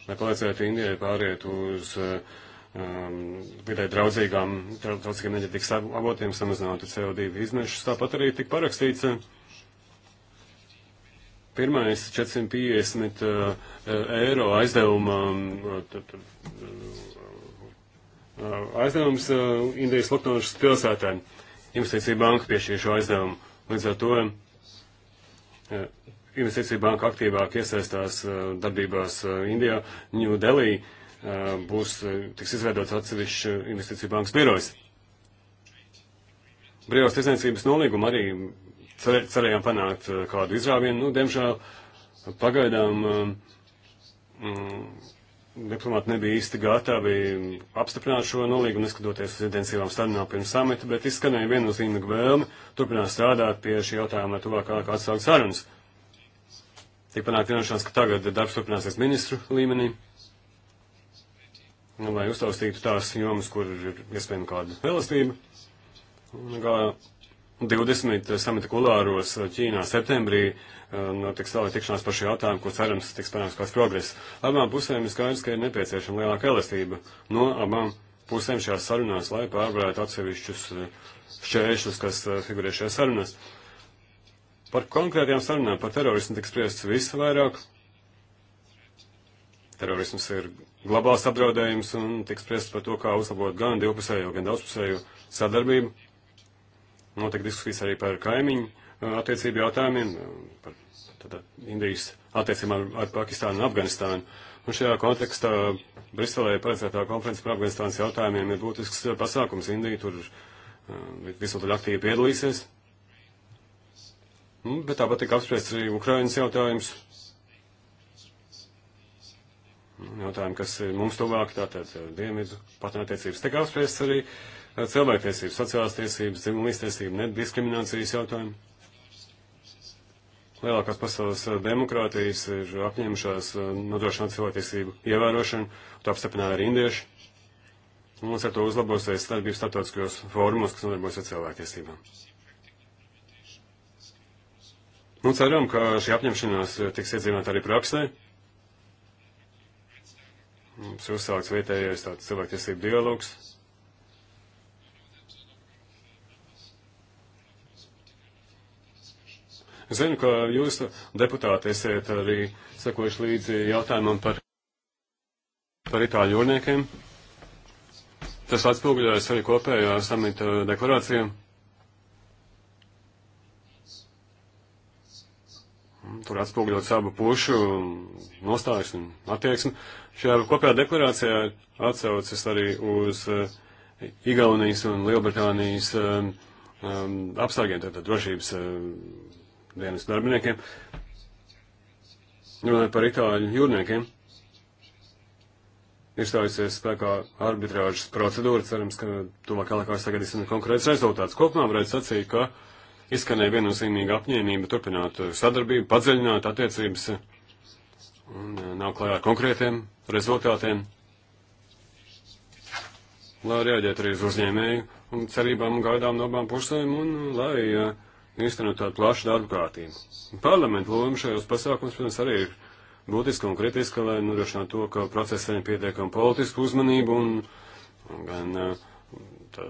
lai palīdzētu Indijai pāriet uz um, vidē draudzīgām, draudzīgiem enerģētikas avotiem, samazinātu CO2 izmešus. Tāpat arī tika parakstīts uh, Pirmais 450 uh, uh, eiro aizdevuma um, uh, uh, aizdevums uh, Indijas Loknošas pilsētē. Investīcija banka piešķīra šo aizdevumu. Līdz ar to uh, Investīcija banka aktīvāk iesaistās darbībās Indijā. New Delhi būs, tiks izveidots atsevišķi Investīcija bankas birojs. Brīvās tiesniecības nolīguma arī cer, cerējām panākt eh, kādu izrāvienu. Nu, diemžēl pagaidām eh, mm, diplomāti nebija īsti gatavi apstiprināt šo nolīgumu, neskatoties uz intensīvām sarunām pirms samita, bet izskanēja viennozīmīga vēlme turpināt strādāt pie šī jautājuma, lai tuvāk atsākt sarunas. Tik panākt vienošanās, ka tagad darbs turpināsies ministru līmenī, nu, lai uztaustītu tās jomas, kur ir iespējama kāda elastība. Un, kā 20 eh, samita kulāros eh, Ķīnā septembrī eh, notiks tālāk tikšanās par šo jautājumu, ko cerams tiks panāks kāds progress. Abām pusēm ir skaidrs, ka ir nepieciešama lielāka elastība no abām pusēm šajās sarunās, lai pārvarētu atsevišķus šķēršļus, kas figurē šajās sarunās. Par konkrētajām sarunām par terorismu tiks spriests visu vairāk. Terorisms ir globāls apdraudējums un tiks spriests par to, kā uzlabot gan divpusējo, gan daudzpusējo sadarbību Notiek diskusijas arī par kaimiņu uh, attiecību jautājumiem, uh, par tātad, Indijas attiecībām ar Pakistānu un Afganistānu. Un šajā kontekstā Briselē paredzētā konference par Afganistānas jautājumiem ir būtisks uh, pasākums. Indija tur visnotaļ aktīvi piedalīsies. Nu, bet tāpat tika apspriests arī Ukrainas jautājums. Nu, jautājumi, kas ir mums tuvāk, tātad dienvidu partnerattiecības tika apspriests arī. Uh, cilvēktiesības, sociālās tiesības, dzimumīs tiesības, nediskriminācijas jautājumi. Lielākās pasaules eh, demokrātijas ir apņemšās eh, nodrošināt cilvēktiesību ievērošanu, to apstiprināja arī indieši. Un mums ar to uzlabosies starpības starptautiskajos fórumos, kas nodarbojas ar cilvēktiesībām. Nu, ceram, ka šī apņemšanās eh, tiks iedzīvināta arī praksē. Mums uzsāks vietējais tāds cilvēktiesību dialogs. Zinu, ka jūs deputāti esiet arī sekojuši līdzi jautājumam par, par itāļu jūrniekiem. Tas atspoguļojas arī kopējā samita deklarācijā. Tur atspoguļots abu pušu nostājas un attieksmi. Šajā kopējā deklarācijā atsaucas arī uz uh, Igaunijas un Lielbritānijas um, eh, um, eh, apstākļiem, tātad drošības um, dienas darbiniekiem. Runājot par itāļu jūrniekiem, ir stājusies spēkā arbitrāžas procedūra. Cerams, ka tuvākā laikā sagaidīsim konkrēts rezultāts. Kopumā varētu sacīt, ka izskanēja viennozīmīga apņēmība turpināt sadarbību, padziļināt attiecības un eh, nav klājā ar konkrētiem rezultātiem, lai reaģētu arī uz uzņēmēju un cerībām un gaidām no abām pusēm un eh, lai uh, īstenot tādu plašu darbu kārtību. Parlamenta loma šajos pasākums, protams, arī ir būtiska un kritiska, lai nodrošinātu to, ka process saņem pietiekam politisku uzmanību un, un gan eh, tā,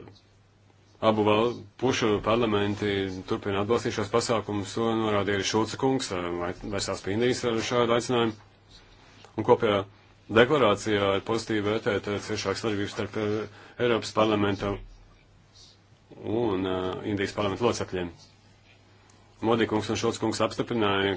abu val, pušu parlamenti turpina atbalstīt šos pasākumus un norādīja arī Šulca kungs, eh, vai, vai saspīndīs ar šādu aicinājumu. Un kopējā deklarācijā ir pozitīvi vērtēt ciešāku sadarbību starp eh, Eiropas parlamenta un uh, Indijas parlamenta locekļiem. Modikungs un Šolckungs apstiprināja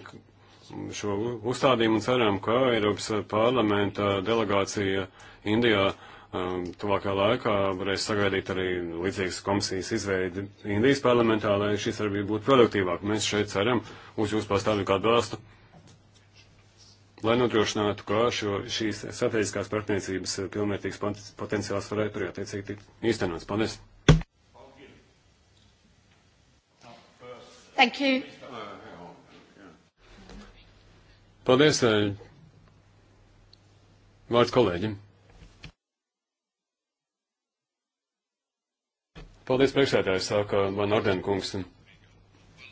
šo uzstādījumu un ceram, ka Eiropas parlamenta delegācija Indijā um, tuvākā laikā varēs sagaidīt arī līdzīgas komisijas izveidi Indijas parlamentā, lai šī sadarbība būtu produktīvāka. Mēs šeit ceram uz jūsu pastāvīgu atbalstu, lai nodrošinātu, ka šo, šīs strateģiskās partniecības pilnvērtīgs potenciāls varētu arī attiecīgi tikt īstenots. Paldies! Thank you. Paldies. Eh, vārds kolēģim. Paldies priekšsēdājai, saka man Ardenkungs.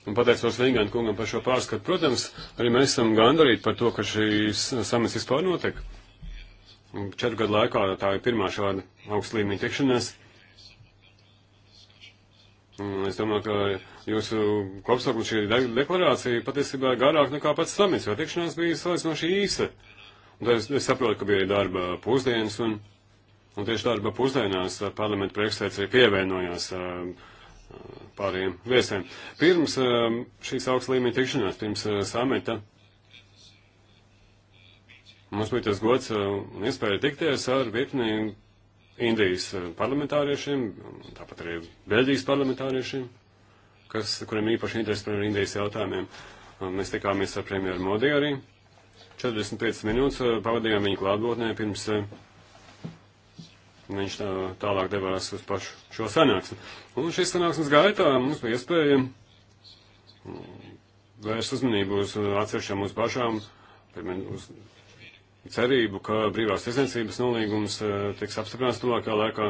Un pateicos Līgānu kungam par šo pārskatu. Protams, arī mēs esam gandarīti par to, ka šīs samits vispār notiek. Un četru gadu laikā tā ir pirmā šāda augsta līmeņa tikšanās. Mm, es domāju, ka jūsu kopsaukums šī de deklarācija patiesībā ir garāk nekā pats samits, jo tikšanās bija salīdzinoši īsa. Un tad es, es saprotu, ka bija darba pusdienas, un, un tieši darba pusdienās eh, parlamenta priekšsēdētāji pievienojās eh, pārējiem viesiem. Pirms eh, šīs augsts līmeņa tikšanās, pirms samita, mums bija tas gods un iespēja tikties ar virkni Indijas eh, parlamentāriešiem, tāpat arī Beļģijas parlamentāriešiem, kas, kuriem īpaši interesi par Indijas jautājumiem. Mēs tikāmies ar premjeru Modi arī. 45 minūtes eh, pavadījām viņu klātbūtnē pirms eh, viņš tā, tālāk devās uz pašu šo sanāksmi. Un šīs sanāksmes gaitā mums bija iespēja mm, vērst uzmanību uz atsevišķām uz pašām, piemēram, uz cerību, ka brīvās tiesniecības nolīgums eh, tiks apstiprināts tuvākā laikā.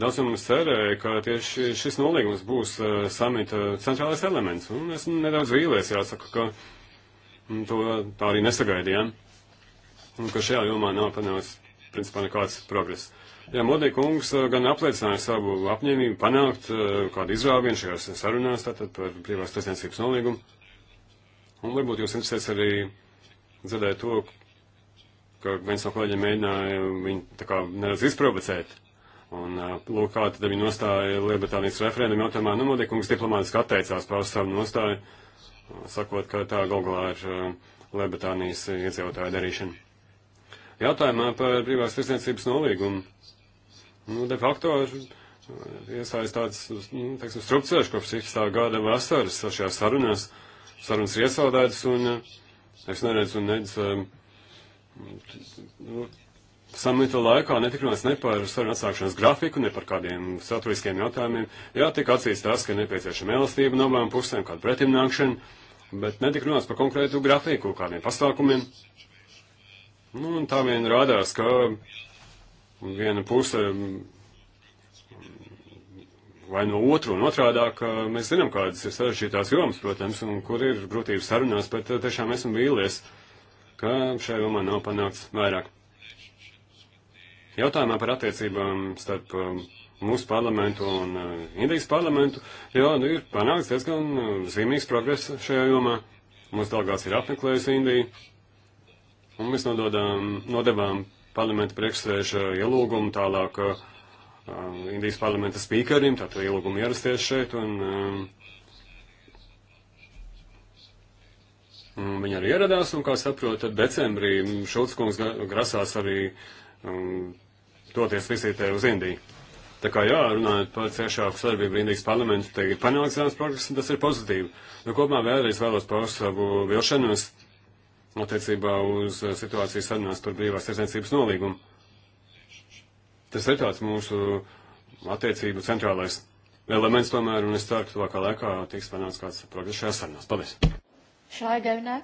Daudz no mums cerēja, ka tieši šis nolīgums būs eh, samita eh, centrālais elements, un es nedaudz vīlies, jāsaka, ka mm, to tā arī nesagaidījām, un ka šajā jomā nav panāks, principā, nekāds progress. Jā, Modī kungs gan apliecināja savu apņēmību panākt kādu izrāvienu šajās sarunās, tātad par privās tiesniecības nolīgumu, un varbūt jūs interesēs arī dzirdēt to, ka viens no kolēģiem mēģināja viņu tā kā nedaudz izprovocēt. Un, lūk, kā tad viņa nostāja Lielbritānijas referendumu jautājumā, nu, notiekums diplomātiski atteicās paust savu nostāju, sakot, ka tā galvā ir Lielbritānijas iedzīvotāju darīšana. Jautājumā par privās tirsniecības nolīgumu. Nu, de facto iesaistāts, nu, teiksim, strupceļš kopš 16. gada vasaras šajās sarunās. Sarunas ir iesaldētas un es neredzu un nedz Nu, samita laikā netikrinās ne par sarunu atsākšanas grafiku, ne par kādiem saturiskiem jautājumiem. Jā, tika atzīst tas, ka nepieciešama elastība no abām pusēm, kāda pretimnākšana, bet netikrinās par konkrētu grafiku, kādiem pasākumiem. Nu, un tā vien rādās, ka viena puse vai no otru un otrādā, ka mēs zinām, kādas ir sarežģītās jomas, protams, un kur ir grūtības sarunās, bet tiešām esmu vīlies. Uh, ka šajā jomā nav panākts vairāk. Jautājumā par attiecībām starp um, mūsu parlamentu un uh, Indijas parlamentu, jā, nu, ir panākts diezgan uh, zīmīgs progress šajā jomā. Mūsu dalgās ir apmeklējusi Indiju, un mēs nododām, nodevām parlamenta priekšsēža ielūgumu tālāk uh, Indijas parlamenta spīkerim, tātad ielūgumu ierasties šeit, un uh, Viņa arī ieradās, un, kā saprotu, decembrī Šulckungs grasās arī um, doties vizītē uz Indiju. Tā kā jā, runājot par ciešāku sadarbību Indijas parlamentu, te ir panāks zināms progress, un tas ir pozitīvi. Nu, kopumā vēlreiz vēlos paust savu vilšanos attiecībā uz uh, situācijas sarunās par brīvās tirdzniecības nolīgumu. Tas ir tāds mūsu attiecību centrālais elements tomēr, un es ceru, ka tuvākā laikā tiks panāks kāds progress šajās sarunās. Paldies! Shall I go now?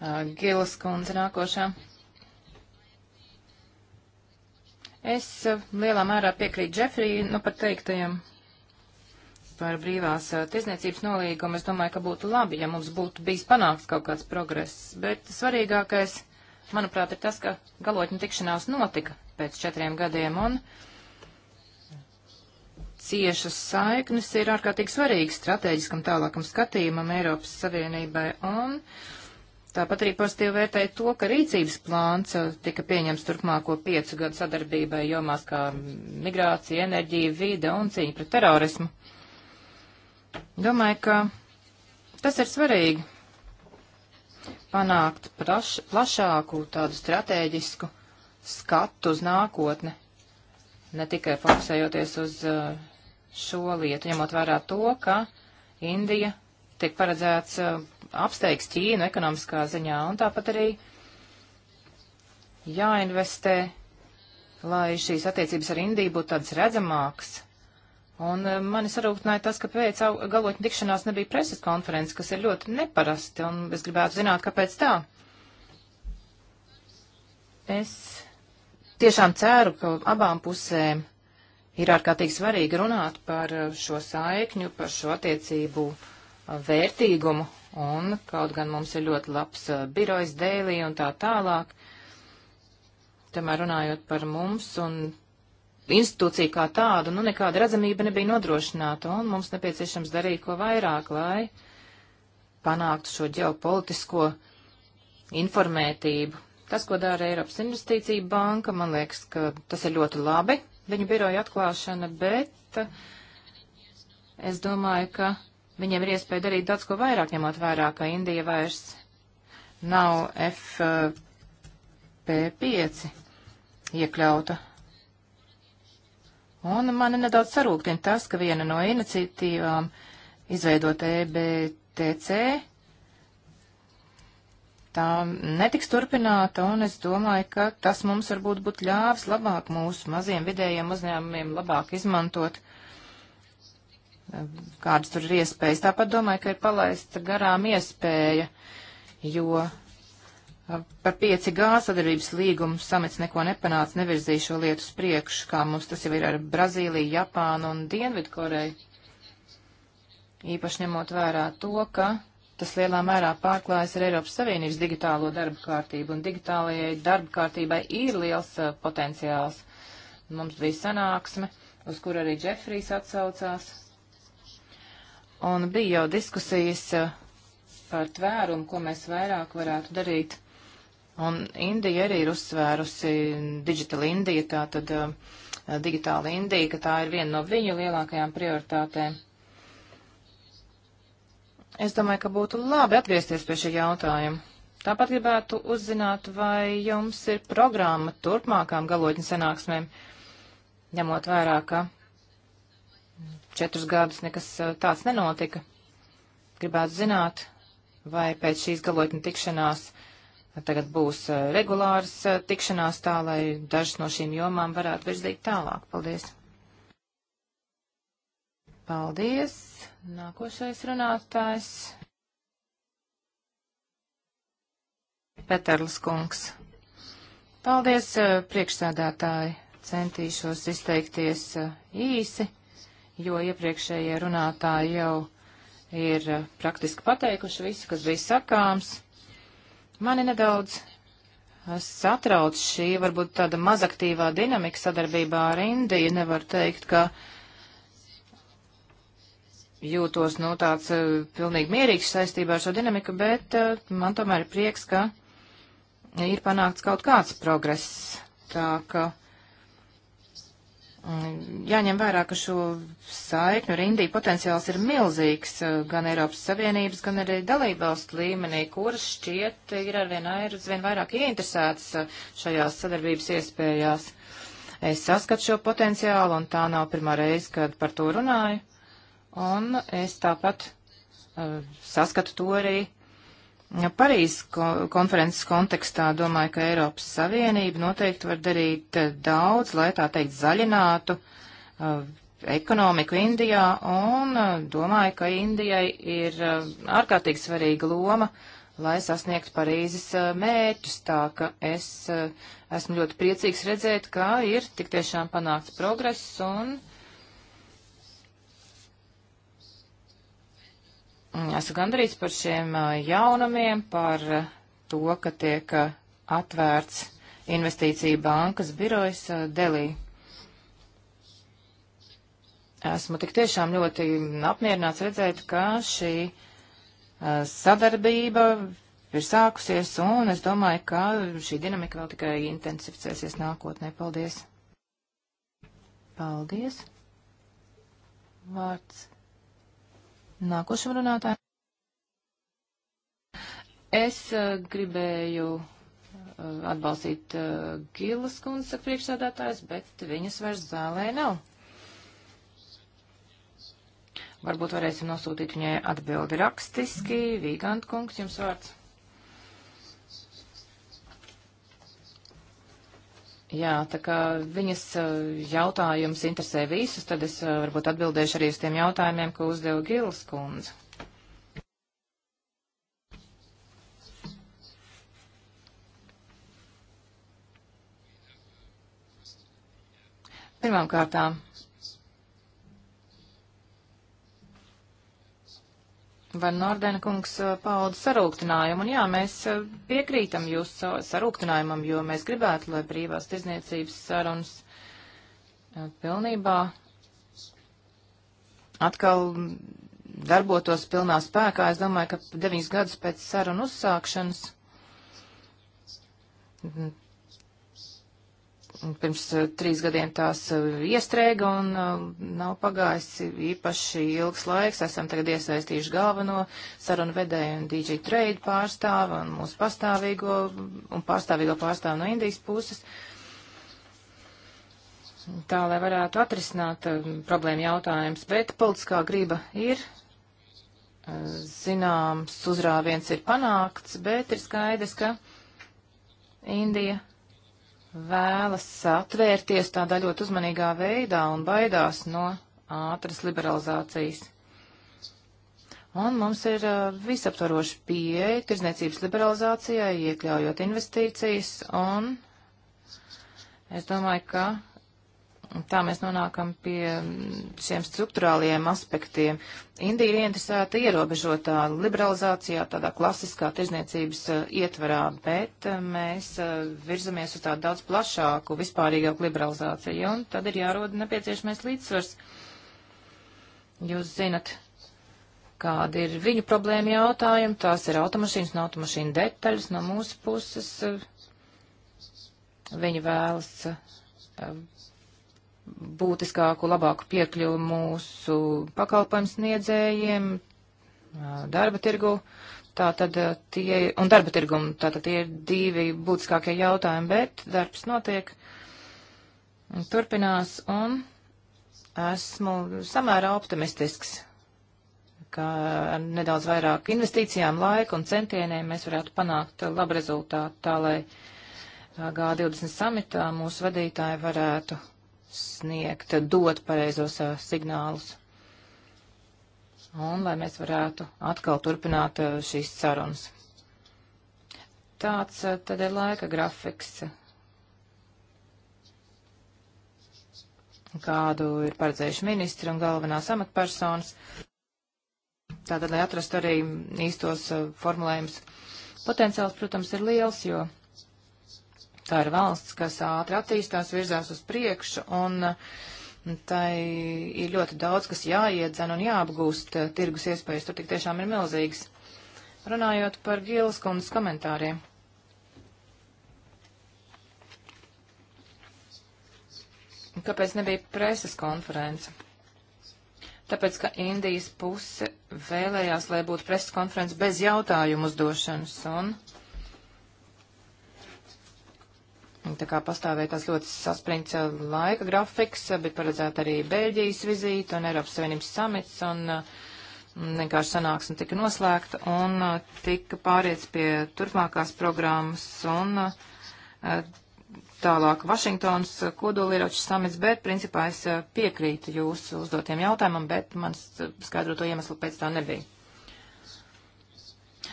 Uh, Gilas kundze nākošā. Es uh, lielā mērā piekrītu Džefrī, nu pat teiktajam par brīvās uh, tirzniecības nolīgumu. Es domāju, ka būtu labi, ja mums būtu bijis panākts kaut kāds progress. Bet svarīgākais, manuprāt, ir tas, ka galotņu tikšanās notika pēc četriem gadiem, un ciešas saiknes ir ārkārtīgi svarīgas strateģiskam tālākam skatījumam Eiropas Savienībai. Un tāpat arī pozitīvi vērtēja to, ka rīcības plāns uh, tika pieņems turpmāko piecu gadu sadarbībai jomās kā migrācija, enerģija, vide un cīņa pret terorismu. Domāju, ka tas ir svarīgi panākt praš, plašāku tādu strateģisku skatu uz nākotni, ne tikai fokusējoties uz uh, šo lietu, ņemot vērā to, ka Indija tiek paredzēts uh, apsteigs Ķīnu ekonomiskā ziņā un tāpat arī jāinvestē, lai šīs attiecības ar Indiju būtu tādas redzamākas. Un uh, mani sarūktināja tas, ka pēc galotņa tikšanās nebija preses konferences, kas ir ļoti neparasti, un es gribētu zināt, kāpēc tā. Es tiešām ceru, ka abām pusēm ir ārkārtīgi svarīgi runāt par eh, šo saikņu, par šo attiecību eh, vērtīgumu, un kaut gan mums ir ļoti labs eh, birojs dēlī un tā tālāk, tomēr runājot par mums un institūciju kā tādu, nu nekāda redzamība nebija nodrošināta, un mums nepieciešams darīt ko vairāk, lai panāktu šo ģeopolitisko informētību. Tas, ko dara Eiropas Investīcija banka, man liekas, ka tas ir ļoti labi, viņu biroja atklāšana, bet es domāju, ka viņiem ir iespēja darīt daudz ko vairāk, ņemot vērā, ka Indija vairs nav FP5 iekļauta. Un mani nedaudz sarūktina tas, ka viena no iniciatīvām izveidot EBTC tā netiks turpināta, un es domāju, ka tas mums varbūt būtu ļāvis labāk mūsu maziem vidējiem uzņēmumiem labāk izmantot, eh, kādas tur ir iespējas. Tāpat domāju, ka ir palaista garām iespēja, jo eh, par 5G sadarbības līgumu samits neko nepanāca, nevirzīja šo lietu uz priekšu, kā mums tas jau ir ar Brazīliju, Japānu un Dienvidkoreju. Īpaši ņemot vērā to, ka tas lielā mērā pārklājas ar Eiropas Savienības digitālo darba kārtību, un digitālajai darba kārtībai ir liels uh, potenciāls. Mums bija sanāksme, uz kur arī Džefrijs atsaucās, un bija jau diskusijas uh, par tvērumu, ko mēs vairāk varētu darīt. Un Indija arī ir uzsvērusi Digital Indija, tā tad uh, digitāla Indija, ka tā ir viena no viņu lielākajām prioritātēm. Es domāju, ka būtu labi atgriezties pie šī jautājuma. Tāpat gribētu uzzināt, vai jums ir programma turpmākām galotņu sanāksmēm, ņemot vērā, ka četrus gadus nekas e, tāds nenotika. Gribētu zināt, vai pēc šīs galotņu tikšanās tagad būs e, regulāras e, tikšanās tā, lai dažas no šīm jomām varētu virzīt tālāk. Paldies! Paldies. Nākošais runātājs. Peterlis kungs. Paldies, eh, priekšsēdētāji. Centīšos izteikties eh, īsi, jo iepriekšējie runātāji jau ir eh, praktiski pateikuši visu, kas bija sakāms. Mani nedaudz satrauc šī varbūt tāda mazaktīvā dinamika sadarbībā ar Indiju. Nevar teikt, ka uh, jūtos, nu, tāds e, pilnīgi mierīgs saistībā ar šo dinamiku, bet e, man tomēr ir prieks, ka ir panākts kaut kāds progress. Tā ka mm, jāņem vērā, ka šo saikņu ar Indiju potenciāls ir milzīgs e, gan Eiropas Savienības, gan arī dalībvalstu līmenī, kuras šķiet ir arvien, arvien vairāk ieinteresētas šajās sadarbības iespējās. Es saskatu šo potenciālu, un tā nav pirmā reize, kad par to runāju. Un es tāpat uh, saskatu to arī Parīzes ko konferences kontekstā. Domāju, ka Eiropas Savienība noteikti var darīt eh, daudz, lai tā teikt zaļinātu uh, ekonomiku Indijā. Un uh, domāju, ka Indijai ir ārkārtīgi svarīga loma lai sasniegtu Parīzes mērķus. Tā ka es esmu ļoti priecīgs redzēt, kā ir tik tiešām panākts progress un Mm, Esmu gandarīts par šiem jaunumiem, par to, ka tiek atvērts investīcija bankas birojas Delī. Esmu tik tiešām ļoti apmierināts redzēt, ka šī sadarbība ir sākusies, un es domāju, ka šī dinamika vēl tikai intensificēsies nākotnē. Paldies! Paldies! Vārds Nākošam runātājam. Es uh, gribēju uh, atbalstīt uh, Gilas kundzes priekšsādātājs, bet viņas vairs zālē nav. Varbūt varēsim nosūtīt viņai atbildi rakstiski. Vīgant kungs, jums vārds. Jā, tā kā viņas eh, jautājums interesē visus, tad es eh, varbūt atbildēšu arī uz tiem jautājumiem, ko uzdeva Gilas kundze. Pirmām kārtām Van Nordena kungs eh, pauda sarūktinājumu, un jā, mēs eh, piekrītam jūs sarūktinājumam, jo mēs gribētu, lai brīvās tirzniecības sarunas eh, pilnībā atkal darbotos pilnā spēkā. Es domāju, ka deviņas gadus pēc sarunu uzsākšanas Pirms eh, trīs gadiem tās eh, iestrēga un eh, nav pagājis īpaši ilgs laiks. Esam tagad iesaistījuši galveno sarunu vedēju un DJ Trade pārstāvu un mūsu pastāvīgo un pārstāvīgo pārstāvu no Indijas puses. Tā, lai varētu atrisināt problēmu jautājums, bet politiskā griba ir, zināms, uzrāviens ir panākts, bet ir skaidrs, ka Indija vēlas atvērties tādā ļoti uzmanīgā veidā un baidās no ātras liberalizācijas. Un mums ir uh, visaptvaroša pieeja tirzniecības liberalizācijai, iekļaujot investīcijas, un es domāju, ka Un tā mēs nonākam pie šiem struktūrāliem aspektiem. Indija ir interesēta ierobežotā liberalizācijā, tādā klasiskā tirzniecības uh, ietvarā, bet uh, mēs uh, virzamies uz tādu daudz plašāku, vispārīgāku liberalizāciju, un tad ir jāroda nepieciešamais līdzsvars. Jūs zinat, kāda ir viņu problēma jautājumi, tās ir automašīnas un automašīnu detaļas no mūsu puses. Viņi vēlas būtiskāku, labāku piekļuvu mūsu pakalpojumu sniedzējiem, darba tirgu. Tātad tie, un darba tirgumu, tātad tie ir divi būtiskākie jautājumi, bet darbs notiek, un turpinās, un esmu samērā optimistisks, ka nedaudz vairāk investīcijām, laika un centieniem mēs varētu panākt labu rezultātu tā, lai G20 samitā mūsu vadītāji varētu sniegt, dot pareizos signālus. Un lai mēs varētu atkal turpināt šīs sarunas. Tāds tad ir laika grafiks, kādu ir paredzējuši ministri un galvenās amatpersonas. Tātad, lai atrastu arī īstos formulējumus. Potenciāls, protams, ir liels, jo Tā ir valsts, kas ātri attīstās, virzās uz priekšu, un mm, tai ir ļoti daudz, kas jāiedzen un jāapgūst eh, tirgus iespējas. Tur tik tiešām ir milzīgs. Runājot par Gīles kundas komentāriem. Kāpēc nebija preses konference? Tāpēc, ka Indijas puse vēlējās, lai būtu preses konference bez jautājumu uzdošanas, un Tā kā pastāvēja tās ļoti saspringts eh, laika grafiks, eh, bet paredzēta arī Bēļģijas vizīte un Eiropas Savienības samits, un eh, vienkārši sanāksme tika noslēgta, un tika pāriets pie turpmākās programmas, un tālāk Vašingtons kodolieroču samits, bet principā es piekrītu jūsu uzdotiem jautājumam, bet man skaidroto iemeslu pēc tā nebija.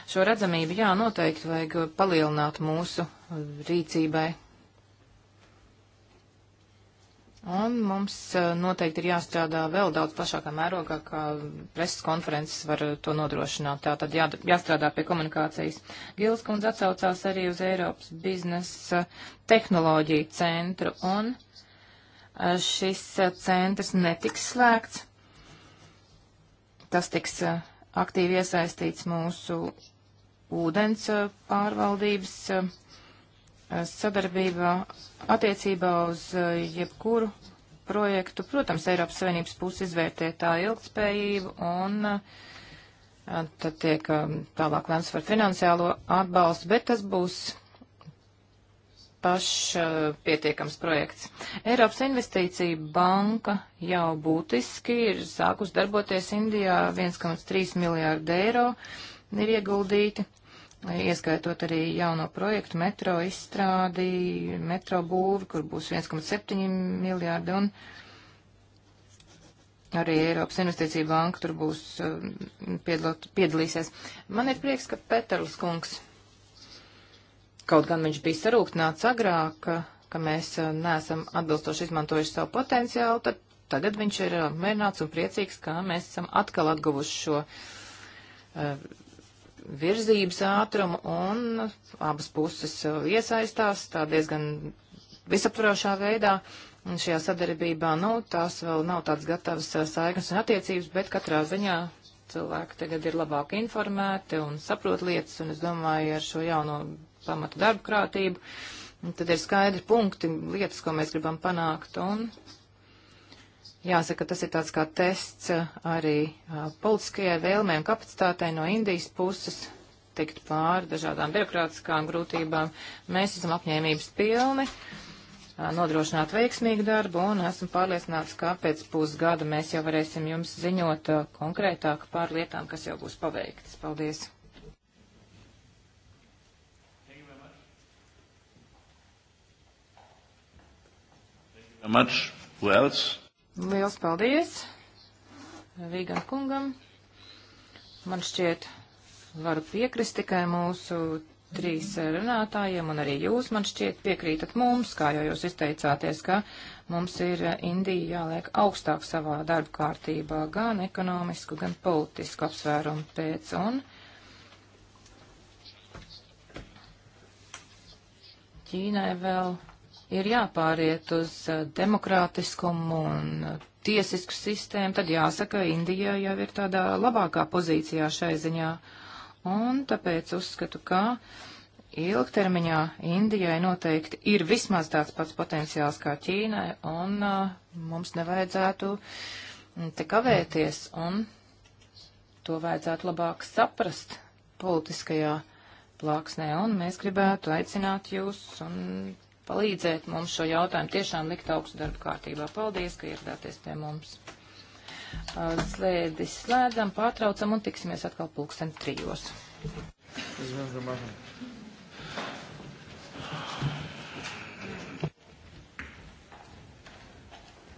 Šo redzamību, jā, noteikti vajag palielināt mūsu rīcībai, Un mums noteikti ir jāstrādā vēl daudz plašākā mērogā, kā preses konferences var to nodrošināt. Tā tad jā, jāstrādā pie komunikācijas. Gils kundze atsaucās arī uz Eiropas biznesa tehnoloģiju centru, un šis centrs netiks slēgts. Tas tiks aktīvi iesaistīts mūsu ūdens pārvaldības Eh, sadarbībā attiecībā uz eh, jebkuru projektu. Protams, Eiropas Savienības puses izvērtē tā ilgspējību un eh, tad tiek tālāk lēms par finansiālo atbalstu, bet tas būs pašpietiekams projekts. Eiropas investīcija banka jau būtiski ir sākus darboties Indijā, 1,3 miljārdi eiro ir ieguldīti ieskaitot arī jauno projektu metro izstrādi, metro būvi, kur būs 1,7 miljārdi un arī Eiropas investīcija banka tur būs um, piedalot, piedalīsies. Man ir prieks, ka Peterls kungs, kaut gan viņš bija sarūktināts agrāk, ka mēs uh, neesam atbilstoši izmantojuši savu potenciālu, tad tagad viņš ir uh, mērnāts un priecīgs, ka mēs esam atkal atguvuši šo uh, virzības ātrumu un abas puses iesaistās tā diezgan visaptvarošā veidā. Un šajā sadarbībā, nu, tās vēl nav tādas gatavas saiknes un attiecības, bet katrā ziņā cilvēki tagad ir labāk informēti un saprot lietas, un es domāju, ar šo jauno pamatu darbu krātību, tad ir skaidri punkti, lietas, ko mēs gribam panākt, un Jāsaka, tas ir tāds kā tests uh, arī uh, politiskajai vēlmēm kapacitātei no Indijas puses tikt pāri dažādām birokrātiskām grūtībām. Mēs esam apņēmības pilni uh, nodrošināt veiksmīgu darbu un esmu pārliecināts, ka pēc pusgada mēs jau varēsim jums ziņot konkrētāk par lietām, kas jau būs paveiktas. Paldies! Much. Who else? Liels paldies Vīgan kungam. Man šķiet, varu piekrist tikai mūsu trīs runātājiem, un arī jūs, man šķiet, piekrītat mums, kā jau jūs izteicāties, ka mums ir Indija jāliek augstāk savā darba kārtībā gan ekonomisku, gan politisku apsvērumu pēc. Un Ķīnai vēl ir jāpāriet uz uh, demokrātiskumu un uh, tiesisku sistēmu, tad jāsaka, Indija jau ir tādā labākā pozīcijā šai ziņā. Un tāpēc uzskatu, ka ilgtermiņā Indijai noteikti ir vismaz tāds pats potenciāls kā Ķīnai, un uh, mums nevajadzētu mm, te kavēties, un to vajadzētu labāk saprast politiskajā plāksnē, un mēs gribētu aicināt jūs un palīdzēt mums šo jautājumu tiešām likt augstu darbu kārtībā. Paldies, ka ieradāties pie mums. Uh, slēdis slēdzam, pārtraucam un tiksimies atkal pulksten trijos. Es vienkārši